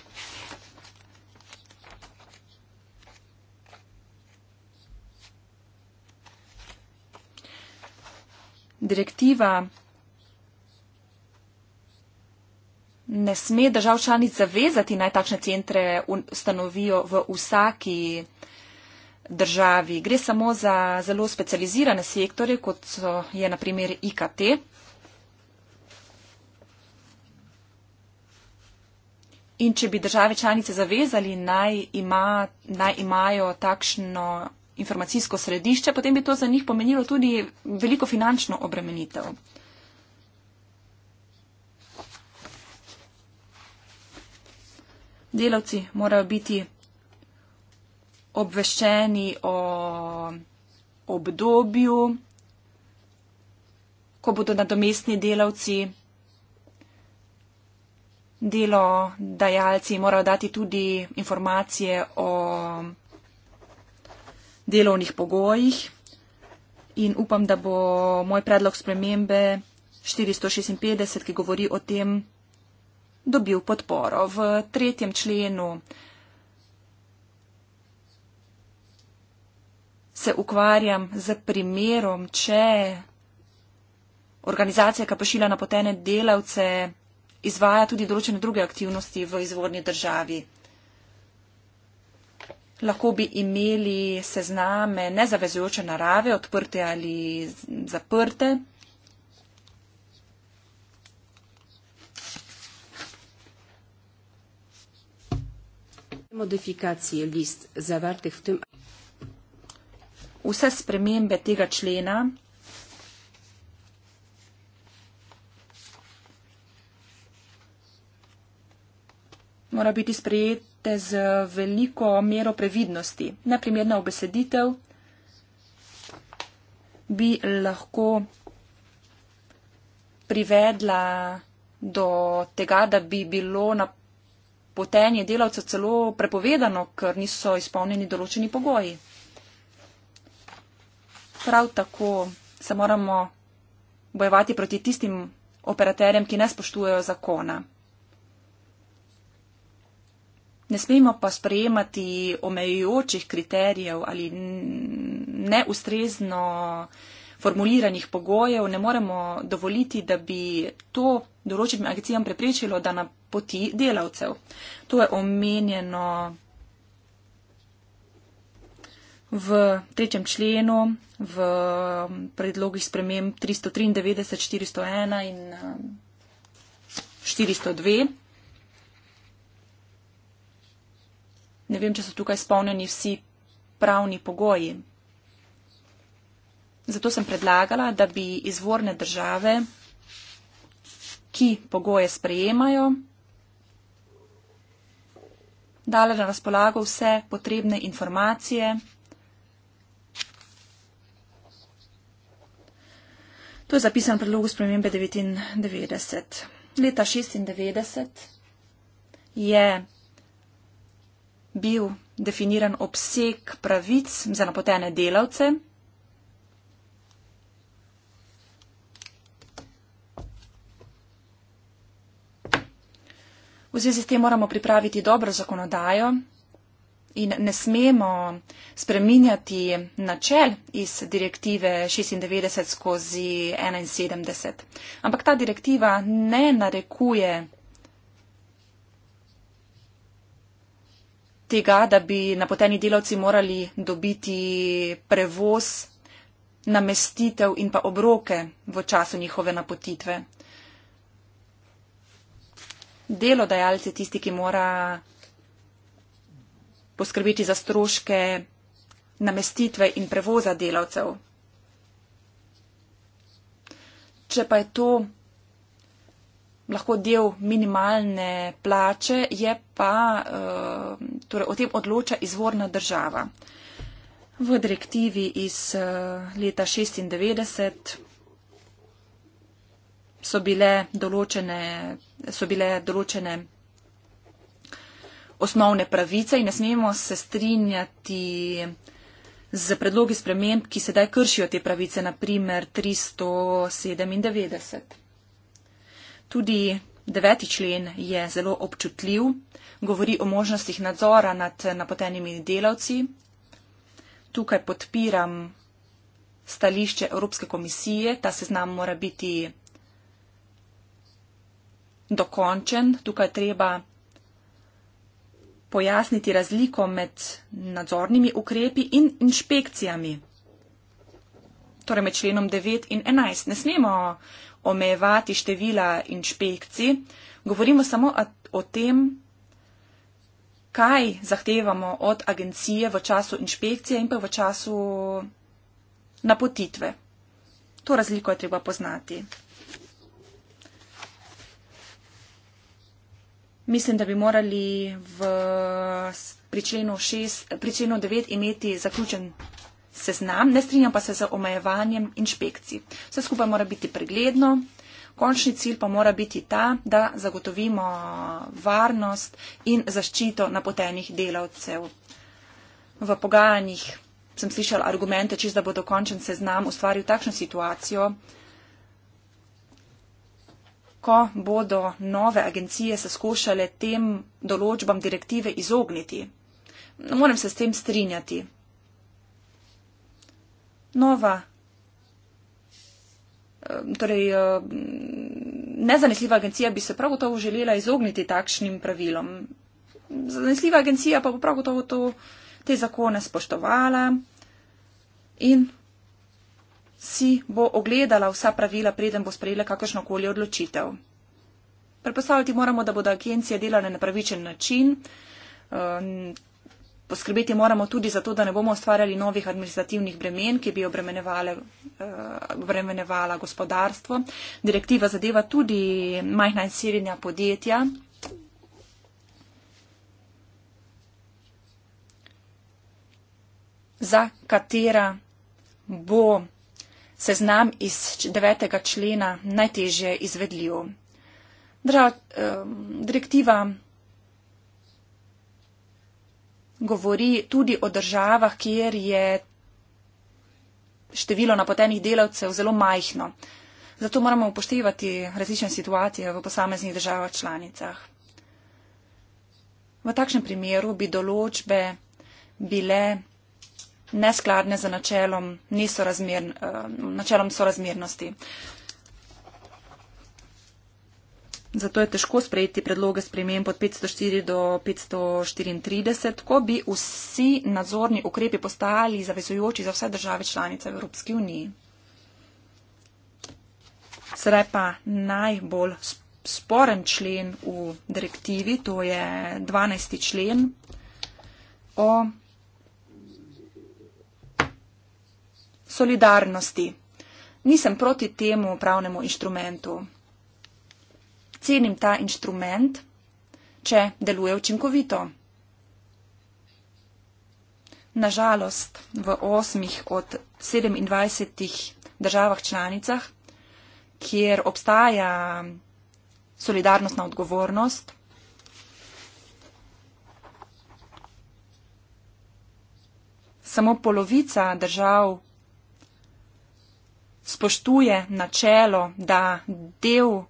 direktiva ne sme držav članic zavezati naj takšne centre ustanovijo v vsaki državi. Gre samo za zelo specializirane sektore, kot so, je na primer IKT. In če bi države članice zavezali, naj, ima, naj imajo takšno informacijsko središče, potem bi to za njih pomenilo tudi veliko finančno obremenitev. Delavci morajo biti obveščeni o obdobju, ko bodo nadomestni delavci. Delodajalci morajo dati tudi informacije o delovnih pogojih in upam, da bo moj predlog spremembe 456, ki govori o tem, dobil podporo. V tretjem členu se ukvarjam z primerom, če organizacija, ki pošilja napotene delavce, izvaja tudi določene druge aktivnosti v izvorni državi. Lahko bi imeli sezname nezavezujoče narave, odprte ali zaprte. Modifikacije list zavrtih v tem. Vse spremembe tega člena. Mora biti sprejet te z veliko mero previdnosti. Neprimerna obeseditev bi lahko privedla do tega, da bi bilo na potenje delavcev celo prepovedano, ker niso izpolnjeni določeni pogoji. Prav tako se moramo bojevati proti tistim operaterjem, ki ne spoštujejo zakona. Ne smemo pa sprejemati omejujočih kriterijev ali neustrezno formuliranih pogojev, ne moremo dovoliti, da bi to določenim agencijam preprečilo, da na poti delavcev. To je omenjeno v tretjem členu, v predlogih spremem 393, 401 in 402. Eh, Ne vem, če so tukaj spolnjeni vsi pravni pogoji. Zato sem predlagala, da bi izvorne države, ki pogoje sprejemajo, dale na razpolago vse potrebne informacije. To je zapisano v predlogu spremembe 99. Leta 96 je bil definiran obseg pravic za napotene delavce. V zvezi s tem moramo pripraviti dobro zakonodajo in ne smemo spreminjati načel iz direktive 96 skozi 71. Ampak ta direktiva ne narekuje tega, da bi napoteni delavci morali dobiti prevoz, namestitev in pa obroke v času njihove napotitve. Delodajalci je tisti, ki mora poskrbeti za stroške namestitve in prevoza delavcev. Če pa je to lahko del minimalne plače, je pa eh, torej, o tem odloča izvorna država. V direktivi iz eh, leta 96 so bile določene, so bile določene osnovne pravice in ne smemo se strinjati z predlogi sprememb, ki sedaj kršijo te pravice, naprimer 397. Tudi deveti člen je zelo občutljiv, govori o možnostih nadzora nad napotenimi delavci. Tukaj podpiram stališče Evropske komisije, ta seznam mora biti dokončen. Tukaj treba pojasniti razliko med nadzornimi ukrepi in inšpekcijami. Torej med členom 9 in 11. Ne smemo omejevati števila inšpekcij, govorimo samo o tem, kaj zahtevamo od agencije v času inšpekcije in pa v času napotitve. To razliko je treba poznati. Mislim, da bi morali v, pri členu 6, pri členu 9 imeti zaključen se znam, ne strinjam pa se z omejevanjem inšpekcij. Vse skupaj mora biti pregledno, končni cilj pa mora biti ta, da zagotovimo varnost in zaščito napotenih delavcev. V pogajanjih sem slišal argumente, čez da bo dokončen seznam ustvaril takšno situacijo, ko bodo nove agencije se skušale tem določbam direktive izogniti. Ne morem se s tem strinjati nova, torej nezanesljiva agencija bi se prav gotovo želela izogniti takšnim pravilom. Zanesljiva agencija pa bo prav gotovo to, te zakone spoštovala in si bo ogledala vsa pravila, preden bo sprejela kakršnokoli odločitev. Predpostavljati moramo, da bodo agencije delale na pravičen način. Poskrbeti moramo tudi za to, da ne bomo ustvarjali novih administrativnih bremen, ki bi obremenevala eh, gospodarstvo. Direktiva zadeva tudi majhna in srednja podjetja. za katera bo seznam iz 9. člena najtežje izvedljiv. Eh, direktiva govori tudi o državah, kjer je število napotenih delavcev zelo majhno. Zato moramo upoštevati različne situacije v posameznih državah članicah. V takšnem primeru bi določbe bile neskladne z načelom, sorazmer, eh, načelom sorazmernosti. Zato je težko sprejeti predloge spremem pod 504 do 534, ko bi vsi nadzorni ukrepi postali zavezujoči za vse države članice Evropske unije. Sedaj pa najbolj sporen člen v direktivi, to je 12. člen o solidarnosti. Nisem proti temu pravnemu inštrumentu cenim ta inštrument, če deluje učinkovito. Nažalost, v osmih od 27 državah članicah, kjer obstaja solidarnostna odgovornost, samo polovica držav spoštuje načelo, da del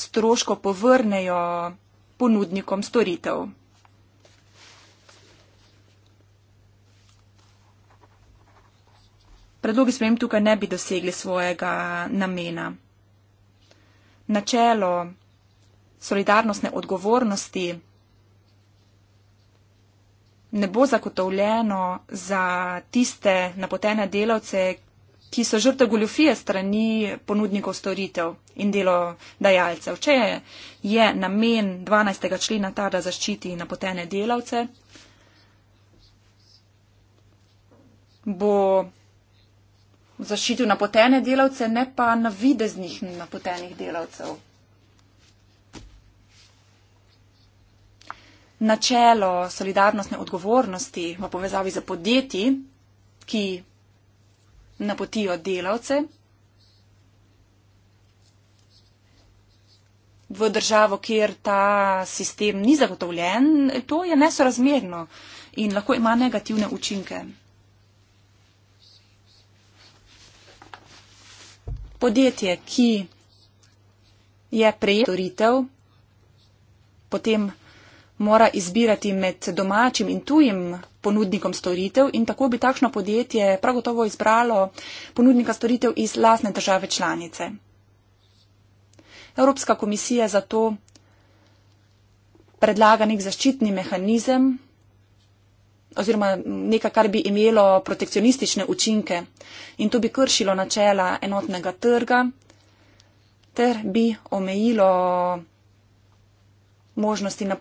stroško povrnejo ponudnikom storitev. Predlogi sprem tukaj ne bi dosegli svojega namena. Načelo solidarnostne odgovornosti ne bo zakotovljeno za tiste napotene delavce, ki so žrtve goljofije strani ponudnikov storitev in delodajalcev. Če je, je namen 12. člena ta, da zaščiti napotene delavce, bo zaščitil napotene delavce, ne pa navideznih napotenih delavcev. Načelo solidarnostne odgovornosti v povezavi z podjetji, ki napotijo delavce v državo, kjer ta sistem ni zagotovljen, to je nesorazmerno in lahko ima negativne učinke. Podjetje, ki je prejelo storitev, potem mora izbirati med domačim in tujim ponudnikom storitev in tako bi takšno podjetje prav gotovo izbralo ponudnika storitev iz lasne države članice. Evropska komisija zato predlaga nek zaščitni mehanizem oziroma nekaj, kar bi imelo protekcionistične učinke in to bi kršilo načela enotnega trga ter bi omejilo možnosti na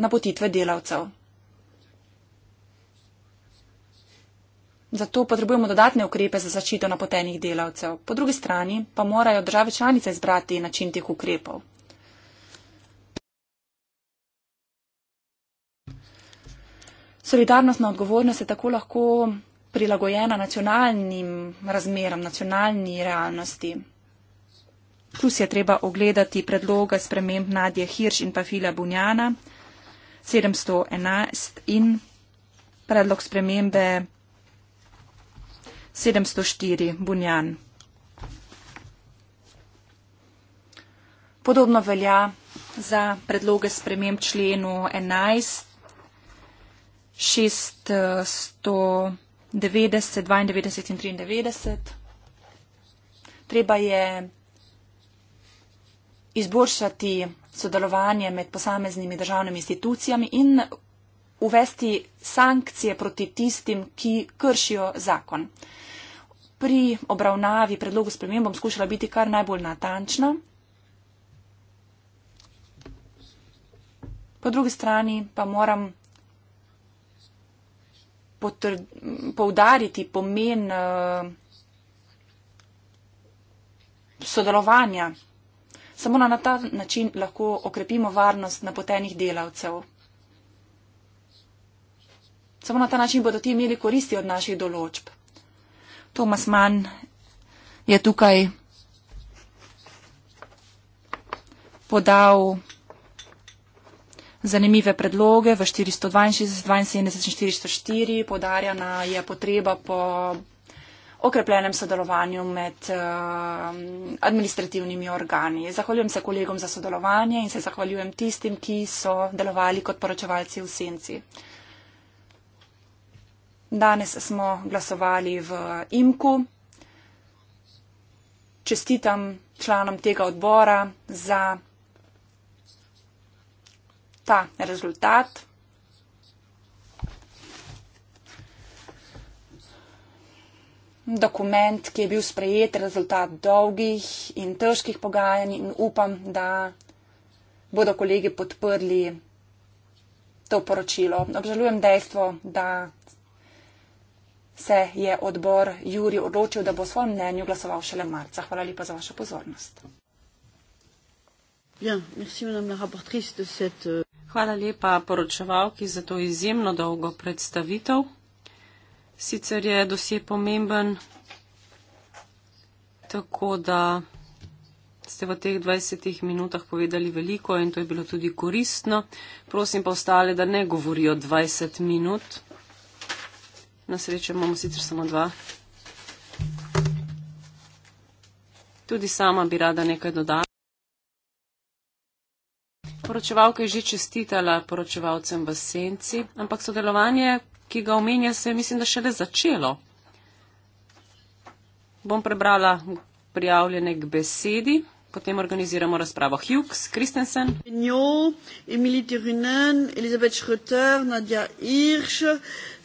napotitve delavcev. Zato potrebujemo dodatne ukrepe za zaščito napotenih delavcev. Po drugi strani pa morajo države članice izbrati način teh ukrepov. Solidarnostna odgovornost je tako lahko prilagojena nacionalnim razmeram, nacionalni realnosti. Plus je treba ogledati predloga sprememb Nadje Hirš in pa Filja Bunjana. 711 in predlog spremembe 704 Bunjan. Podobno velja za predloge sprememb členu 11, 690, 92 in 93. Treba je izboljšati sodelovanje med posameznimi državnimi institucijami in uvesti sankcije proti tistim, ki kršijo zakon. Pri obravnavi predlogu sprememb bom skušala biti kar najbolj natančna. Po drugi strani pa moram poudariti pomen eh, sodelovanja Samo na ta način lahko okrepimo varnost napotenih delavcev. Samo na ta način bodo ti imeli koristi od naših določb. Tomas Mann je tukaj podal zanimive predloge v 462, 72 in 404, podarjena je potreba po okrepljenem sodelovanju med uh, administrativnimi organi. Zahvaljujem se kolegom za sodelovanje in se zahvaljujem tistim, ki so delovali kot poročevalci v senci. Danes smo glasovali v IMKU. Čestitam članom tega odbora za ta rezultat. dokument, ki je bil sprejet, rezultat dolgih in težkih pogajanj in upam, da bodo kolegi podprli to poročilo. Obžalujem dejstvo, da se je odbor Juri odločil, da bo v svojem mnenju glasoval šele marca. Hvala lepa za vašo pozornost. Euh, Hvala lepa poročevalki za to izjemno dolgo predstavitev sicer je dosje pomemben, tako da ste v teh 20 minutah povedali veliko in to je bilo tudi koristno. Prosim pa ostale, da ne govorijo 20 minut. Na srečo imamo sicer samo dva. Tudi sama bi rada nekaj dodala. Poročevalka je že čestitala poročevalcem v senci, ampak sodelovanje ki ga omenja, se je mislim, da šele začelo. Bom prebrala prijavljene k besedi, potem organiziramo razpravo. Hughes, Kristensen. Pignol, Emily Tyrinen, Elizabeth Schröter, Nadja Irš,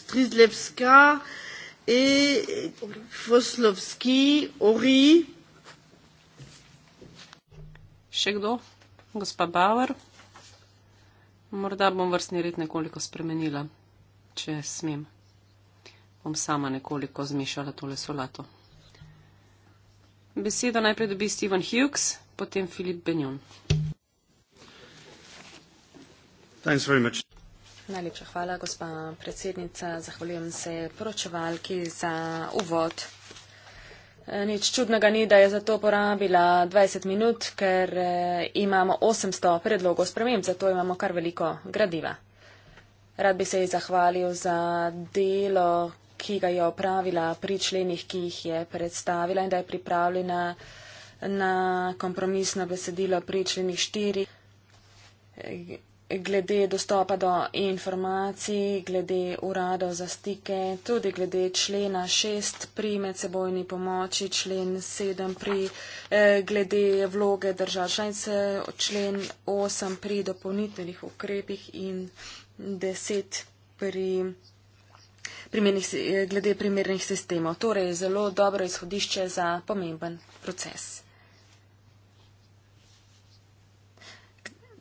Strizlevska in e. Foslovski, Ori. Še kdo? Gospa Bauer. Morda bom vrstni red nekoliko spremenila če smem. Bom sama nekoliko zmešala tole solato. Besedo najprej dobi Steven Hughes, potem Filip Benjon. Najlepša hvala, gospa predsednica. Zahvaljujem se poročevalki za uvod. Eh, nič čudnega ni, da je za to porabila 20 minut, ker eh, imamo 800 predlogov sprememb, zato imamo kar veliko gradiva. Rad bi se ji zahvalil za delo, ki ga je opravila pri členih, ki jih je predstavila in da je pripravljena na kompromisno besedilo pri členih štiri. Glede dostopa do informacij, glede urado za stike, tudi glede člena 6 pri medsebojni pomoči, člen 7 pri, eh, glede vloge držav članice, eh, člen 8 pri dopolnitelnih ukrepih in eh, deset pri, primernih, glede primernih sistemov. Torej, zelo dobro izhodišče za pomemben proces.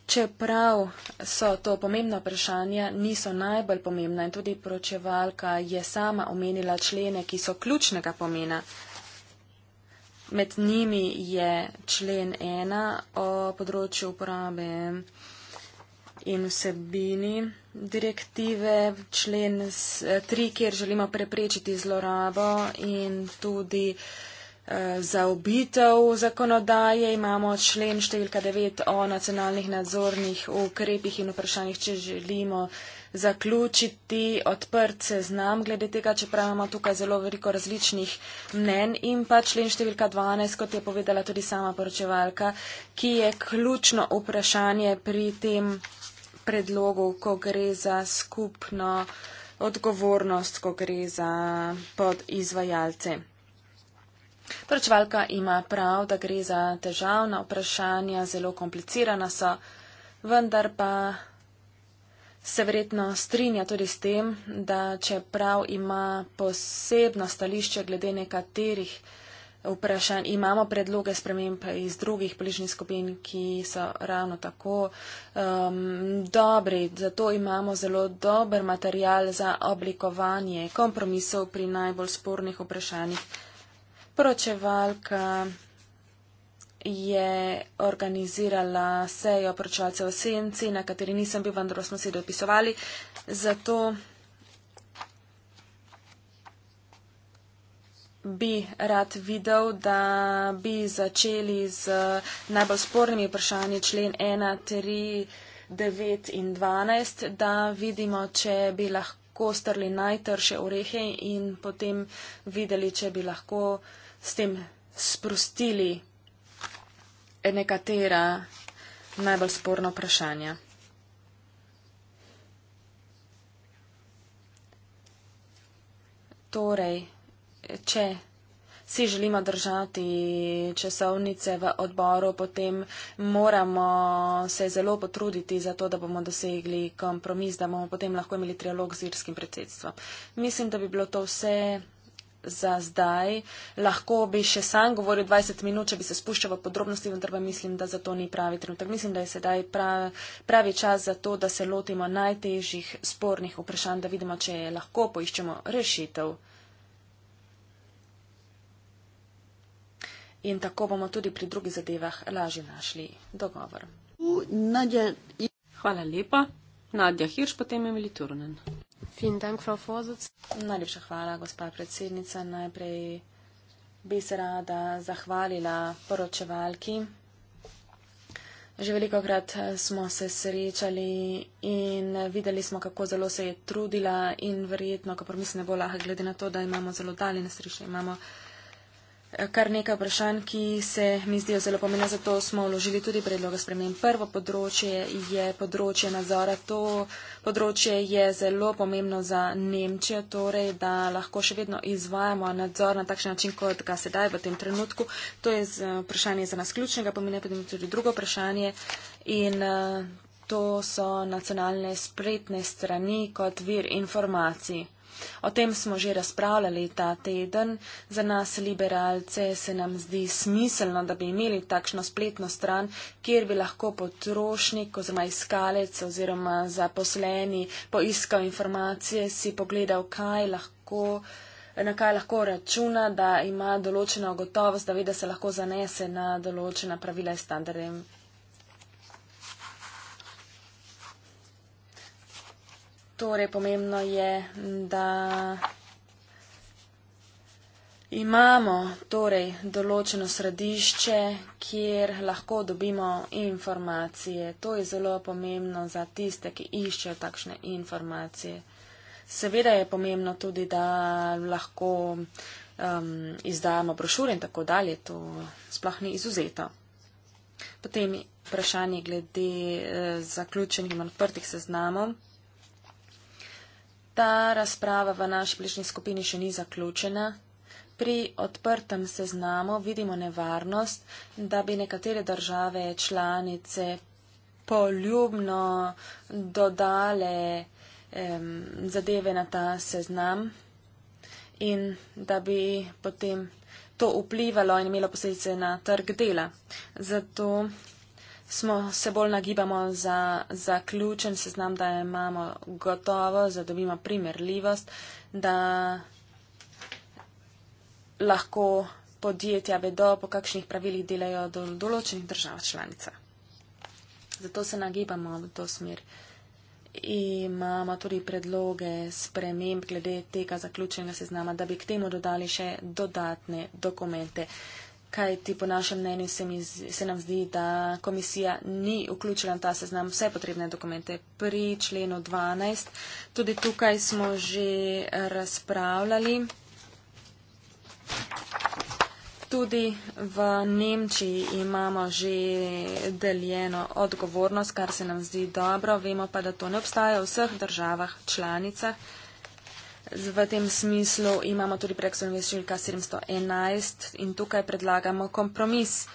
Čeprav so to pomembna vprašanja, niso najbolj pomembna in tudi poročevalka je sama omenila člene, ki so ključnega pomena. Med njimi je člen ena o področju uporabe in vsebini direktive, člen 3, eh, kjer želimo preprečiti zlorabo in tudi eh, Za obitev zakonodaje imamo člen številka 9 o nacionalnih nadzornih ukrepih in vprašanjih, če želimo zaključiti odprt seznam glede tega, čeprav imamo tukaj zelo veliko različnih mnen in pa člen številka 12, kot je povedala tudi sama poročevalka, ki je ključno vprašanje pri tem predlogov, ko gre za skupno odgovornost, ko gre za podizvajalce. Pročvalka ima prav, da gre za težavna vprašanja, zelo komplicirana so, vendar pa se verjetno strinja tudi s tem, da čeprav ima posebno stališče glede nekaterih vprašanj. Imamo predloge sprememb iz drugih bližnjih skupin, ki so ravno tako um, dobri. Zato imamo zelo dober material za oblikovanje kompromisov pri najbolj spornih vprašanjih. Pročevalka je organizirala sejo pročevalcev v Senci, na kateri nisem bil, vendar smo se dopisovali. Zato bi rad videl, da bi začeli z najbolj spornimi vprašanji člen 1, 3, 9 in 12, da vidimo, če bi lahko strli najtrše orehe in potem videli, če bi lahko s tem sprostili nekatera najbolj sporna vprašanja. Torej, če si želimo držati časovnice v odboru, potem moramo se zelo potruditi za to, da bomo dosegli kompromis, da bomo potem lahko imeli trialog z irskim predsedstvom. Mislim, da bi bilo to vse za zdaj. Lahko bi še sam govoril 20 minut, če bi se spuščal v podrobnosti, vendar pa mislim, da za to ni pravi trenutek. Mislim, da je sedaj pravi čas za to, da se lotimo najtežjih spornih vprašanj, da vidimo, če lahko poiščemo rešitev. in tako bomo tudi pri drugih zadevah lažje našli dogovor. Hvala lepa. Nadja Hirš, potem Emilij Turnen. Najlepša hvala, gospa predsednica. Najprej bi se rada zahvalila poročevalki. Že veliko krat smo se srečali in videli smo, kako zelo se je trudila in verjetno, kako mislim, ne bo lahko, glede na to, da imamo zelo daljne sreče, imamo uh, kar nekaj vprašanj, ki se mi zdijo zelo pomembna, zato smo vložili tudi predloga spremen. Prvo področje je področje nadzora. To področje je zelo pomembno za Nemčijo, torej, da lahko še vedno izvajamo nadzor na takšen način, kot ga sedaj v tem trenutku. To je eh, vprašanje za nas ključnega pomena, potem tudi drugo vprašanje. In, eh, to so nacionalne spletne strani kot vir informacij. O tem smo že razpravljali ta teden. Za nas liberalce se nam zdi smiselno, da bi imeli takšno spletno stran, kjer bi lahko potrošnik oziroma iskalec oziroma zaposleni poiskal informacije, si pogledal, kaj lahko na kaj lahko računa, da ima določeno gotovost, da ve, da se lahko zanese na določena pravila in standarde Torej, pomembno je, da imamo torej, določeno središče, kjer lahko dobimo informacije. To je zelo pomembno za tiste, ki iščejo takšne informacije. Seveda je pomembno tudi, da lahko um, izdajamo brošure in tako dalje. To sploh ni izuzeto. Potem vprašanje glede eh, zaključenih in odprtih seznamov. Ta razprava v naši bližnji skupini še ni zaključena. Pri odprtem seznamu vidimo nevarnost, da bi nekatere države članice poljubno dodale um, zadeve na ta seznam in da bi potem to vplivalo in imelo posledice na trg dela. Zato smo, se bolj nagibamo za, za ključen seznam, da imamo gotovo, da dobimo primerljivost, da lahko podjetja vedo, po kakšnih pravilih delajo do določenih držav članica. Zato se nagibamo v to smer. Imamo tudi predloge sprememb glede tega zaključenega seznama, da bi k temu dodali še dodatne dokumente kaj ti po našem mnenju se, mi, se nam zdi, da komisija ni vključila na ta seznam vse potrebne dokumente pri členu 12. Tudi tukaj smo že razpravljali. Tudi v Nemčiji imamo že deljeno odgovornost, kar se nam zdi dobro, vemo pa, da to ne obstaja v vseh državah članicah. V tem smislu imamo tudi prek slovenskega številka 711 in tukaj predlagamo kompromis,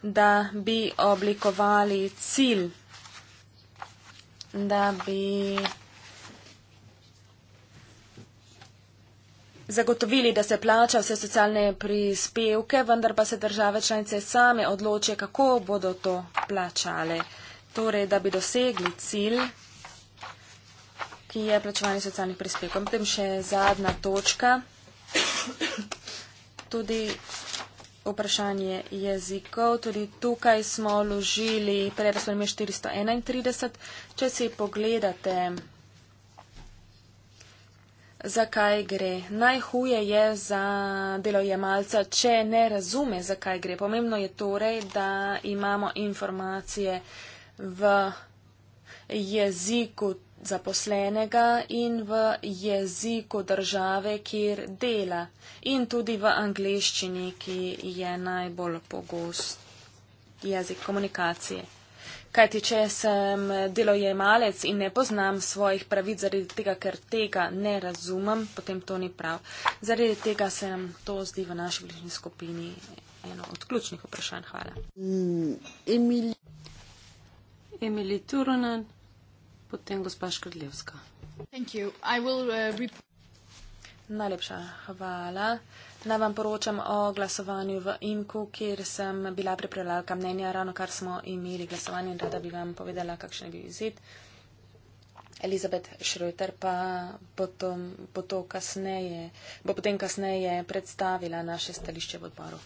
da bi oblikovali cilj, da bi zagotovili, da se plača vse socialne prispevke, vendar pa se države članice same odločijo, kako bodo to plačale. Torej, da bi dosegli cilj ki je plačevanje socialnih prispevkov. Potem še zadnja točka, tudi vprašanje jezikov. Tudi tukaj smo ložili predrasponem 431. Če si pogledate, zakaj gre. Najhuje je za delojemalca, če ne razume, zakaj gre. Pomembno je torej, da imamo informacije v jeziku zaposlenega in v jeziku države, kjer dela in tudi v angleščini, ki je najbolj pogost jezik komunikacije. Kajti, če sem delojemalec in ne poznam svojih pravic zaradi tega, ker tega ne razumem, potem to ni prav. Zaradi tega se nam to zdi v naši bližnji skupini eno od ključnih vprašanj. Hvala. Mm, Emil... Emili Turunen. Potem gospa Škrljevska. Uh, Najlepša hvala. Naj vam poročam o glasovanju v IMKU, kjer sem bila pripravljalka mnenja, ravno kar smo imeli glasovanje in rada bi vam povedala, kakšen je bil izid. Elizabet Schröter pa potom, bo, to kasneje, bo potem kasneje predstavila naše stališče v odboru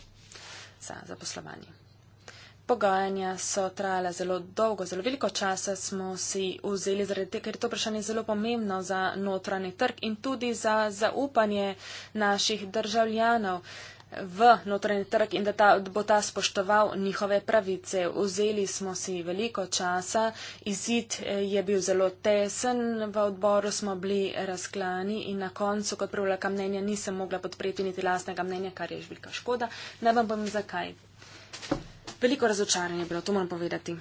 za zaposlovanje. Pogajanja so trajala zelo dolgo, zelo veliko časa smo si vzeli, zaradi tega, ker je to vprašanje zelo pomembno za notranji trg in tudi za zaupanje naših državljanov v notranji trg in da ta, bo ta spoštoval njihove pravice. Vzeli smo si veliko časa, izid eh, je bil zelo tesen, v odboru smo bili razklani in na koncu, kot privlaka mnenja, nisem mogla podpreti niti lastnega mnenja, kar je že velika škoda. Ne vem, bom zakaj. Veliko razočaranje je bilo, to moram povedati.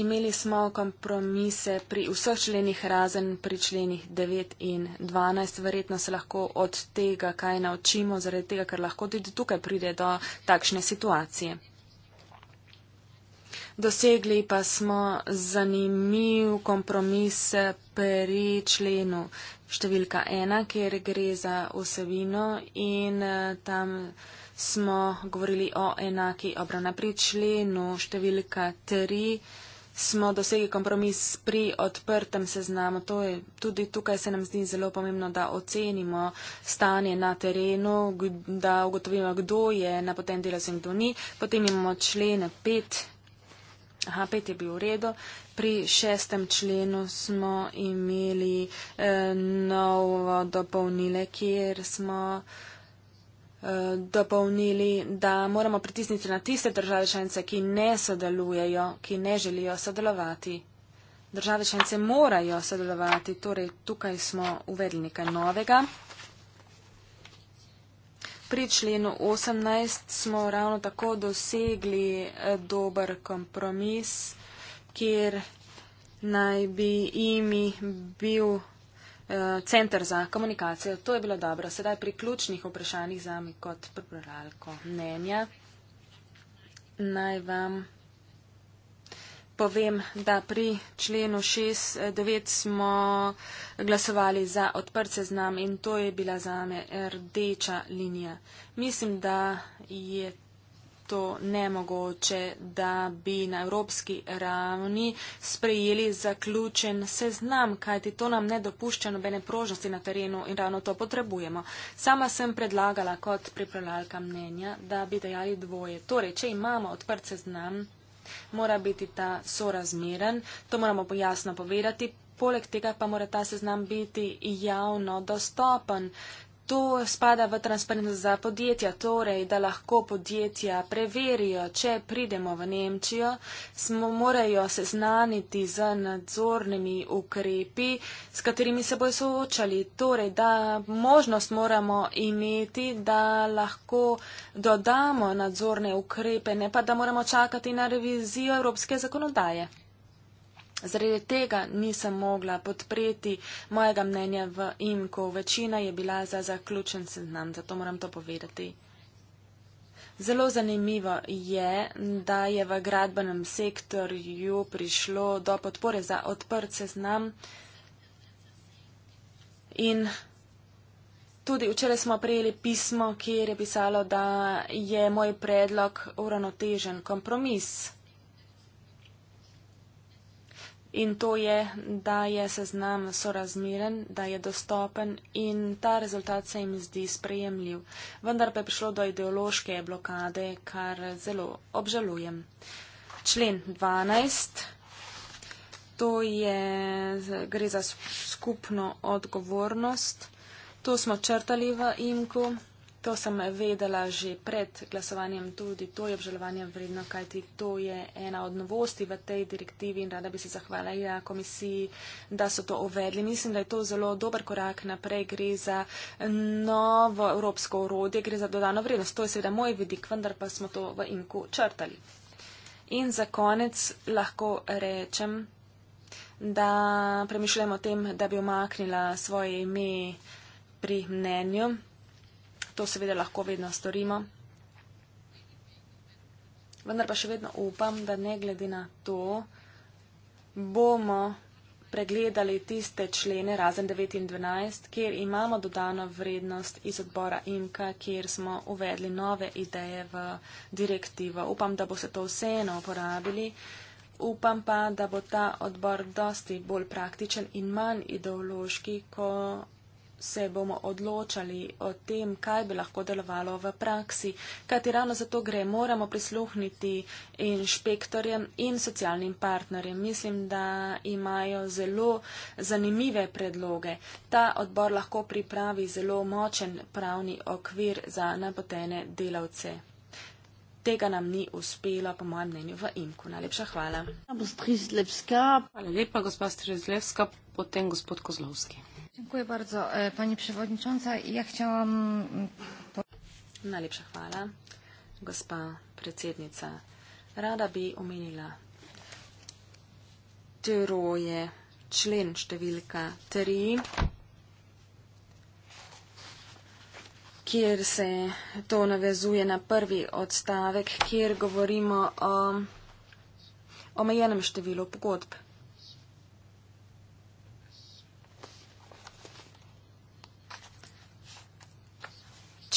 Imeli smo kompromise pri vseh členih, razen pri členih 9 in 12. Verjetno se lahko od tega kaj naučimo, zaradi tega, ker lahko tudi tukaj pride do takšne situacije. Dosegli pa smo zanimiv kompromis pri členu številka 1, kjer gre za vsebino in eh, tam smo govorili o enaki obravnavi. Pri členu številka 3 smo dosegli kompromis pri odprtem seznamu. Je, tudi tukaj se nam zdi zelo pomembno, da ocenimo stanje na terenu, da ugotovimo, kdo je na potem delovcem, kdo ni. Potem imamo člen 5. Aha, pet je bil v redu. Pri šestem členu smo imeli eh, novo dopolnile, kjer smo. Eh, Eh, dopolnili, da moramo pritisniti na tiste države članice, ki ne sodelujejo, ki ne želijo sodelovati. Države članice morajo sodelovati, torej tukaj smo uvedli nekaj novega. Pri členu 18 smo ravno tako dosegli eh, dober kompromis, kjer naj bi imi bil Eh, Center za komunikacijo, to je bilo dobro. Sedaj pri ključnih vprašanjih za me kot prebralko mnenja. Naj vam povem, da pri členu 6.9 smo glasovali za odprt seznam in to je bila za me rdeča linija. Mislim, da je to to nemogoče, da bi na evropski ravni sprejeli zaključen seznam, kajti to nam ne dopušča nobene prožnosti na terenu in ravno to potrebujemo. Sama sem predlagala kot pripravljalka mnenja, da bi dejali dvoje. Torej, če imamo odprt seznam, mora biti ta sorazmeren, to moramo jasno povedati. Poleg tega pa mora ta seznam biti javno dostopen, to spada v transparentnost za podjetja, torej, da lahko podjetja preverijo, če pridemo v Nemčijo, smo morajo seznaniti z nadzornimi ukrepi, s katerimi se bojo soočali, torej, da možnost moramo imeti, da lahko dodamo nadzorne ukrepe, ne pa da moramo čakati na revizijo evropske zakonodaje. Zaradi tega nisem mogla podpreti mojega mnenja v imko. Večina je bila za zaključen seznam, zato moram to povedati. Zelo zanimivo je, da je v gradbenem sektorju prišlo do podpore za odprt seznam. In tudi včeraj smo prijeli pismo, kjer je pisalo, da je moj predlog uravnotežen kompromis. In to je, da je seznam sorazmeren, da je dostopen in ta rezultat se jim zdi sprejemljiv. Vendar pa je prišlo do ideološke blokade, kar zelo obžalujem. Člen 12. To je, gre za skupno odgovornost. To smo črtali v imku. To sem vedela že pred glasovanjem, tudi to je obžalovanje vredno, kajti to je ena od novosti v tej direktivi in rada bi se zahvalila komisiji, da so to uvedli. Mislim, da je to zelo dober korak naprej, gre za novo evropsko urodje, gre za dodano vrednost. To je seveda moj vidik, vendar pa smo to v inku črtali. In za konec lahko rečem, da premišljamo o tem, da bi omaknila svoje ime pri mnenju. To seveda lahko vedno storimo. Vendar pa še vedno upam, da ne glede na to, bomo pregledali tiste člene razen 9 in 12, kjer imamo dodano vrednost iz odbora IMKA, kjer smo uvedli nove ideje v direktivo. Upam, da bo se to vseeno uporabili. Upam pa, da bo ta odbor dosti bolj praktičen in manj ideološki, ko se bomo odločali o tem, kaj bi lahko delovalo v praksi, kajti ravno zato gre, moramo prisluhniti inšpektorjem in socialnim partnerjem. Mislim, da imajo zelo zanimive predloge. Ta odbor lahko pripravi zelo močen pravni okvir za napotene delavce. Tega nam ni uspelo, po mojem mnenju, v Imku. Najlepša hvala. Hvala lepa, gospa Strizlevska, potem gospod Kozlovski. Dziękuję bardzo e, Pani Przewodnicząca. Ja chciałam... Mm, Najlepsza chwala. Gospa Predsjednica rada bi omenila troje člen številka 3, kjer se to navezuje na prvi odstavek, kjer govorimo o omejenem številu pogodb.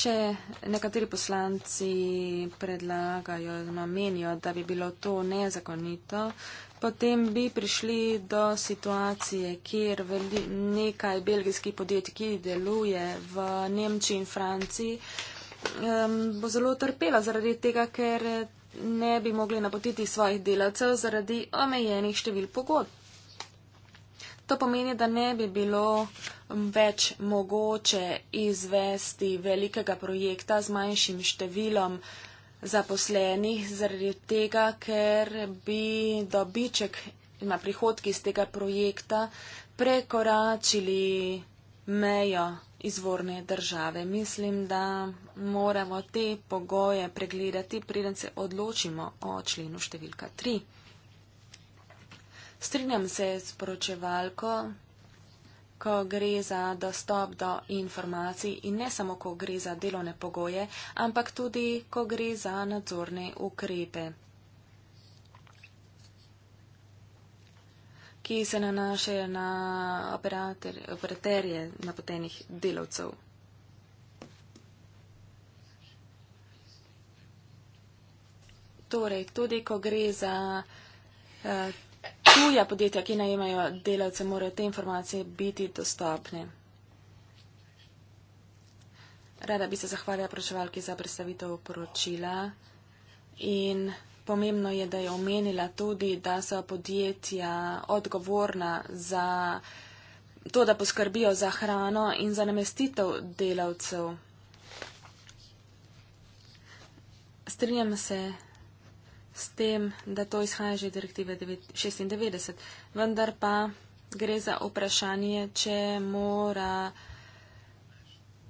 mogoče nekateri poslanci predlagajo, oziroma menijo, da bi bilo to nezakonito, potem bi prišli do situacije, kjer veli, nekaj belgijskih podjetij, ki deluje v Nemčiji in Franciji, um, bo zelo trpela zaradi tega, ker ne bi mogli napotiti svojih delavcev zaradi omejenih števil pogodb. To pomeni, da ne bi bilo več mogoče izvesti velikega projekta z manjšim številom zaposlenih, zaradi tega, ker bi dobiček na prihodki iz tega projekta prekoračili mejo izvorne države. Mislim, da moramo te pogoje pregledati, preden se odločimo o členu številka 3. Strinjam se s poročevalko, ko gre za dostop do informacij in ne samo, ko gre za delovne pogoje, ampak tudi, ko gre za nadzorne ukrepe, ki se nanašajo na operater, operaterje napotenih delavcev. Torej, tudi, ko gre za. Eh, tuja podjetja, ki najemajo delavce, morajo te informacije biti dostopne. Rada bi se zahvalila pročevalki za predstavitev poročila in pomembno je, da je omenila tudi, da so podjetja odgovorna za to, da poskrbijo za hrano in za namestitev delavcev. Strinjam se s tem, da to izhaja že direktive 96. Vendar pa gre za vprašanje, če mora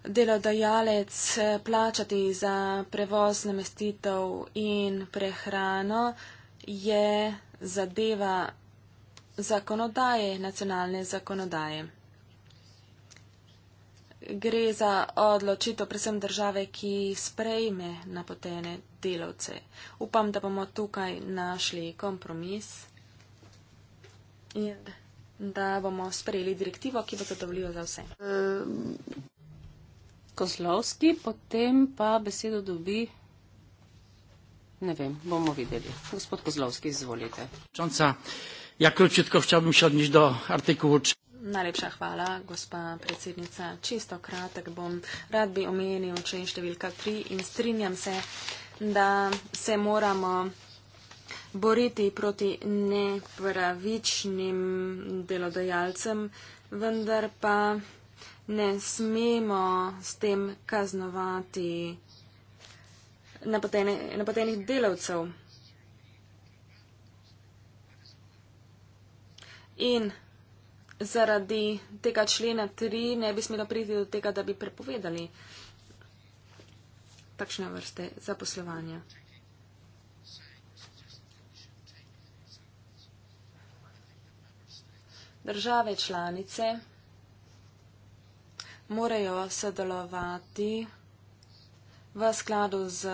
delodajalec eh, plačati za prevoz, namestitev in prehrano, je zadeva zakonodaje, nacionalne zakonodaje gre za odločitev predvsem države, ki sprejme napotene delavce. Upam, da bomo tukaj našli kompromis in da bomo sprejeli direktivo, ki bo zadovoljiva za vse. Ehm. Kozlovski, potem pa besedo dobi. Ne vem, bomo videli. Gospod Kozlovski, izvolite. Čonca, ja, ključitko, včeraj bi šel niž do artikulu. Najlepša hvala, gospa predsednica. Čisto kratek bom. Rad bi omenil člen številka 3 in strinjam se, da se moramo boriti proti nepravičnim delodajalcem, vendar pa ne smemo s tem kaznovati napotene, napotenih delavcev. In zaradi tega člena 3 ne bi smelo priti do tega, da bi prepovedali takšne vrste zaposlovanja. Države članice morajo sodelovati v skladu z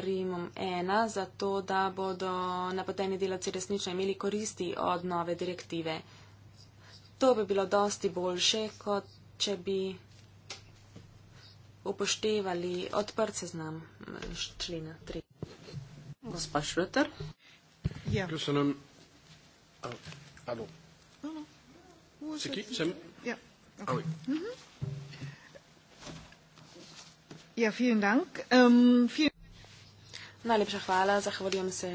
Rimom 1, zato da bodo napoteni delavci resnično imeli koristi od nove direktive. To bi bilo dosti boljše, kot če bi upoštevali odprt seznam eh, člena 3. Gospa Šveter? Ja. Kaj se nam... Alo. Se ki? Sem? Ja. Okay. Ahoj. Mhm. Ja, vielen Dank. Um, ähm, viel... Najlepša hvala. Zahvaljujem se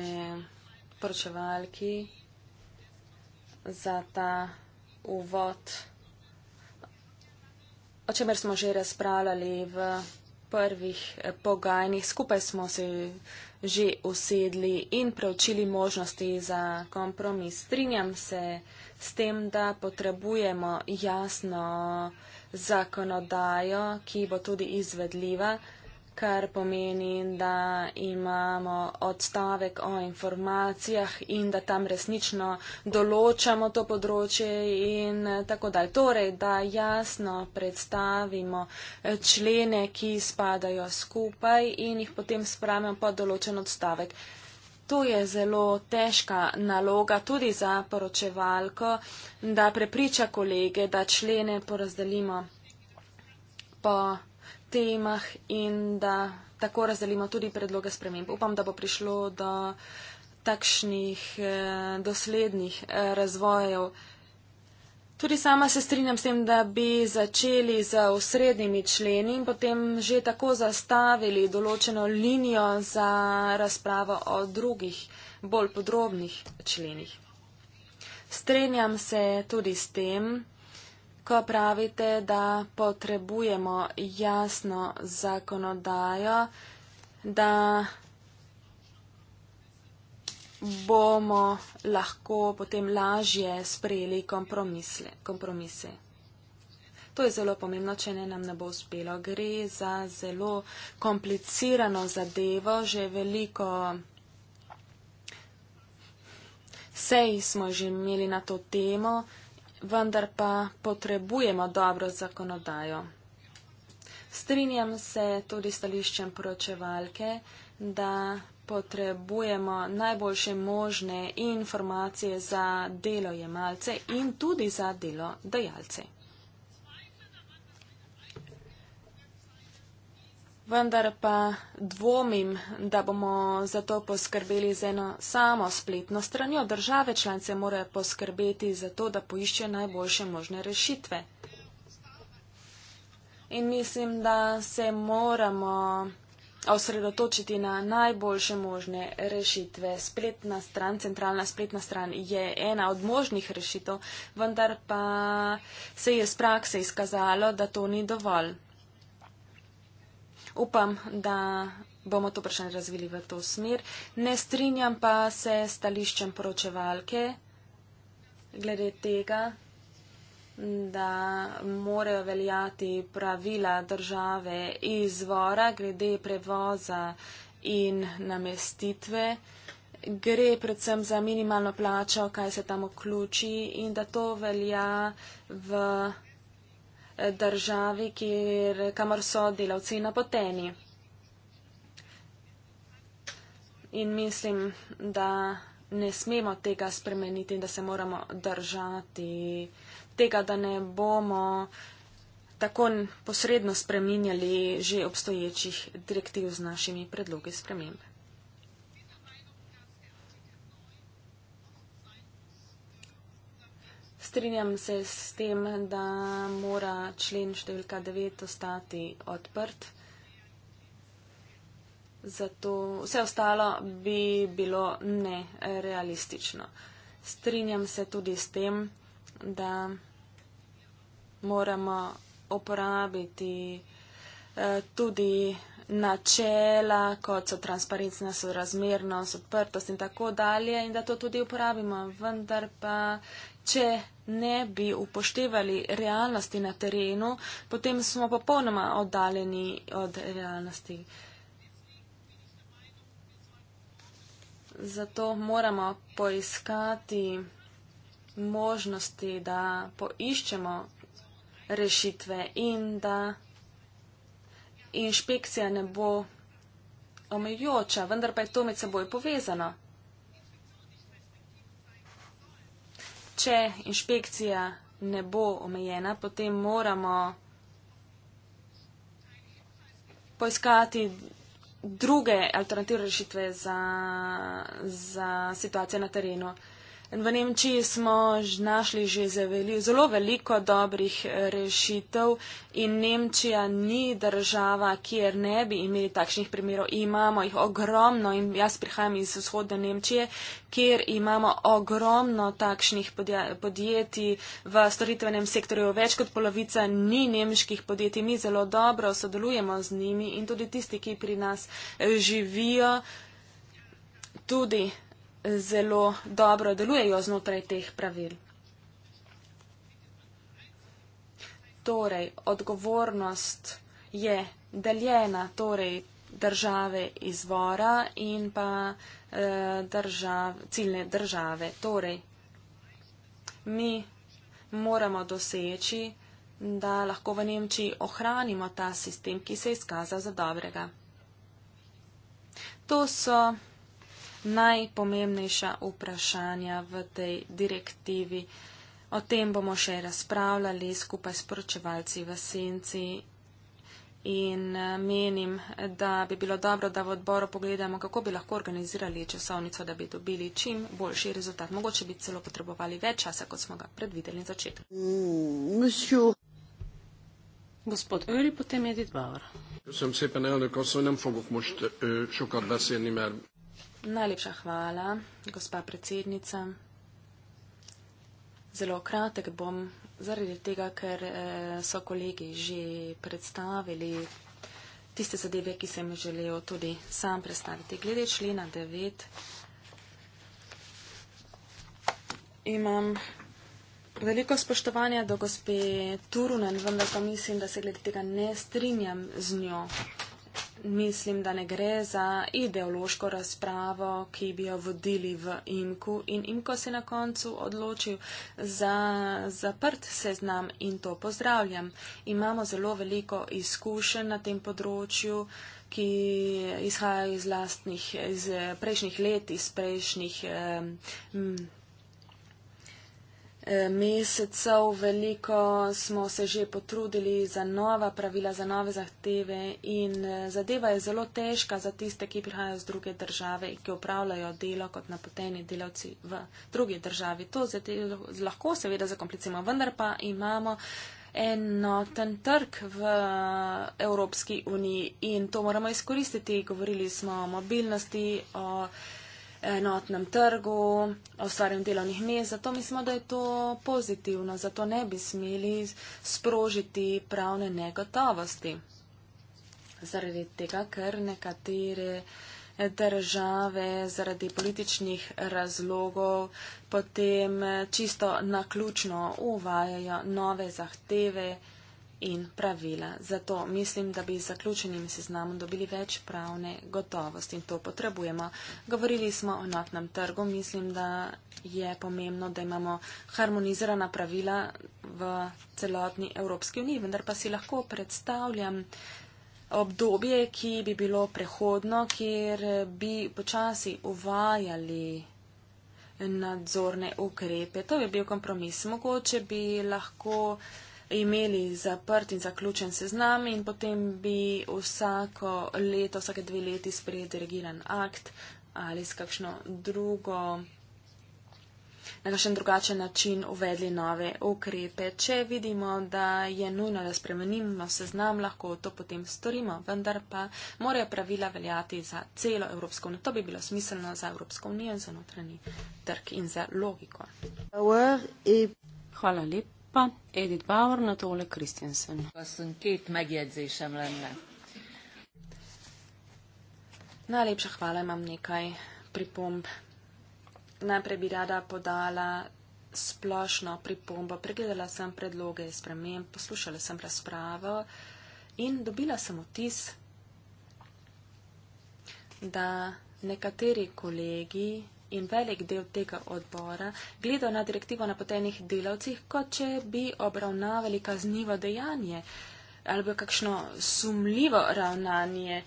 poročevalki za ta uvod, o čemer smo že razpravljali v prvih eh, pogajanjih. Skupaj smo se že usedli in preučili možnosti za kompromis. Strinjam se s tem, da potrebujemo jasno zakonodajo, ki bo tudi izvedljiva kar pomeni, da imamo odstavek o informacijah in da tam resnično določamo to področje in tako dalje. Torej, da jasno predstavimo eh, člene, ki spadajo skupaj in jih potem spravimo pod določen odstavek. To je zelo težka naloga tudi za poročevalko, da prepriča kolege, da člene porazdelimo po temah in da tako razdelimo tudi predloge sprememb. Upam, da bo prišlo do takšnih eh, doslednih eh, razvojev. Tudi sama se strinjam s tem, da bi začeli z osrednjimi členi in potem že tako zastavili določeno linijo za razpravo o drugih, bolj podrobnih členih. Strenjam se tudi s tem, ko pravite, da potrebujemo jasno zakonodajo, da bomo lahko potem lažje sprejeli kompromise. To je zelo pomembno, če ne nam ne bo uspelo. Gre za zelo komplicirano zadevo, že veliko sej smo že imeli na to temo vendar pa potrebujemo dobro zakonodajo. Strinjam se tudi stališčem poročevalke, da potrebujemo najboljše možne informacije za delojemalce in tudi za delodajalce. vendar pa dvomim, da bomo za to poskrbeli z eno samo spletno stranjo. Države članice morajo poskrbeti za to, da poišče najboljše možne rešitve. In mislim, da se moramo osredotočiti na najboljše možne rešitve. Spletna stran, centralna spletna stran je ena od možnih rešitev, vendar pa se je z prakse izkazalo, da to ni dovolj upam, da bomo to vprašanje razvili v to smer. Ne strinjam pa se s stališčem poročevalke glede tega, da morajo veljati pravila države izvora glede prevoza in namestitve. Gre predvsem za minimalno plačo, kaj se tam vključi in da to velja v državi, kjer, kamor so delavci napoteni. In mislim, da ne smemo tega spremeniti in da se moramo držati tega, da ne bomo tako posredno spreminjali že obstoječih direktiv z našimi predlogi spremembe. strinjam se s tem, da mora člen številka 9 ostati odprt. Zato vse ostalo bi bilo nerealistično. Strinjam se tudi s tem, da moramo uporabiti eh, tudi načela, kot so transparentna, so razmernost, odprtost in tako dalje in da to tudi uporabimo. Vendar pa, če ne bi upoštevali realnosti na terenu, potem smo popolnoma oddaljeni od realnosti. Zato moramo poiskati možnosti, da poiščemo rešitve in da inšpekcija ne bo omejujoča, vendar pa je to med seboj povezano. Če inšpekcija ne bo omejena, potem moramo poiskati druge alternative rešitve za, za situacijo na terenu. V Nemčiji smo našli že zelo veliko dobrih eh, rešitev in Nemčija ni država, kjer ne bi imeli takšnih primerov. Imamo jih ogromno in jaz prihajam iz vzhoda Nemčije, kjer imamo ogromno takšnih podjetij v storitvenem sektorju. Več kot polovica ni nemških podjetij. Mi zelo dobro sodelujemo z njimi in tudi tisti, ki pri nas eh, živijo, tudi zelo dobro delujejo znotraj teh pravil. Torej, odgovornost je deljena, torej države izvora in pa eh, držav, ciljne države. Torej, mi moramo doseči, da lahko v Nemčiji ohranimo ta sistem, ki se je izkazal za dobrega. To so najpomembnejša vprašanja v tej direktivi. O tem bomo še razpravljali skupaj s poročevalci v senci in eh, menim, da bi bilo dobro, da v odboru pogledamo, kako bi lahko organizirali časovnico, da bi dobili čim boljši rezultat. Mogoče bi celo potrebovali več časa, kot smo ga predvideli na začetku. Gospod Öri, potem je Dietbauer. Sem se pa najavil, da ko so nam fogok, možete šokat besedni mer. Najlepša hvala, gospa predsednica. Zelo kratek bom, zaradi tega, ker eh, so kolegi že predstavili tiste zadeve, ki sem želel tudi sam predstaviti. Glede člena 9 imam veliko spoštovanja do gospe Turunen, vendar pa mislim, da se glede tega ne strinjam z njo mislim, da ne gre za ideološko razpravo, ki bi jo vodili v Imku in Imko se na koncu odločil za zaprt seznam in to pozdravljam. Imamo zelo veliko izkušenj na tem področju, ki izhaja iz, lastnih, iz prejšnjih let, iz prejšnjih. Eh, mesecev, veliko smo se že potrudili za nova pravila, za nove zahteve in eh, zadeva je zelo težka za tiste, ki prihajajo z druge države, ki upravljajo delo kot napoteni delavci v drugi državi. To lahko seveda zakomplicimo, vendar pa imamo enoten trg v eh, Evropski uniji in to moramo izkoristiti. Govorili smo o mobilnosti, o enotnem trgu, ustvarjanju delovnih mest. Zato mislimo, da je to pozitivno, zato ne bi smeli sprožiti pravne negotovosti. Zaradi tega, ker nekatere države zaradi političnih razlogov potem čisto naključno uvajajo nove zahteve in pravila. Zato mislim, da bi z zaključenim seznamom dobili več pravne gotovosti in to potrebujemo. Govorili smo o enotnem trgu, mislim, da je pomembno, da imamo harmonizirana pravila v celotni Evropski uniji, vendar pa si lahko predstavljam obdobje, ki bi bilo prehodno, kjer bi počasi uvajali nadzorne ukrepe. To bi bil kompromis. Mogoče bi lahko imeli zaprt in zaključen seznam in potem bi vsako leto, vsake dve leti sprejeli delegiran akt ali s kakšno drugo, na kakšen drugačen način uvedli nove ukrepe. Če vidimo, da je nujno, da spremenimo seznam, lahko to potem storimo, vendar pa morajo pravila veljati za celo Evropsko unijo. To bi bilo smiselno za Evropsko unijo in za notranji trg in za logiko. Hvala lepa pa Edith Bauer, na tole Kristjansen. Pa sem kit megjegyzésem lenne. Najlepša hvala, imam nekaj pripomb. Najprej bi rada podala splošno pripombo. Pregledala sem predloge sprememb, poslušala sem razpravo in dobila sem vtis, da nekateri kolegi in velik del tega odbora gledal na direktivo napotenih delavcih, kot če bi obravnavali kaznivo dejanje ali pa kakšno sumljivo ravnanje.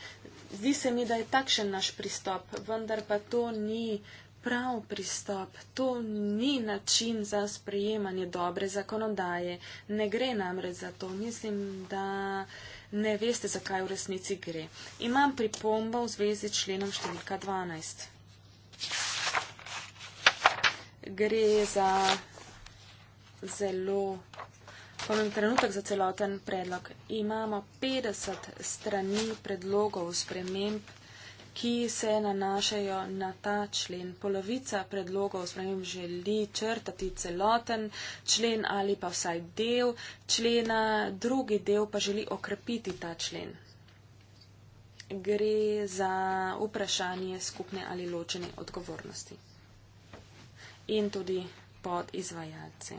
Zdi se mi, da je takšen naš pristop, vendar pa to ni prav pristop, to ni način za sprejemanje dobre zakonodaje. Ne gre namreč za to, mislim, da ne veste, zakaj v resnici gre. Imam pripombo v zvezi s členom številka 12 gre za zelo pomemben trenutek za celoten predlog. Imamo 50 strani predlogov sprememb, ki se nanašajo na ta člen. Polovica predlogov sprememb želi črtati celoten člen ali pa vsaj del člena, drugi del pa želi okrepiti ta člen. Gre za vprašanje skupne ali ločene odgovornosti in tudi pod izvajalce.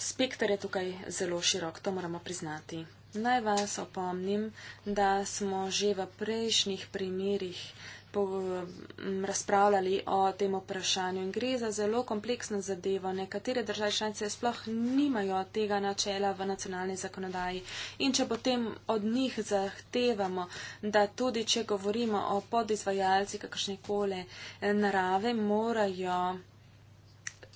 Spektr je tukaj zelo širok, to moramo priznati. Naj vas opomnim, da smo že v prejšnjih primerjih Mm, razpravljali o tem vprašanju. In gre za zelo kompleksno zadevo. Nekatere države članice sploh nimajo tega načela v nacionalni zakonodaji. In če potem od njih zahtevamo, da tudi če govorimo o podizvajalci kakršnekole narave, morajo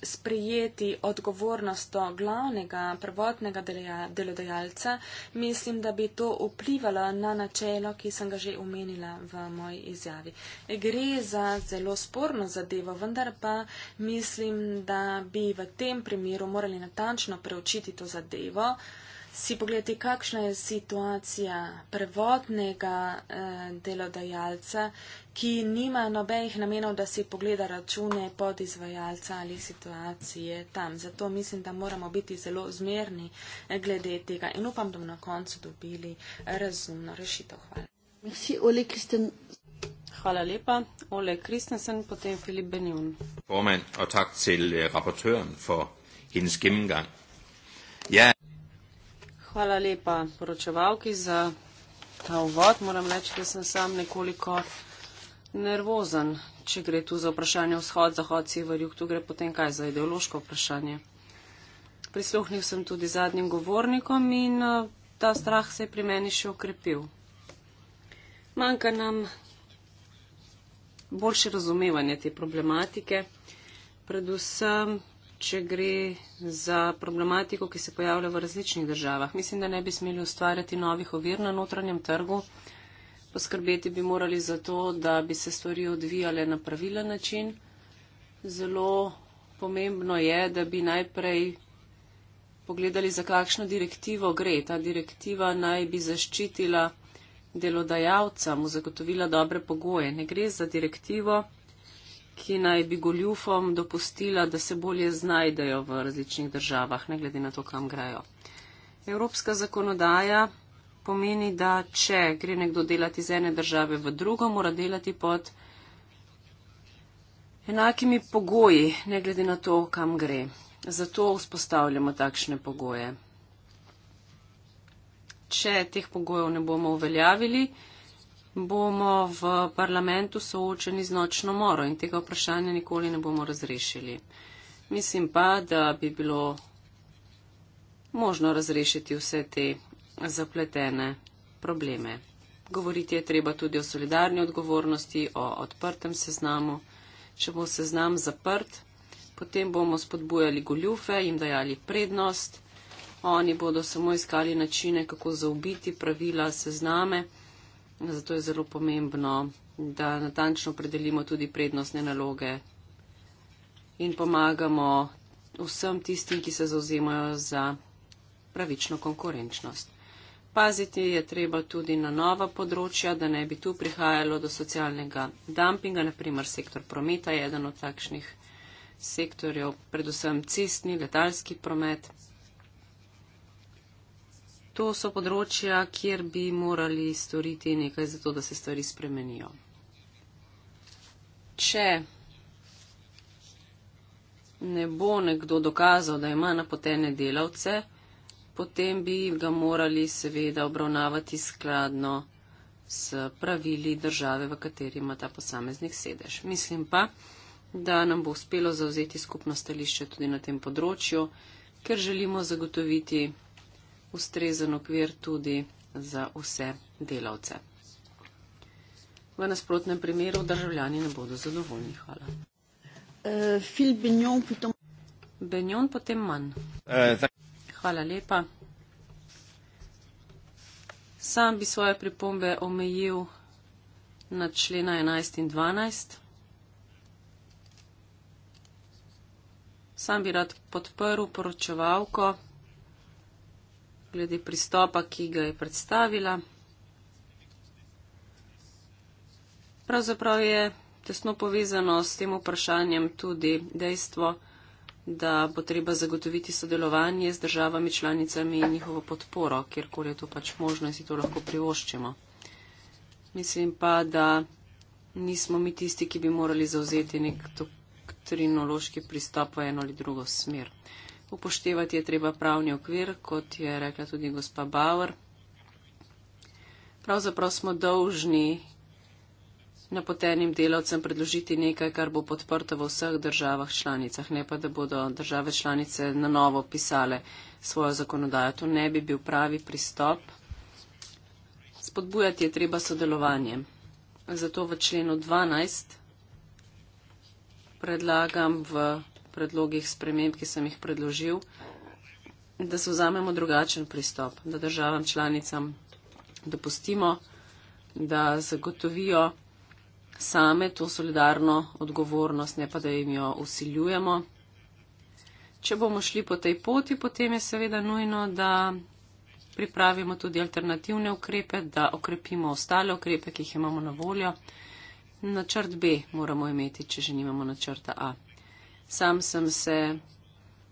sprejeti odgovornost do glavnega prvotnega delodajalca, mislim, da bi to vplivalo na načelo, ki sem ga že omenila v moji izjavi. Gre za zelo sporno zadevo, vendar pa mislim, da bi v tem primeru morali natančno preučiti to zadevo si pogledati, kakšna je situacija prvotnega eh, delodajalca, ki nima nobenih namenov, da si pogleda račune pod izvajalca ali situacije tam. Zato mislim, da moramo biti zelo zmerni eh, glede tega in upam, da bomo na koncu dobili razumno rešitev. Hvala. Merci, Ole Hvala lepa. Ole Kristensen, potem Filip Benjun. Formand, og tak til eh, rapportøren for hendes gennemgang. Ja. Hvala lepa poročevalki za ta uvod. Moram reči, da sem sam nekoliko nervozen, če gre tu za vprašanje vzhod, zahod, sever, jug, tu gre potem kaj za ideološko vprašanje. Prisluhnil sem tudi zadnjim govornikom in eh, ta strah se je pri meni še ukrepil. Manjka nam boljše razumevanje te problematike, predvsem če gre za problematiko, ki se pojavlja v različnih državah. Mislim, da ne bi smeli ustvarjati novih ovir na notranjem trgu. Poskrbeti bi morali za to, da bi se stvari odvijale na pravilen način. Zelo pomembno je, da bi najprej pogledali, za kakšno direktivo gre. Ta direktiva naj bi zaščitila delodajalca, mu zagotovila dobre pogoje. Ne gre za direktivo ki naj bi goljufom dopustila, da se bolje znajdejo v različnih državah, ne glede na to, kam grajo. Evropska zakonodaja pomeni, da če gre nekdo delati iz ene države v drugo, mora delati pod enakimi pogoji, ne glede na to, kam gre. Zato vzpostavljamo takšne pogoje. Če teh pogojev ne bomo uveljavili, bomo v parlamentu soočeni z nočno moro in tega vprašanja nikoli ne bomo razrešili. Mislim pa, da bi bilo možno razrešiti vse te zapletene probleme. Govoriti je treba tudi o solidarni odgovornosti, o odprtem seznamu. Če bo seznam zaprt, potem bomo spodbujali goljufe, jim dajali prednost. Oni bodo samo iskali načine, kako zaubiti pravila sezname. Zato je zelo pomembno, da natančno predelimo tudi prednostne naloge in pomagamo vsem tistim, ki se zauzemajo za pravično konkurenčnost. Paziti je treba tudi na nova področja, da ne bi tu prihajalo do socialnega dumpinga, naprimer sektor prometa je eden od takšnih sektorjev, predvsem cestni, letalski promet to so področja, kjer bi morali storiti nekaj za to, da se stvari spremenijo. Če ne bo nekdo dokazal, da ima napotene delavce, potem bi ga morali seveda obravnavati skladno s pravili države, v kateri ima ta posameznik sedež. Mislim pa, da nam bo uspelo zauzeti skupno stališče tudi na tem področju, ker želimo zagotoviti ustrezen okvir tudi za vse delavce. V nasprotnem primeru državljani ne bodo zadovoljni. Hvala. Eh, Benjon potem manj. Eh, Hvala lepa. Sam bi svoje pripombe omejil na člena 11 in 12. Sam bi rad podprl poročevalko glede pristopa, ki ga je predstavila. Pravzaprav je tesno povezano s tem vprašanjem tudi dejstvo, da bo treba zagotoviti sodelovanje z državami članicami in njihovo podporo, kjerkoli je to pač možno in si to lahko privoščimo. Mislim pa, da nismo mi tisti, ki bi morali zauzeti nek doktrinološki pristop v eno ali drugo smer upoštevati je treba pravni okvir, kot je rekla tudi gospa Bauer. Pravzaprav smo dolžni napotenim delavcem predložiti nekaj, kar bo podprto v vseh državah članicah, ne pa da bodo države članice na novo pisale svojo zakonodajo. To ne bi bil pravi pristop. Spodbujati je treba sodelovanje. Zato v členu 12 predlagam v predlogih sprememb, ki sem jih predložil, da se vzamemo drugačen pristop, da državam članicam dopustimo, da zagotovijo same to solidarno odgovornost, ne pa da jim jo usiljujemo. Če bomo šli po tej poti, potem je seveda nujno, da pripravimo tudi alternativne ukrepe, da okrepimo ostale ukrepe, ki jih imamo na voljo. Načrt B moramo imeti, če že nimamo načrta A. Sam sem se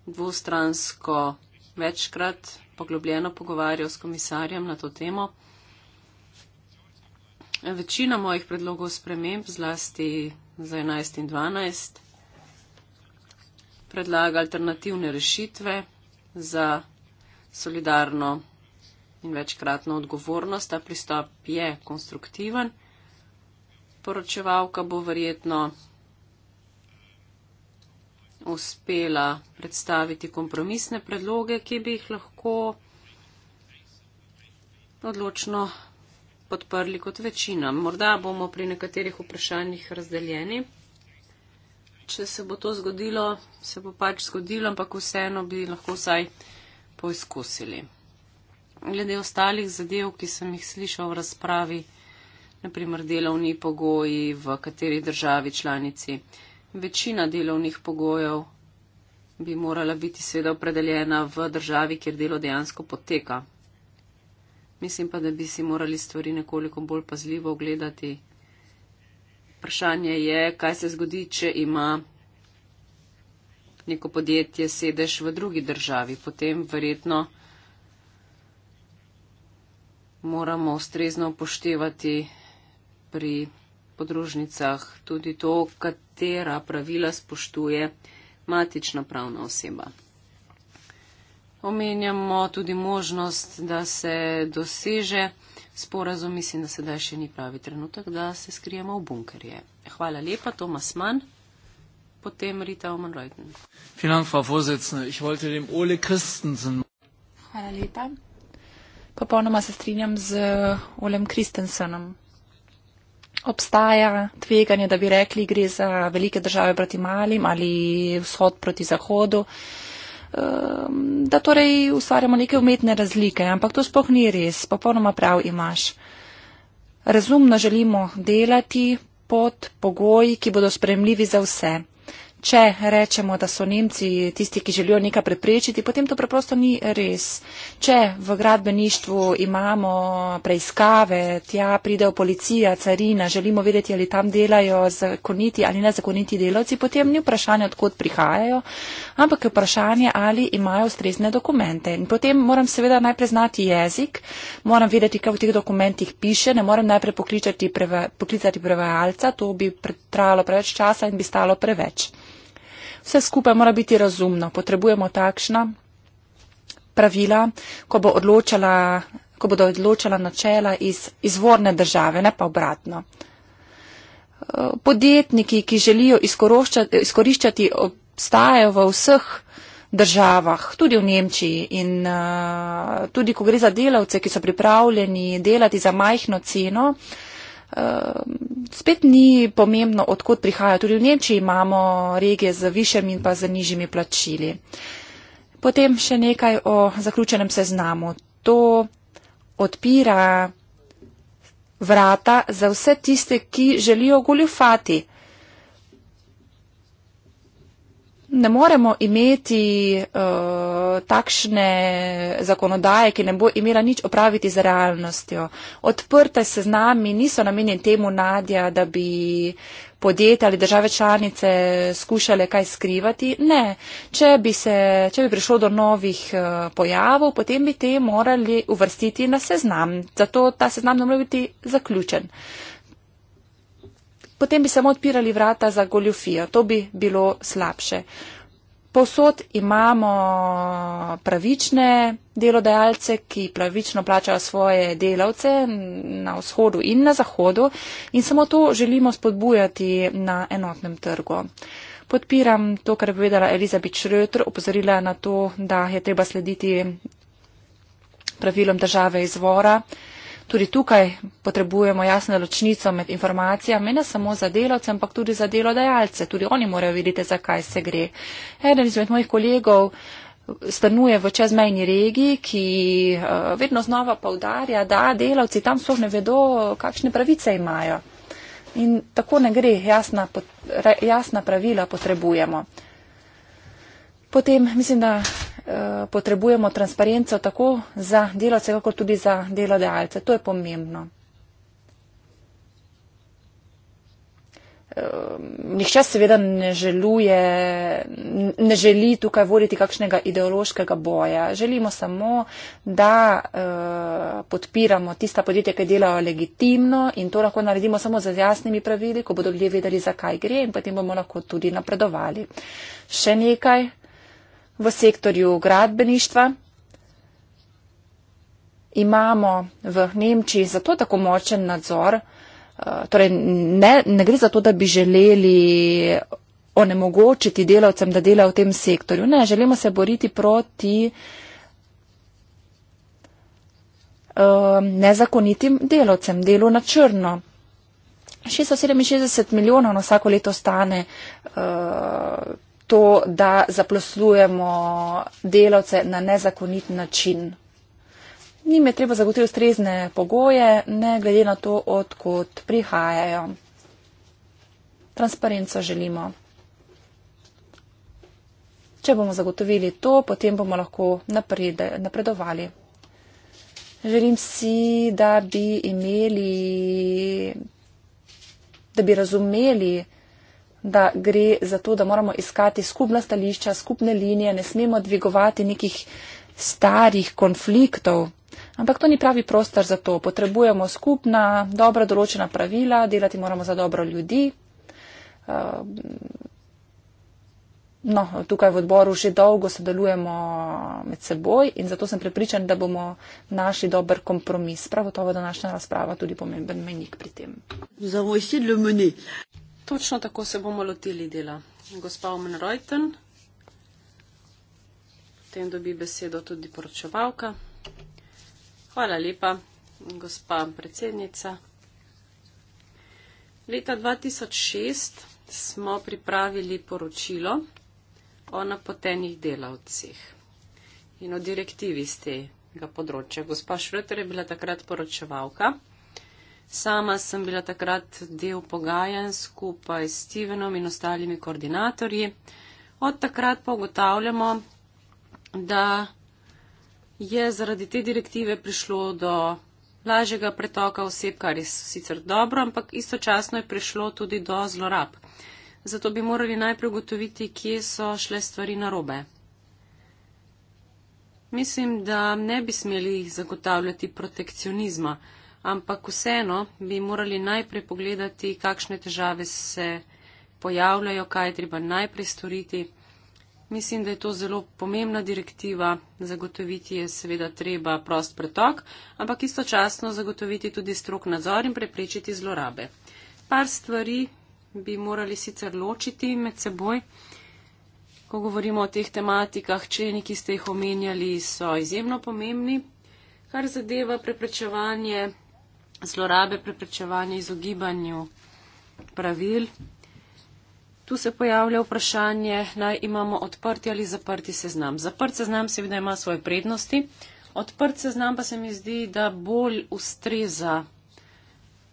dvostransko večkrat poglobljeno pogovarjal s komisarjem na to temo. Večina mojih predlogov sprememb, zlasti za 11 in 12, predlaga alternativne rešitve za solidarno in večkratno odgovornost. Ta pristop je konstruktiven. Poročevalka bo verjetno uspela predstaviti kompromisne predloge, ki bi jih lahko odločno podprli kot večina. Morda bomo pri nekaterih vprašanjih razdeljeni. Če se bo to zgodilo, se bo pač zgodilo, ampak vseeno bi lahko vsaj poizkusili. Glede ostalih zadev, ki sem jih slišal v razpravi, naprimer delovni pogoji, v kateri državi članici večina delovnih pogojev bi morala biti seveda opredeljena v državi, kjer delo dejansko poteka. Mislim pa, da bi si morali stvari nekoliko bolj pazljivo ogledati. Vprašanje je, kaj se zgodi, če ima neko podjetje sedež v drugi državi. Potem verjetno moramo ustrezno upoštevati pri podružnicah tudi to, katera pravila spoštuje matična pravna oseba. Omenjamo tudi možnost, da se doseže sporazum, mislim, da sedaj še ni pravi trenutek, da se skrijemo v bunkerje. Hvala lepa, Tomas Mann. Potem Rita Omanrojten. Hvala lepa. Popolnoma se strinjam z Olem Kristensenom obstaja tveganje, da bi rekli, gre za velike države proti malim ali vzhod proti zahodu, ehm, da torej ustvarjamo neke umetne razlike, ampak to sploh ni res, popolnoma prav imaš. Razumno želimo delati pod pogoji, ki bodo spremljivi za vse. Če rečemo, da so Nemci tisti, ki želijo nekaj preprečiti, potem to preprosto ni res. Če v gradbeništvu imamo preiskave, tja pridejo policija, carina, želimo vedeti, ali tam delajo zakoniti ali nezakoniti delavci, potem ni vprašanje, odkot prihajajo, ampak je vprašanje, ali imajo ustrezne dokumente. In potem moram seveda najprej znati jezik, moram vedeti, kaj v teh dokumentih piše, ne moram najprej poklicati prevajalca, to bi trajalo preveč časa in bi stalo preveč vse skupaj mora biti razumno. Potrebujemo takšna pravila, ko, bo odločala, ko bodo odločala načela iz izvorne države, ne pa obratno. Podjetniki, ki želijo izkoriščati, obstajajo v vseh državah, tudi v Nemčiji in uh, tudi, ko gre za delavce, ki so pripravljeni delati za majhno ceno, uh, uh, spet ni pomembno, odkot prihajajo. Tudi v Nemčiji imamo regije z višjimi in pa z nižjimi plačili. Potem še nekaj o zaključenem seznamu. To odpira vrata za vse tiste, ki želijo goljufati. ne moremo imeti uh, takšne zakonodaje, ki ne bo imela nič opraviti z realnostjo. Odprte se z nami niso namenjeni temu nadja, da bi podjetja ali države članice skušale kaj skrivati. Ne, če bi, se, če bi prišlo do novih eh, pojavov, potem bi te morali uvrstiti na seznam. Zato ta seznam ne more biti zaključen. Uh, potem bi samo odpirali vrata za goljofijo. To bi bilo slabše. Povsod imamo pravične delodajalce, ki pravično plačajo svoje delavce na vzhodu in na zahodu in samo to želimo spodbujati na enotnem trgu. Podpiram to, kar je povedala Elizabeth Schröter, opozorila na to, da je treba slediti pravilom države izvora tudi tukaj potrebujemo jasno ločnico med informacijami, ne samo za delavce, ampak tudi za delodajalce. Tudi oni morajo videti, zakaj se gre. Eden izmed mojih kolegov stanuje v čezmejni regiji, ki eh, vedno znova povdarja, da delavci tam sploh ne vedo, kakšne pravice imajo. In tako ne gre, jasna, jasna pravila potrebujemo. Potem mislim, da Eh, potrebujemo transparenco tako za delavce, kako tudi za delodajalce. To je pomembno. Eh, nihče seveda ne, želuje, ne želi tukaj voditi kakšnega ideološkega boja. Želimo samo, da eh, podpiramo tista podjetja, ki delajo legitimno in to lahko naredimo samo z jasnimi pravili, ko bodo ljudje vedeli, zakaj gre in potem bomo lahko tudi napredovali. Še nekaj, v sektorju gradbeništva. Imamo v Nemčiji zato tako močen nadzor, eh, torej ne, ne gre za to, da bi želeli onemogočiti delavcem, da dela v tem sektorju. Ne, želimo se boriti proti eh, nezakonitim delovcem, delu na črno. 667 milijonov na vsako leto stane uh, to, da zaposlujemo delavce na nezakonit način. Njim je treba zagotoviti ustrezne pogoje, ne glede na to, odkot prihajajo. Transparenco želimo. Če bomo zagotovili to, potem bomo lahko napred, napredovali. Želim si, da bi imeli, da bi razumeli, da gre za to, da moramo iskati skupna stališča, skupne linije, ne smemo dvigovati nekih starih konfliktov. Ampak to ni pravi prostor za to. Potrebujemo skupna, dobra določena pravila, delati moramo za dobro ljudi. Ehm, no, tukaj v odboru že dolgo sodelujemo med seboj in zato sem prepričan, da bomo našli dober kompromis. Pravotovo današnja razprava tudi pomemben menik pri tem. Točno tako se bomo lotili dela. Gospa Omen Reuten, potem dobi besedo tudi poročevalka. Hvala lepa, gospa predsednica. Leta 2006 smo pripravili poročilo o napotenih delavcih in o direktivi z tega področja. Gospa Šrter je bila takrat poročevalka. Sama sem bila takrat del pogajanj skupaj s Stevenom in ostalimi koordinatorji. Od takrat pa ugotavljamo, da je zaradi te direktive prišlo do lažjega pretoka oseb, kar je sicer dobro, ampak istočasno je prišlo tudi do zlorab. Zato bi morali najprej ugotoviti, kje so šle stvari narobe. Mislim, da ne bi smeli zagotavljati protekcionizma ampak vseeno bi morali najprej pogledati, kakšne težave se pojavljajo, kaj je treba najprej storiti. Mislim, da je to zelo pomembna direktiva. Zagotoviti je seveda treba prost pretok, ampak istočasno zagotoviti tudi strok nadzor in preprečiti zlorabe. Par stvari bi morali sicer ločiti med seboj. Ko govorimo o teh tematikah, členi, ki ste jih omenjali, so izjemno pomembni. Kar zadeva preprečevanje zlorabe, preprečevanje izogibanju pravil. Tu se pojavlja vprašanje, naj imamo odprti ali zaprti seznam. Zaprt seznam seveda ima svoje prednosti, odprt seznam pa se mi zdi, da bolj ustreza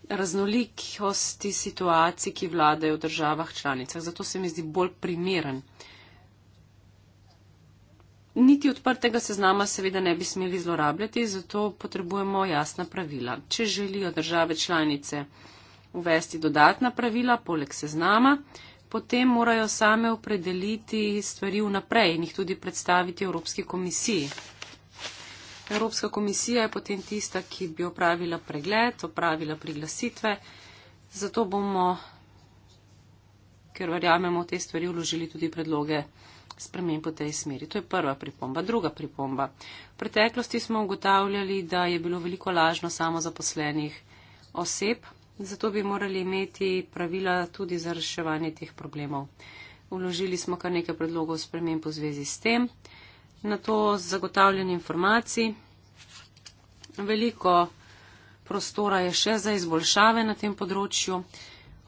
raznolikosti situacij, ki vladajo v državah članicah. Zato se mi zdi bolj primeren. Uh, Niti odprtega seznama seveda ne bi smeli zlorabljati, zato potrebujemo jasna pravila. Če želijo države članice uvesti dodatna pravila poleg seznama, potem morajo same opredeliti stvari vnaprej in jih tudi predstaviti Evropski komisiji. Evropska komisija je potem tista, ki bi opravila pregled, opravila priglasitve, zato bomo, ker verjamemo, te stvari vložili tudi predloge sprememb v tej smeri. To je prva pripomba. Druga pripomba. V preteklosti smo ugotavljali, da je bilo veliko lažno samozaposlenih oseb, zato bi morali imeti pravila tudi za reševanje teh problemov. Uložili smo kar nekaj predlogov sprememb v zvezi s tem. Na to zagotavljanje informacij. Veliko prostora je še za izboljšave na tem področju.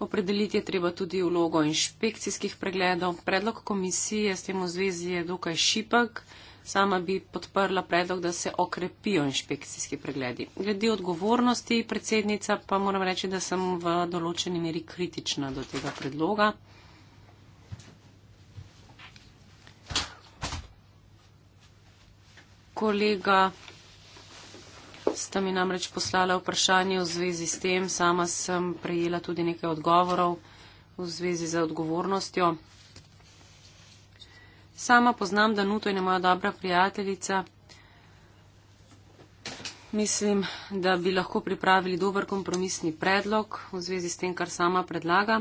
Opredeliti je treba tudi vlogo inšpekcijskih pregledov. Predlog komisije s tem v zvezi je dokaj šipak. Sama bi podprla predlog, da se okrepijo inšpekcijski pregledi. Glede odgovornosti predsednica pa moram reči, da sem v določeni meri kritična do tega predloga. Kolega sta mi namreč poslala vprašanje v zvezi s tem. Sama sem prejela tudi nekaj odgovorov v zvezi z odgovornostjo. Sama poznam Danuto in je moja dobra prijateljica. Mislim, da bi lahko pripravili dober kompromisni predlog v zvezi s tem, kar sama predlaga.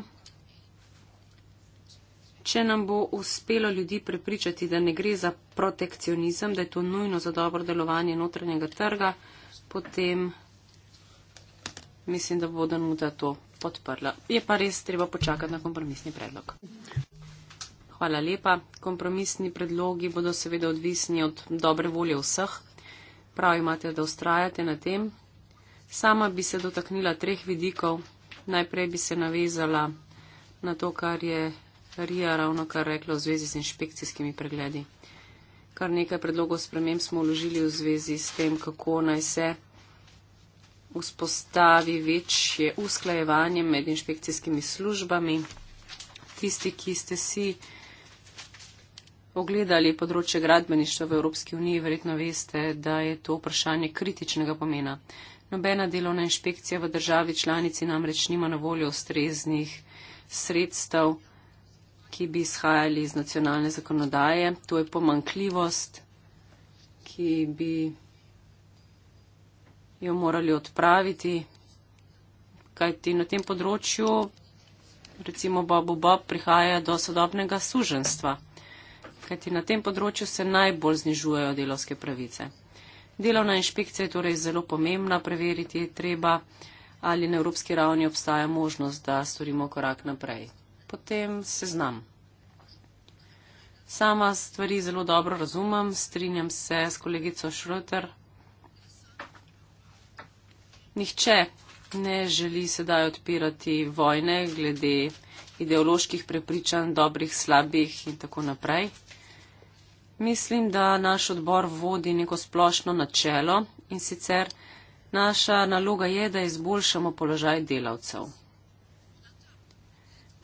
Če nam bo uspelo ljudi prepričati, da ne gre za protekcionizem, da je to nujno za dobro delovanje notranjega trga, potem mislim, da bo Danuta to podprla. Je pa res treba počakati na kompromisni predlog. Hvala lepa. Kompromisni predlogi bodo seveda odvisni od dobre volje vseh. Prav imate, da ustrajate na tem. Sama bi se dotaknila treh vidikov. Najprej bi se navezala na to, kar je Rija ravno kar rekla v zvezi z inšpekcijskimi pregledi. Kar nekaj predlogov sprememb smo vložili v zvezi s tem, kako naj se vzpostavi večje usklajevanje med inšpekcijskimi službami. Tisti, ki ste si ogledali področje gradbeništva v Evropski uniji, verjetno veste, da je to vprašanje kritičnega pomena. Nobena delovna inšpekcija v državi članici namreč nima na voljo ustreznih sredstev, ki bi izhajali iz nacionalne zakonodaje. To je pomankljivost, ki bi jo morali odpraviti, kajti na tem področju recimo Bobo Bob prihaja do sodobnega suženstva, kajti na tem področju se najbolj znižujejo delovske pravice. Delovna inšpekcija je torej zelo pomembna, preveriti je treba, ali na evropski ravni obstaja možnost, da storimo korak naprej. Potem se znam. Sama stvari zelo dobro razumem, strinjam se s kolegico Šrotr, Nihče ne želi sedaj odpirati vojne glede ideoloških prepričanj, dobrih, slabih in tako naprej. Mislim, da naš odbor vodi neko splošno načelo in sicer naša naloga je, da izboljšamo položaj delavcev.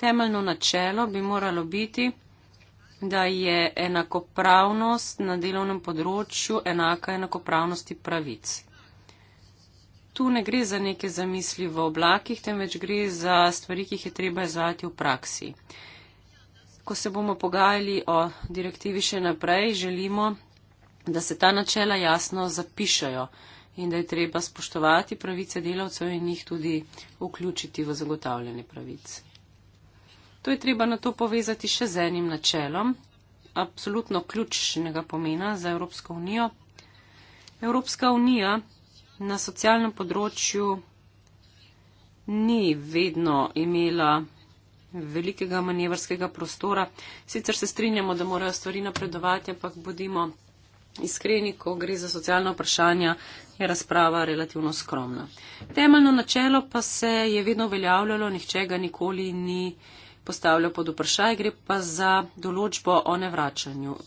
Temeljno načelo bi moralo biti, da je enakopravnost na delovnem področju enaka enakopravnosti pravic tu ne gre za neke zamisli v oblakih, temveč gre za stvari, ki jih je treba izvajati v praksi. Ko se bomo pogajali o direktivi še naprej, želimo, da se ta načela jasno zapišajo in da je treba spoštovati pravice delavcev in jih tudi vključiti v zagotavljanje pravic. To je treba na to povezati še z enim načelom, absolutno ključnega pomena za Evropsko unijo. Evropska unija na socialnem področju ni vedno imela velikega manevrskega prostora. Sicer se strinjamo, da morajo stvari napredovati, ampak bodimo iskreni, ko gre za socialna vprašanja, je razprava relativno skromna. Temeljno načelo pa se je vedno veljavljalo, nihče ga nikoli ni postavljal pod vprašaj, gre pa za določbo o nevračanju.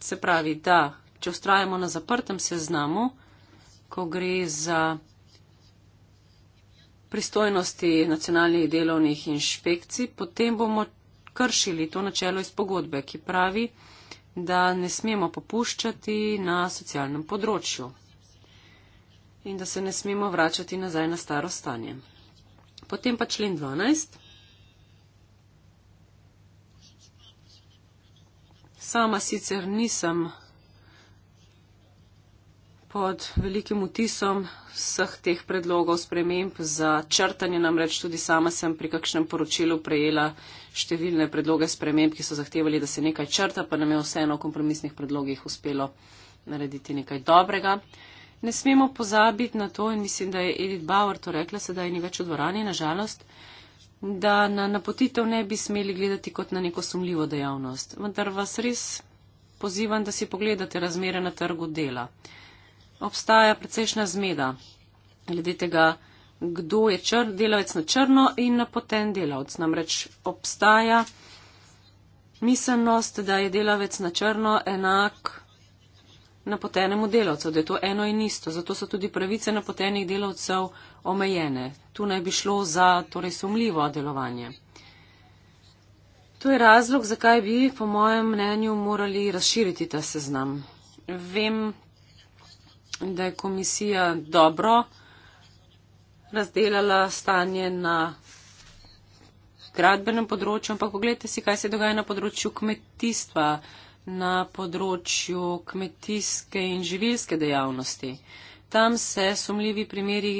Se pravi, da če ustrajamo na zaprtem seznamu, ko gre za pristojnosti nacionalnih delovnih inšpekcij, potem bomo kršili to načelo iz pogodbe, ki pravi, da ne smemo popuščati na socialnem področju in da se ne smemo vračati nazaj na staro stanje. Potem pa člen 12. Sama sicer nisem pod velikim utisom vseh teh predlogov sprememb za črtanje. Namreč tudi sama sem pri kakšnem poročilu prejela številne predloge sprememb, ki so zahtevali, da se nekaj črta, pa nam je vseeno v kompromisnih predlogih uspelo narediti nekaj dobrega. Ne smemo pozabiti na to in mislim, da je Edith Bauer to rekla, sedaj ni več v dvorani, nažalost, da na napotitev ne bi smeli gledati kot na neko sumljivo dejavnost. Vendar vas res pozivam, da si pogledate razmere na trgu dela obstaja precejšna zmeda glede tega, kdo je čr, delavec na črno in napoten delavec. Namreč obstaja miselnost, da je delavec na črno enak napotenemu delavcu, da je to eno in isto. Zato so tudi pravice napotenih delavcev omejene. Tu naj bi šlo za torej, sumljivo delovanje. To je razlog, zakaj bi, po mojem mnenju, morali razširiti ta seznam. Vem, da je komisija dobro razdelala stanje na gradbenem področju, ampak pogledajte si, kaj se dogaja na področju kmetijstva, na področju kmetijske in živilske dejavnosti. Tam se sumljivi primeri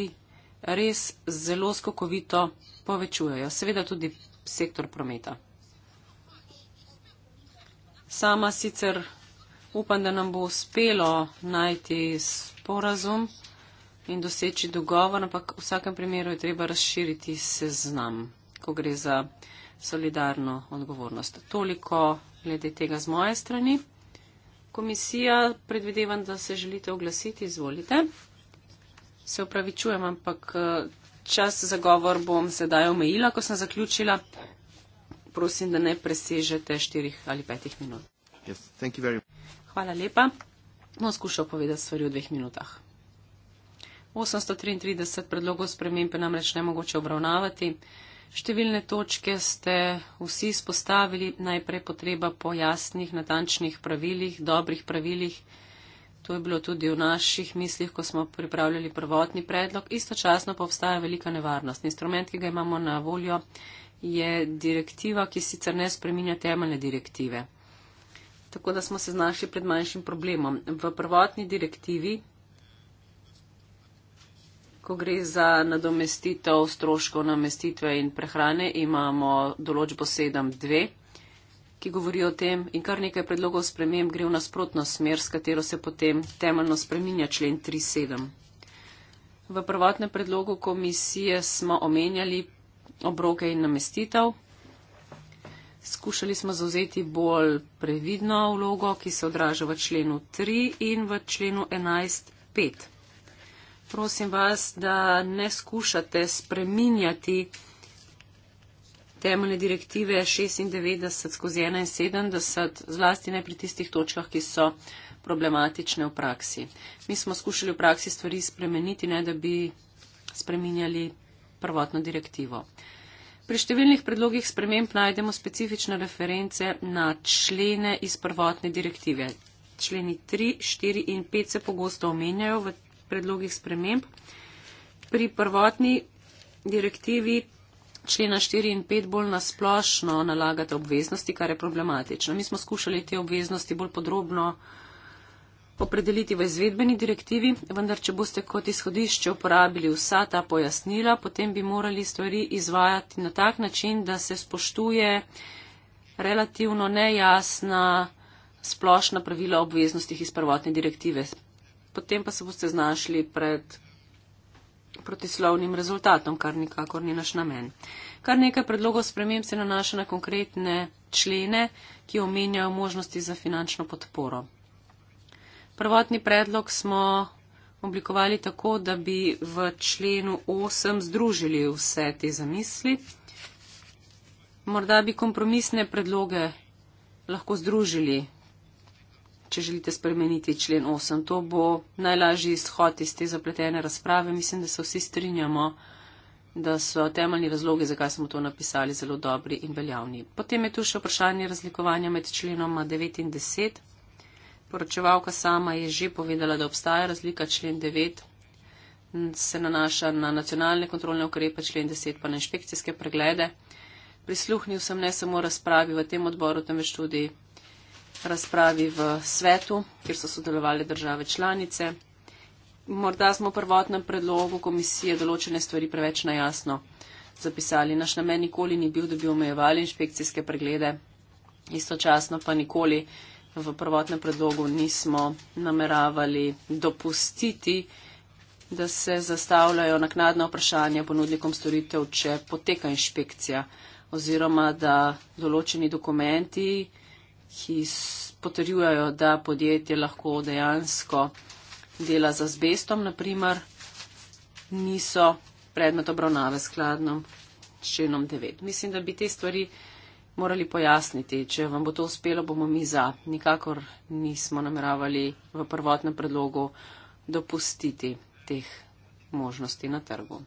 res zelo skokovito povečujejo, seveda tudi sektor prometa. Sama sicer upam, da nam bo uspelo najti sporazum in doseči dogovor, ampak v vsakem primeru je treba razširiti seznam, ko gre za solidarno odgovornost. Toliko glede tega z moje strani. Komisija, predvidevam, da se želite oglasiti, izvolite. Se upravičujem, ampak eh, čas za govor bom sedaj omejila, ko sem zaključila. Prosim, da ne presežete štirih ali petih minut. Yes, thank you very much. Hvala lepa. Bom skušal povedati stvari v dveh minutah. 833 predlogov sprememb je namreč ne mogoče obravnavati. Številne točke ste vsi spostavili. Najprej potreba po jasnih, natančnih pravilih, dobrih pravilih. To je bilo tudi v naših mislih, ko smo pripravljali prvotni predlog. Istočasno pa obstaja velika nevarnost. Instrument, ki ga imamo na voljo, je direktiva, ki sicer ne spreminja temeljne direktive tako da smo se znašli pred manjšim problemom. V prvotni direktivi, ko gre za nadomestitev stroškov namestitve in prehrane, imamo določbo 7.2, ki govori o tem in kar nekaj predlogov sprememb gre v nasprotno smer, s katero se potem temeljno spreminja člen 3.7. V prvotnem predlogu komisije smo omenjali obroke in namestitev, Skušali smo zauzeti bolj previdno vlogo, ki se odraža v členu 3 in v členu 11.5. Prosim vas, da ne skušate spreminjati temeljne direktive 96 skozi 71, zlasti ne pri tistih točkah, ki so problematične v praksi. Mi smo skušali v praksi stvari spremeniti, ne da bi spreminjali prvotno direktivo. Pri številnih predlogih sprememb najdemo specifične reference na člene iz prvotne direktive. Členi 3, 4 in 5 se pogosto omenjajo v predlogih sprememb. Pri prvotni direktivi člena 4 in 5 bolj nasplošno nalagate obveznosti, kar je problematično. Mi smo skušali te obveznosti bolj podrobno uh, opredeliti v izvedbeni direktivi, vendar če boste kot izhodišče uporabili vsa ta pojasnila, potem bi morali stvari izvajati na tak način, da se spoštuje relativno nejasna splošna pravila obveznostih iz prvotne direktive. Potem pa se boste znašli pred protislovnim rezultatom, kar nikakor ni naš namen. Kar nekaj predlogov sprememb se nanaša na konkretne člene, ki omenjajo možnosti za finančno podporo. Prvotni predlog smo oblikovali tako, da bi v členu 8 združili vse te zamisli. Morda bi kompromisne predloge lahko združili, če želite spremeniti člen 8. To bo najlažji izhod iz te zapletene razprave. Mislim, da se vsi strinjamo, da so temeljni razlogi, zakaj smo to napisali, zelo dobri in veljavni. Potem je tu še vprašanje razlikovanja med členoma 9 in 10 poročevalka sama je že povedala, da obstaja razlika člen 9 se nanaša na nacionalne kontrolne ukrepe, člen 10 pa na inšpekcijske preglede. Prisluhnil sem ne samo razpravi v tem odboru, temveč tudi razpravi v svetu, kjer so sodelovali države članice. Morda smo v prvotnem predlogu komisije določene stvari preveč najasno zapisali. Naš namen nikoli ni bil, da bi omejevali inšpekcijske preglede, istočasno pa nikoli v prvotnem predlogu nismo nameravali dopustiti, da se zastavljajo naknadna vprašanja ponudnikom storitev, če poteka inšpekcija oziroma da določeni dokumenti, ki potrjujejo, da podjetje lahko dejansko dela z azbestom, naprimer, niso predmet obravnave skladno s členom 9. Mislim, da bi te stvari morali pojasniti. Če vam bo to uspelo, bomo mi za. Nikakor nismo nameravali v prvotnem predlogu dopustiti teh možnosti na trgu.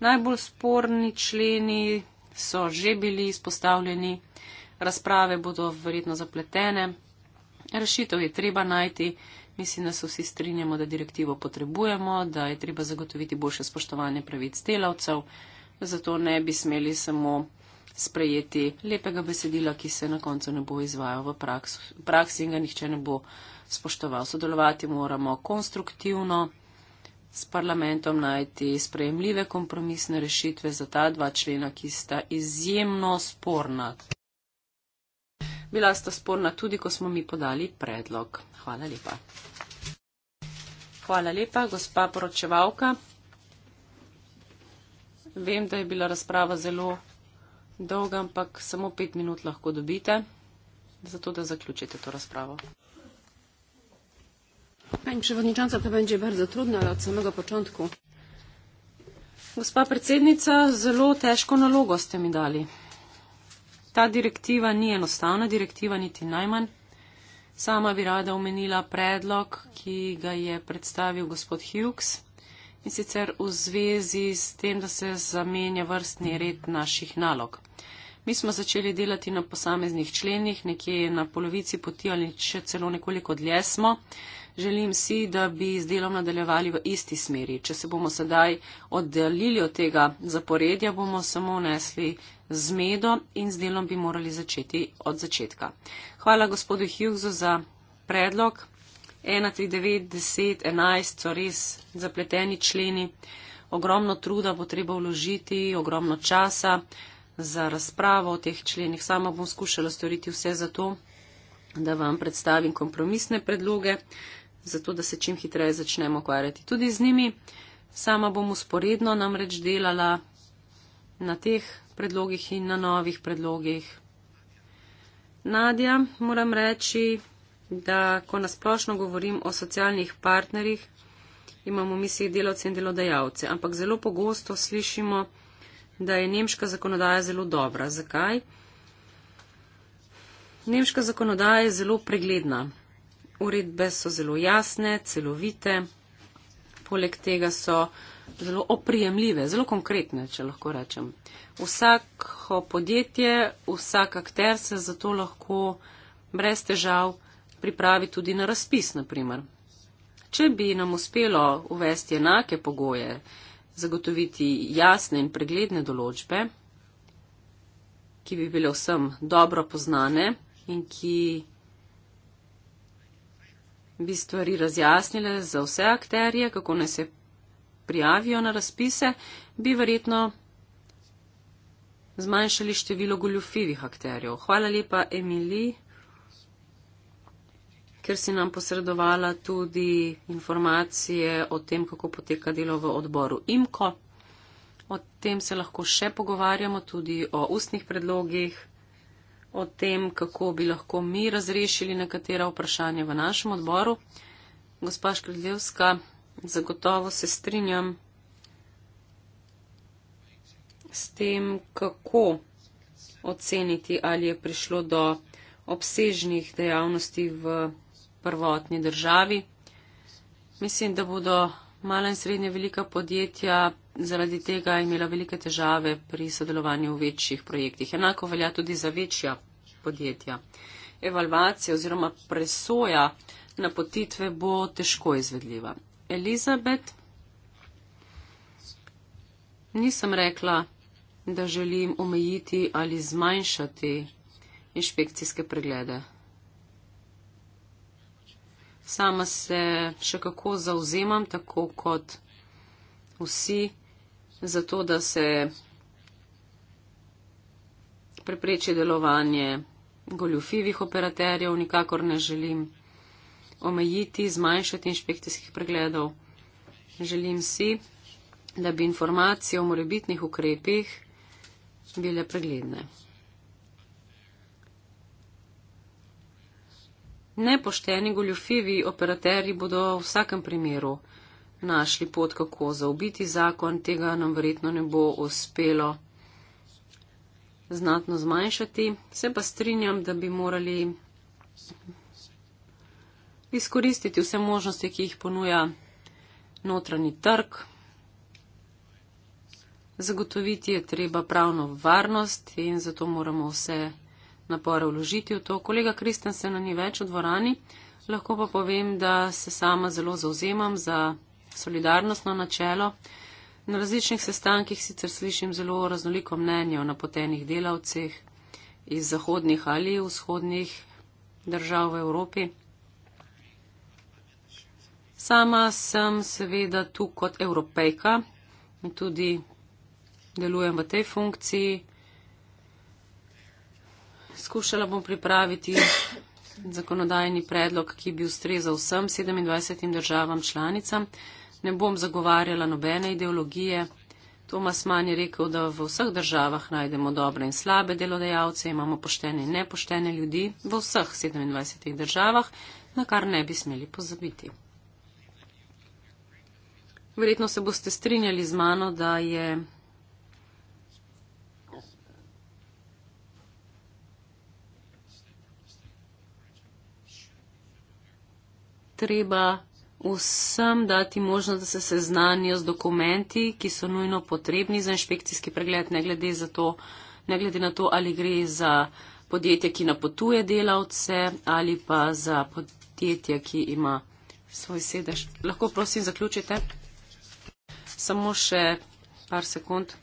Najbolj sporni členi so že bili izpostavljeni, razprave bodo verjetno zapletene. Rešitev je treba najti. Mislim, da se vsi strinjamo, da direktivo potrebujemo, da je treba zagotoviti boljše spoštovanje pravic delavcev. Zato ne bi smeli samo sprejeti lepega besedila, ki se na koncu ne bo izvajal v praksi, praksi in ga nihče ne bo spoštoval. Sodelovati moramo konstruktivno s parlamentom, najti sprejemljive kompromisne rešitve za ta dva člena, ki sta izjemno sporna. Bila sta sporna tudi, ko smo mi podali predlog. Hvala lepa. Hvala lepa, gospa poročevalka. Vem, da je bila razprava zelo dolga, ampak samo pet minut lahko dobite, zato da zaključite to razpravo. Pani predsednica, to bo zelo trudno od samega začetka. Gospa predsednica, zelo težko nalogo ste mi dali. Ta direktiva ni enostavna, direktiva niti najmanj. Sama bi rada omenila predlog, ki ga je predstavil gospod Hughes in sicer v zvezi s tem, da se zamenja vrstni red naših nalog. Mi smo začeli delati na posameznih členih, nekje na polovici poti ali še celo nekoliko dlje smo. Želim si, da bi z delom nadaljevali v isti smeri. Če se bomo sedaj oddaljili od tega zaporedja, bomo samo nesli zmedo in z delom bi morali začeti od začetka. Hvala gospodu Hughesu za predlog. 1, 3, 9, 10, 11 so res zapleteni členi. Ogromno truda bo treba vložiti, ogromno časa za razpravo o teh členih. Sama bom skušala storiti vse za to, da vam predstavim kompromisne predloge, zato da se čim hitreje začnemo ukvarjati tudi z njimi. Sama bom usporedno namreč delala na teh predlogih in na novih predlogih. Nadja, moram reči, da ko nasplošno govorim o socialnih partnerjih, imamo v mislih delavce in delodajalce, ampak zelo pogosto slišimo, da je nemška zakonodaja zelo dobra. Zakaj? Nemška zakonodaja je zelo pregledna. Uredbe so zelo jasne, celovite, poleg tega so zelo oprijemljive, zelo konkretne, če lahko rečem. Vsako podjetje, vsak akter se zato lahko brez težav pripravi tudi na razpis, naprimer. Če bi nam uspelo uvesti enake pogoje, zagotoviti jasne in pregledne določbe, ki bi bile vsem dobro poznane in ki bi stvari razjasnile za vse akterije, kako naj se prijavijo na razpise, bi verjetno zmanjšali število goljufivih akterjev. Hvala lepa, Emilij kjer si nam posredovala tudi informacije o tem, kako poteka delo v odboru IMKO. O tem se lahko še pogovarjamo, tudi o ustnih predlogih, o tem, kako bi lahko mi razrešili nekatera vprašanja v našem odboru. Gospa Škrdljevska, zagotovo se strinjam s tem, kako oceniti, ali je prišlo do obsežnih dejavnosti v prvotni državi. Mislim, da bodo mala in srednje velika podjetja zaradi tega imela velike težave pri sodelovanju v večjih projektih. Enako velja tudi za večja podjetja. Evalvacija oziroma presoja na potitve bo težko izvedljiva. Elizabet, nisem rekla, da želim omejiti ali zmanjšati inšpekcijske preglede. Sama se še kako zauzemam, tako kot vsi, za to, da se prepreči delovanje goljufivih operaterjev, nikakor ne želim omejiti, zmanjšati inšpekcijskih pregledov. Želim si, da bi informacije o morebitnih ukrepih bile pregledne. nepošteni goljofivi operaterji bodo v vsakem primeru našli pot, kako zaobiti zakon, tega nam verjetno ne bo uspelo znatno zmanjšati. Se pa strinjam, da bi morali izkoristiti vse možnosti, ki jih ponuja notranji trg. Zagotoviti je treba pravno varnost in zato moramo vse napore vložiti v to. Kolega Kristen se na ni več v dvorani, lahko pa povem, da se sama zelo zauzemam za solidarnostno načelo. Na različnih sestankih sicer slišim zelo raznoliko mnenje o napotenih delavcih iz zahodnih ali vzhodnih držav v Evropi. Sama sem seveda tu kot evropejka in tudi delujem v tej funkciji skušala bom pripraviti zakonodajni predlog, ki bi ustrezal vsem 27 državam članicam. Ne bom zagovarjala nobene ideologije. Tomas Mann je rekel, da v vseh državah najdemo dobre in slabe delodajalce, imamo poštene in nepoštene ljudi v vseh 27 državah, na kar ne bi smeli pozabiti. Verjetno se boste strinjali z mano, da je treba vsem dati možnost, da se seznanijo z dokumenti, ki so nujno potrebni za inšpekcijski pregled, ne glede, to, ne glede na to, ali gre za podjetje, ki napotuje delavce ali pa za podjetje, ki ima svoj sedež. Lahko prosim zaključite. Samo še par sekund.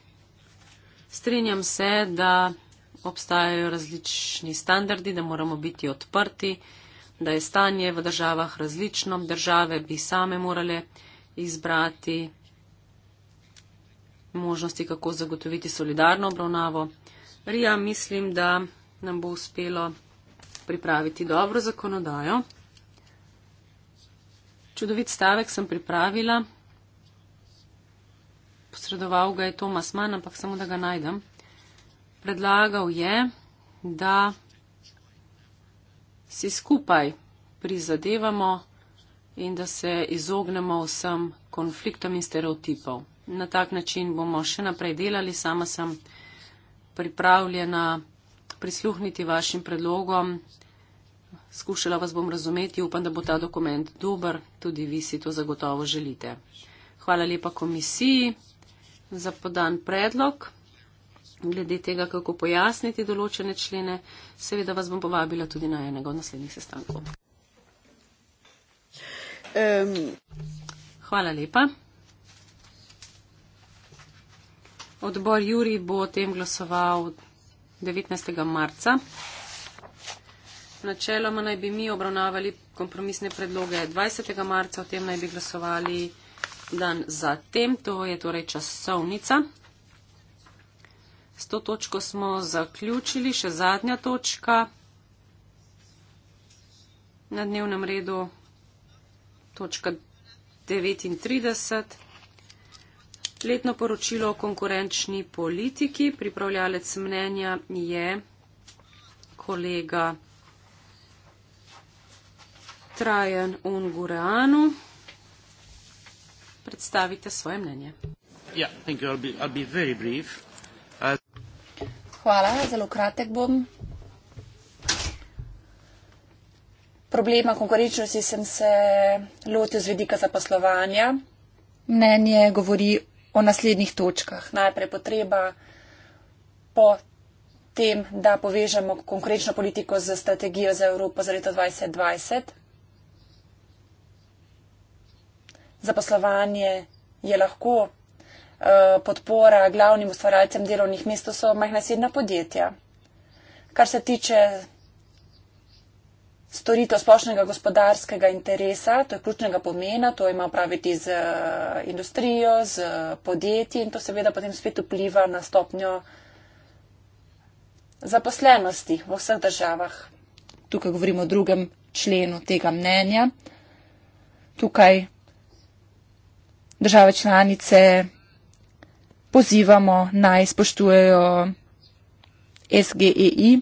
Strinjam se, da obstajajo različni standardi, da moramo biti odprti da je stanje v državah različno, države bi same morale izbrati možnosti, kako zagotoviti solidarno obravnavo. Rija, mislim, da nam bo uspelo pripraviti dobro zakonodajo. Čudovit stavek sem pripravila. Posredoval ga je Tomas Mann, ampak samo da ga najdem. Predlagal je, da si skupaj prizadevamo in da se izognemo vsem konfliktom in stereotipov. Na tak način bomo še naprej delali. Sama sem pripravljena prisluhniti vašim predlogom. Skušala vas bom razumeti. Upam, da bo ta dokument dober. Tudi vi si to zagotovo želite. Hvala lepa komisiji za podan predlog glede tega, kako pojasniti določene člene, seveda vas bom povabila tudi na enega od naslednjih sestankov. Um. Hvala lepa. Odbor Juri bo o tem glasoval 19. marca. Načeloma naj bi mi obravnavali kompromisne predloge 20. marca, o tem naj bi glasovali dan zatem, to je torej časovnica. S to točko smo zaključili, še zadnja točka na dnevnem redu, točka 39. Letno poročilo o konkurenčni politiki. Pripravljalec mnenja je kolega Trajan Ungureanu. Predstavite svoje mnenje. Yeah, I'll be, I'll be hvala, zelo kratek bom. Problema konkurenčnosti sem se lotil z vidika zaposlovanja. Mnenje govori o naslednjih točkah. Najprej potreba po tem, da povežemo konkurenčno politiko z strategijo za Evropo za leto 2020. Zaposlovanje je lahko Eh, podpora glavnim ustvarjalcem delovnih mest so majhna srednja podjetja. Kar se tiče storitev splošnega gospodarskega interesa, to je ključnega pomena, to ima praviti z eh, industrijo, z podjetji in to seveda potem spet vpliva na stopnjo zaposlenosti v vseh državah. Tukaj govorimo o drugem členu tega mnenja. Tukaj države članice pozivamo naj spoštujejo SGEI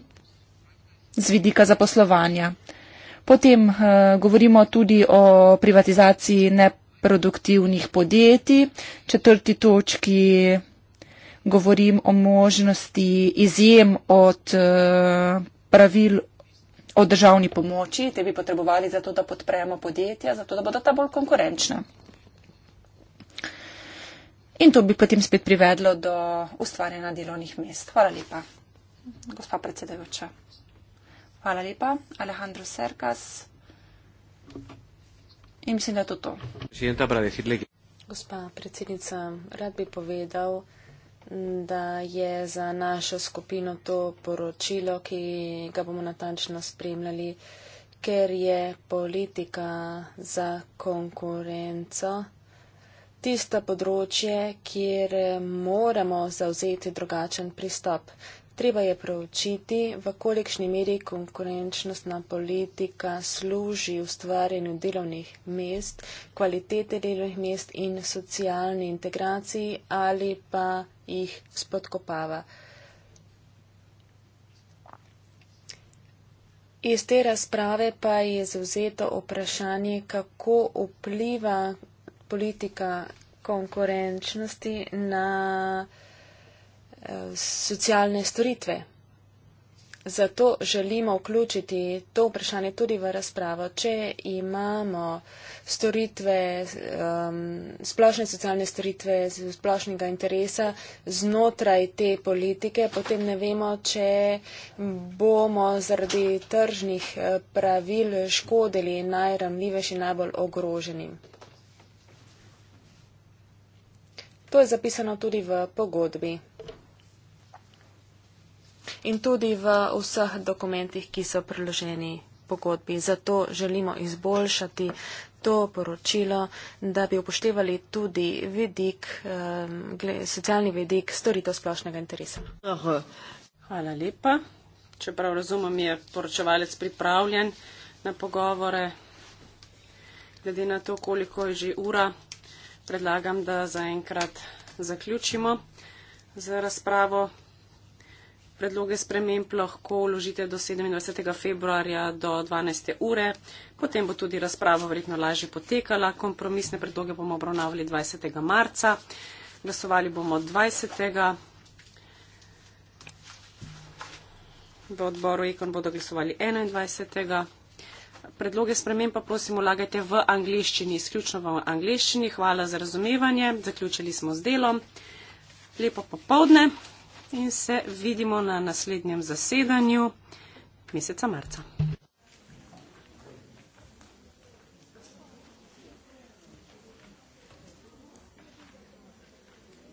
z vidika zaposlovanja. Potem uh, govorimo tudi o privatizaciji neproduktivnih podjetij. Četrti točki govorim o možnosti izjem od uh, pravil o državni pomoči. Te bi potrebovali za to, da podpremo podjetja, za to, da bodo ta bolj konkurenčna. In to bi potem spet privedlo do ustvarjanja delovnih mest. Hvala lepa, gospa predsedajoča. Hvala lepa, Alejandro Serkas. In mislim, da je to to. Gospa predsednica, rad bi povedal, da je za našo skupino to poročilo, ki ga bomo natančno spremljali, ker je politika za konkurenco tisto področje, kjer moramo zauzeti drugačen pristop. Treba je preučiti, v kolikšni meri konkurenčnostna politika služi ustvarjanju delovnih mest, kvalitete delovnih mest in socialni integraciji ali pa jih spodkopava. Iz te razprave pa je zauzeto vprašanje, kako vpliva politika konkurenčnosti na eh, socialne storitve. Zato želimo vključiti to vprašanje tudi v razpravo, če imamo storitve, um, splošne socialne storitve splošnega interesa znotraj te politike, potem ne vemo, če bomo zaradi tržnih eh, pravil škodili najranljivejšim, najbolj ogroženim. To je zapisano tudi v pogodbi in tudi v vseh dokumentih, ki so priloženi pogodbi. Zato želimo izboljšati to poročilo, da bi upoštevali tudi vidik, socialni vidik storitev splošnega interesa. Hvala lepa. Čeprav razumem, je poročevalec pripravljen na pogovore, glede na to, koliko je že ura predlagam, da zaenkrat zaključimo z razpravo. Predloge sprememb lahko uložite do 27. februarja do 12. ure, potem bo tudi razprava verjetno lažje potekala. Kompromisne predloge bomo obravnavali 20. marca, glasovali bomo 20. v odboru Ekon bodo glasovali 21 predloge spremen pa prosim vlagajte v angliščini, izključno v angliščini. Hvala za razumevanje, zaključili smo z delom. Lepo popovdne in se vidimo na naslednjem zasedanju meseca marca.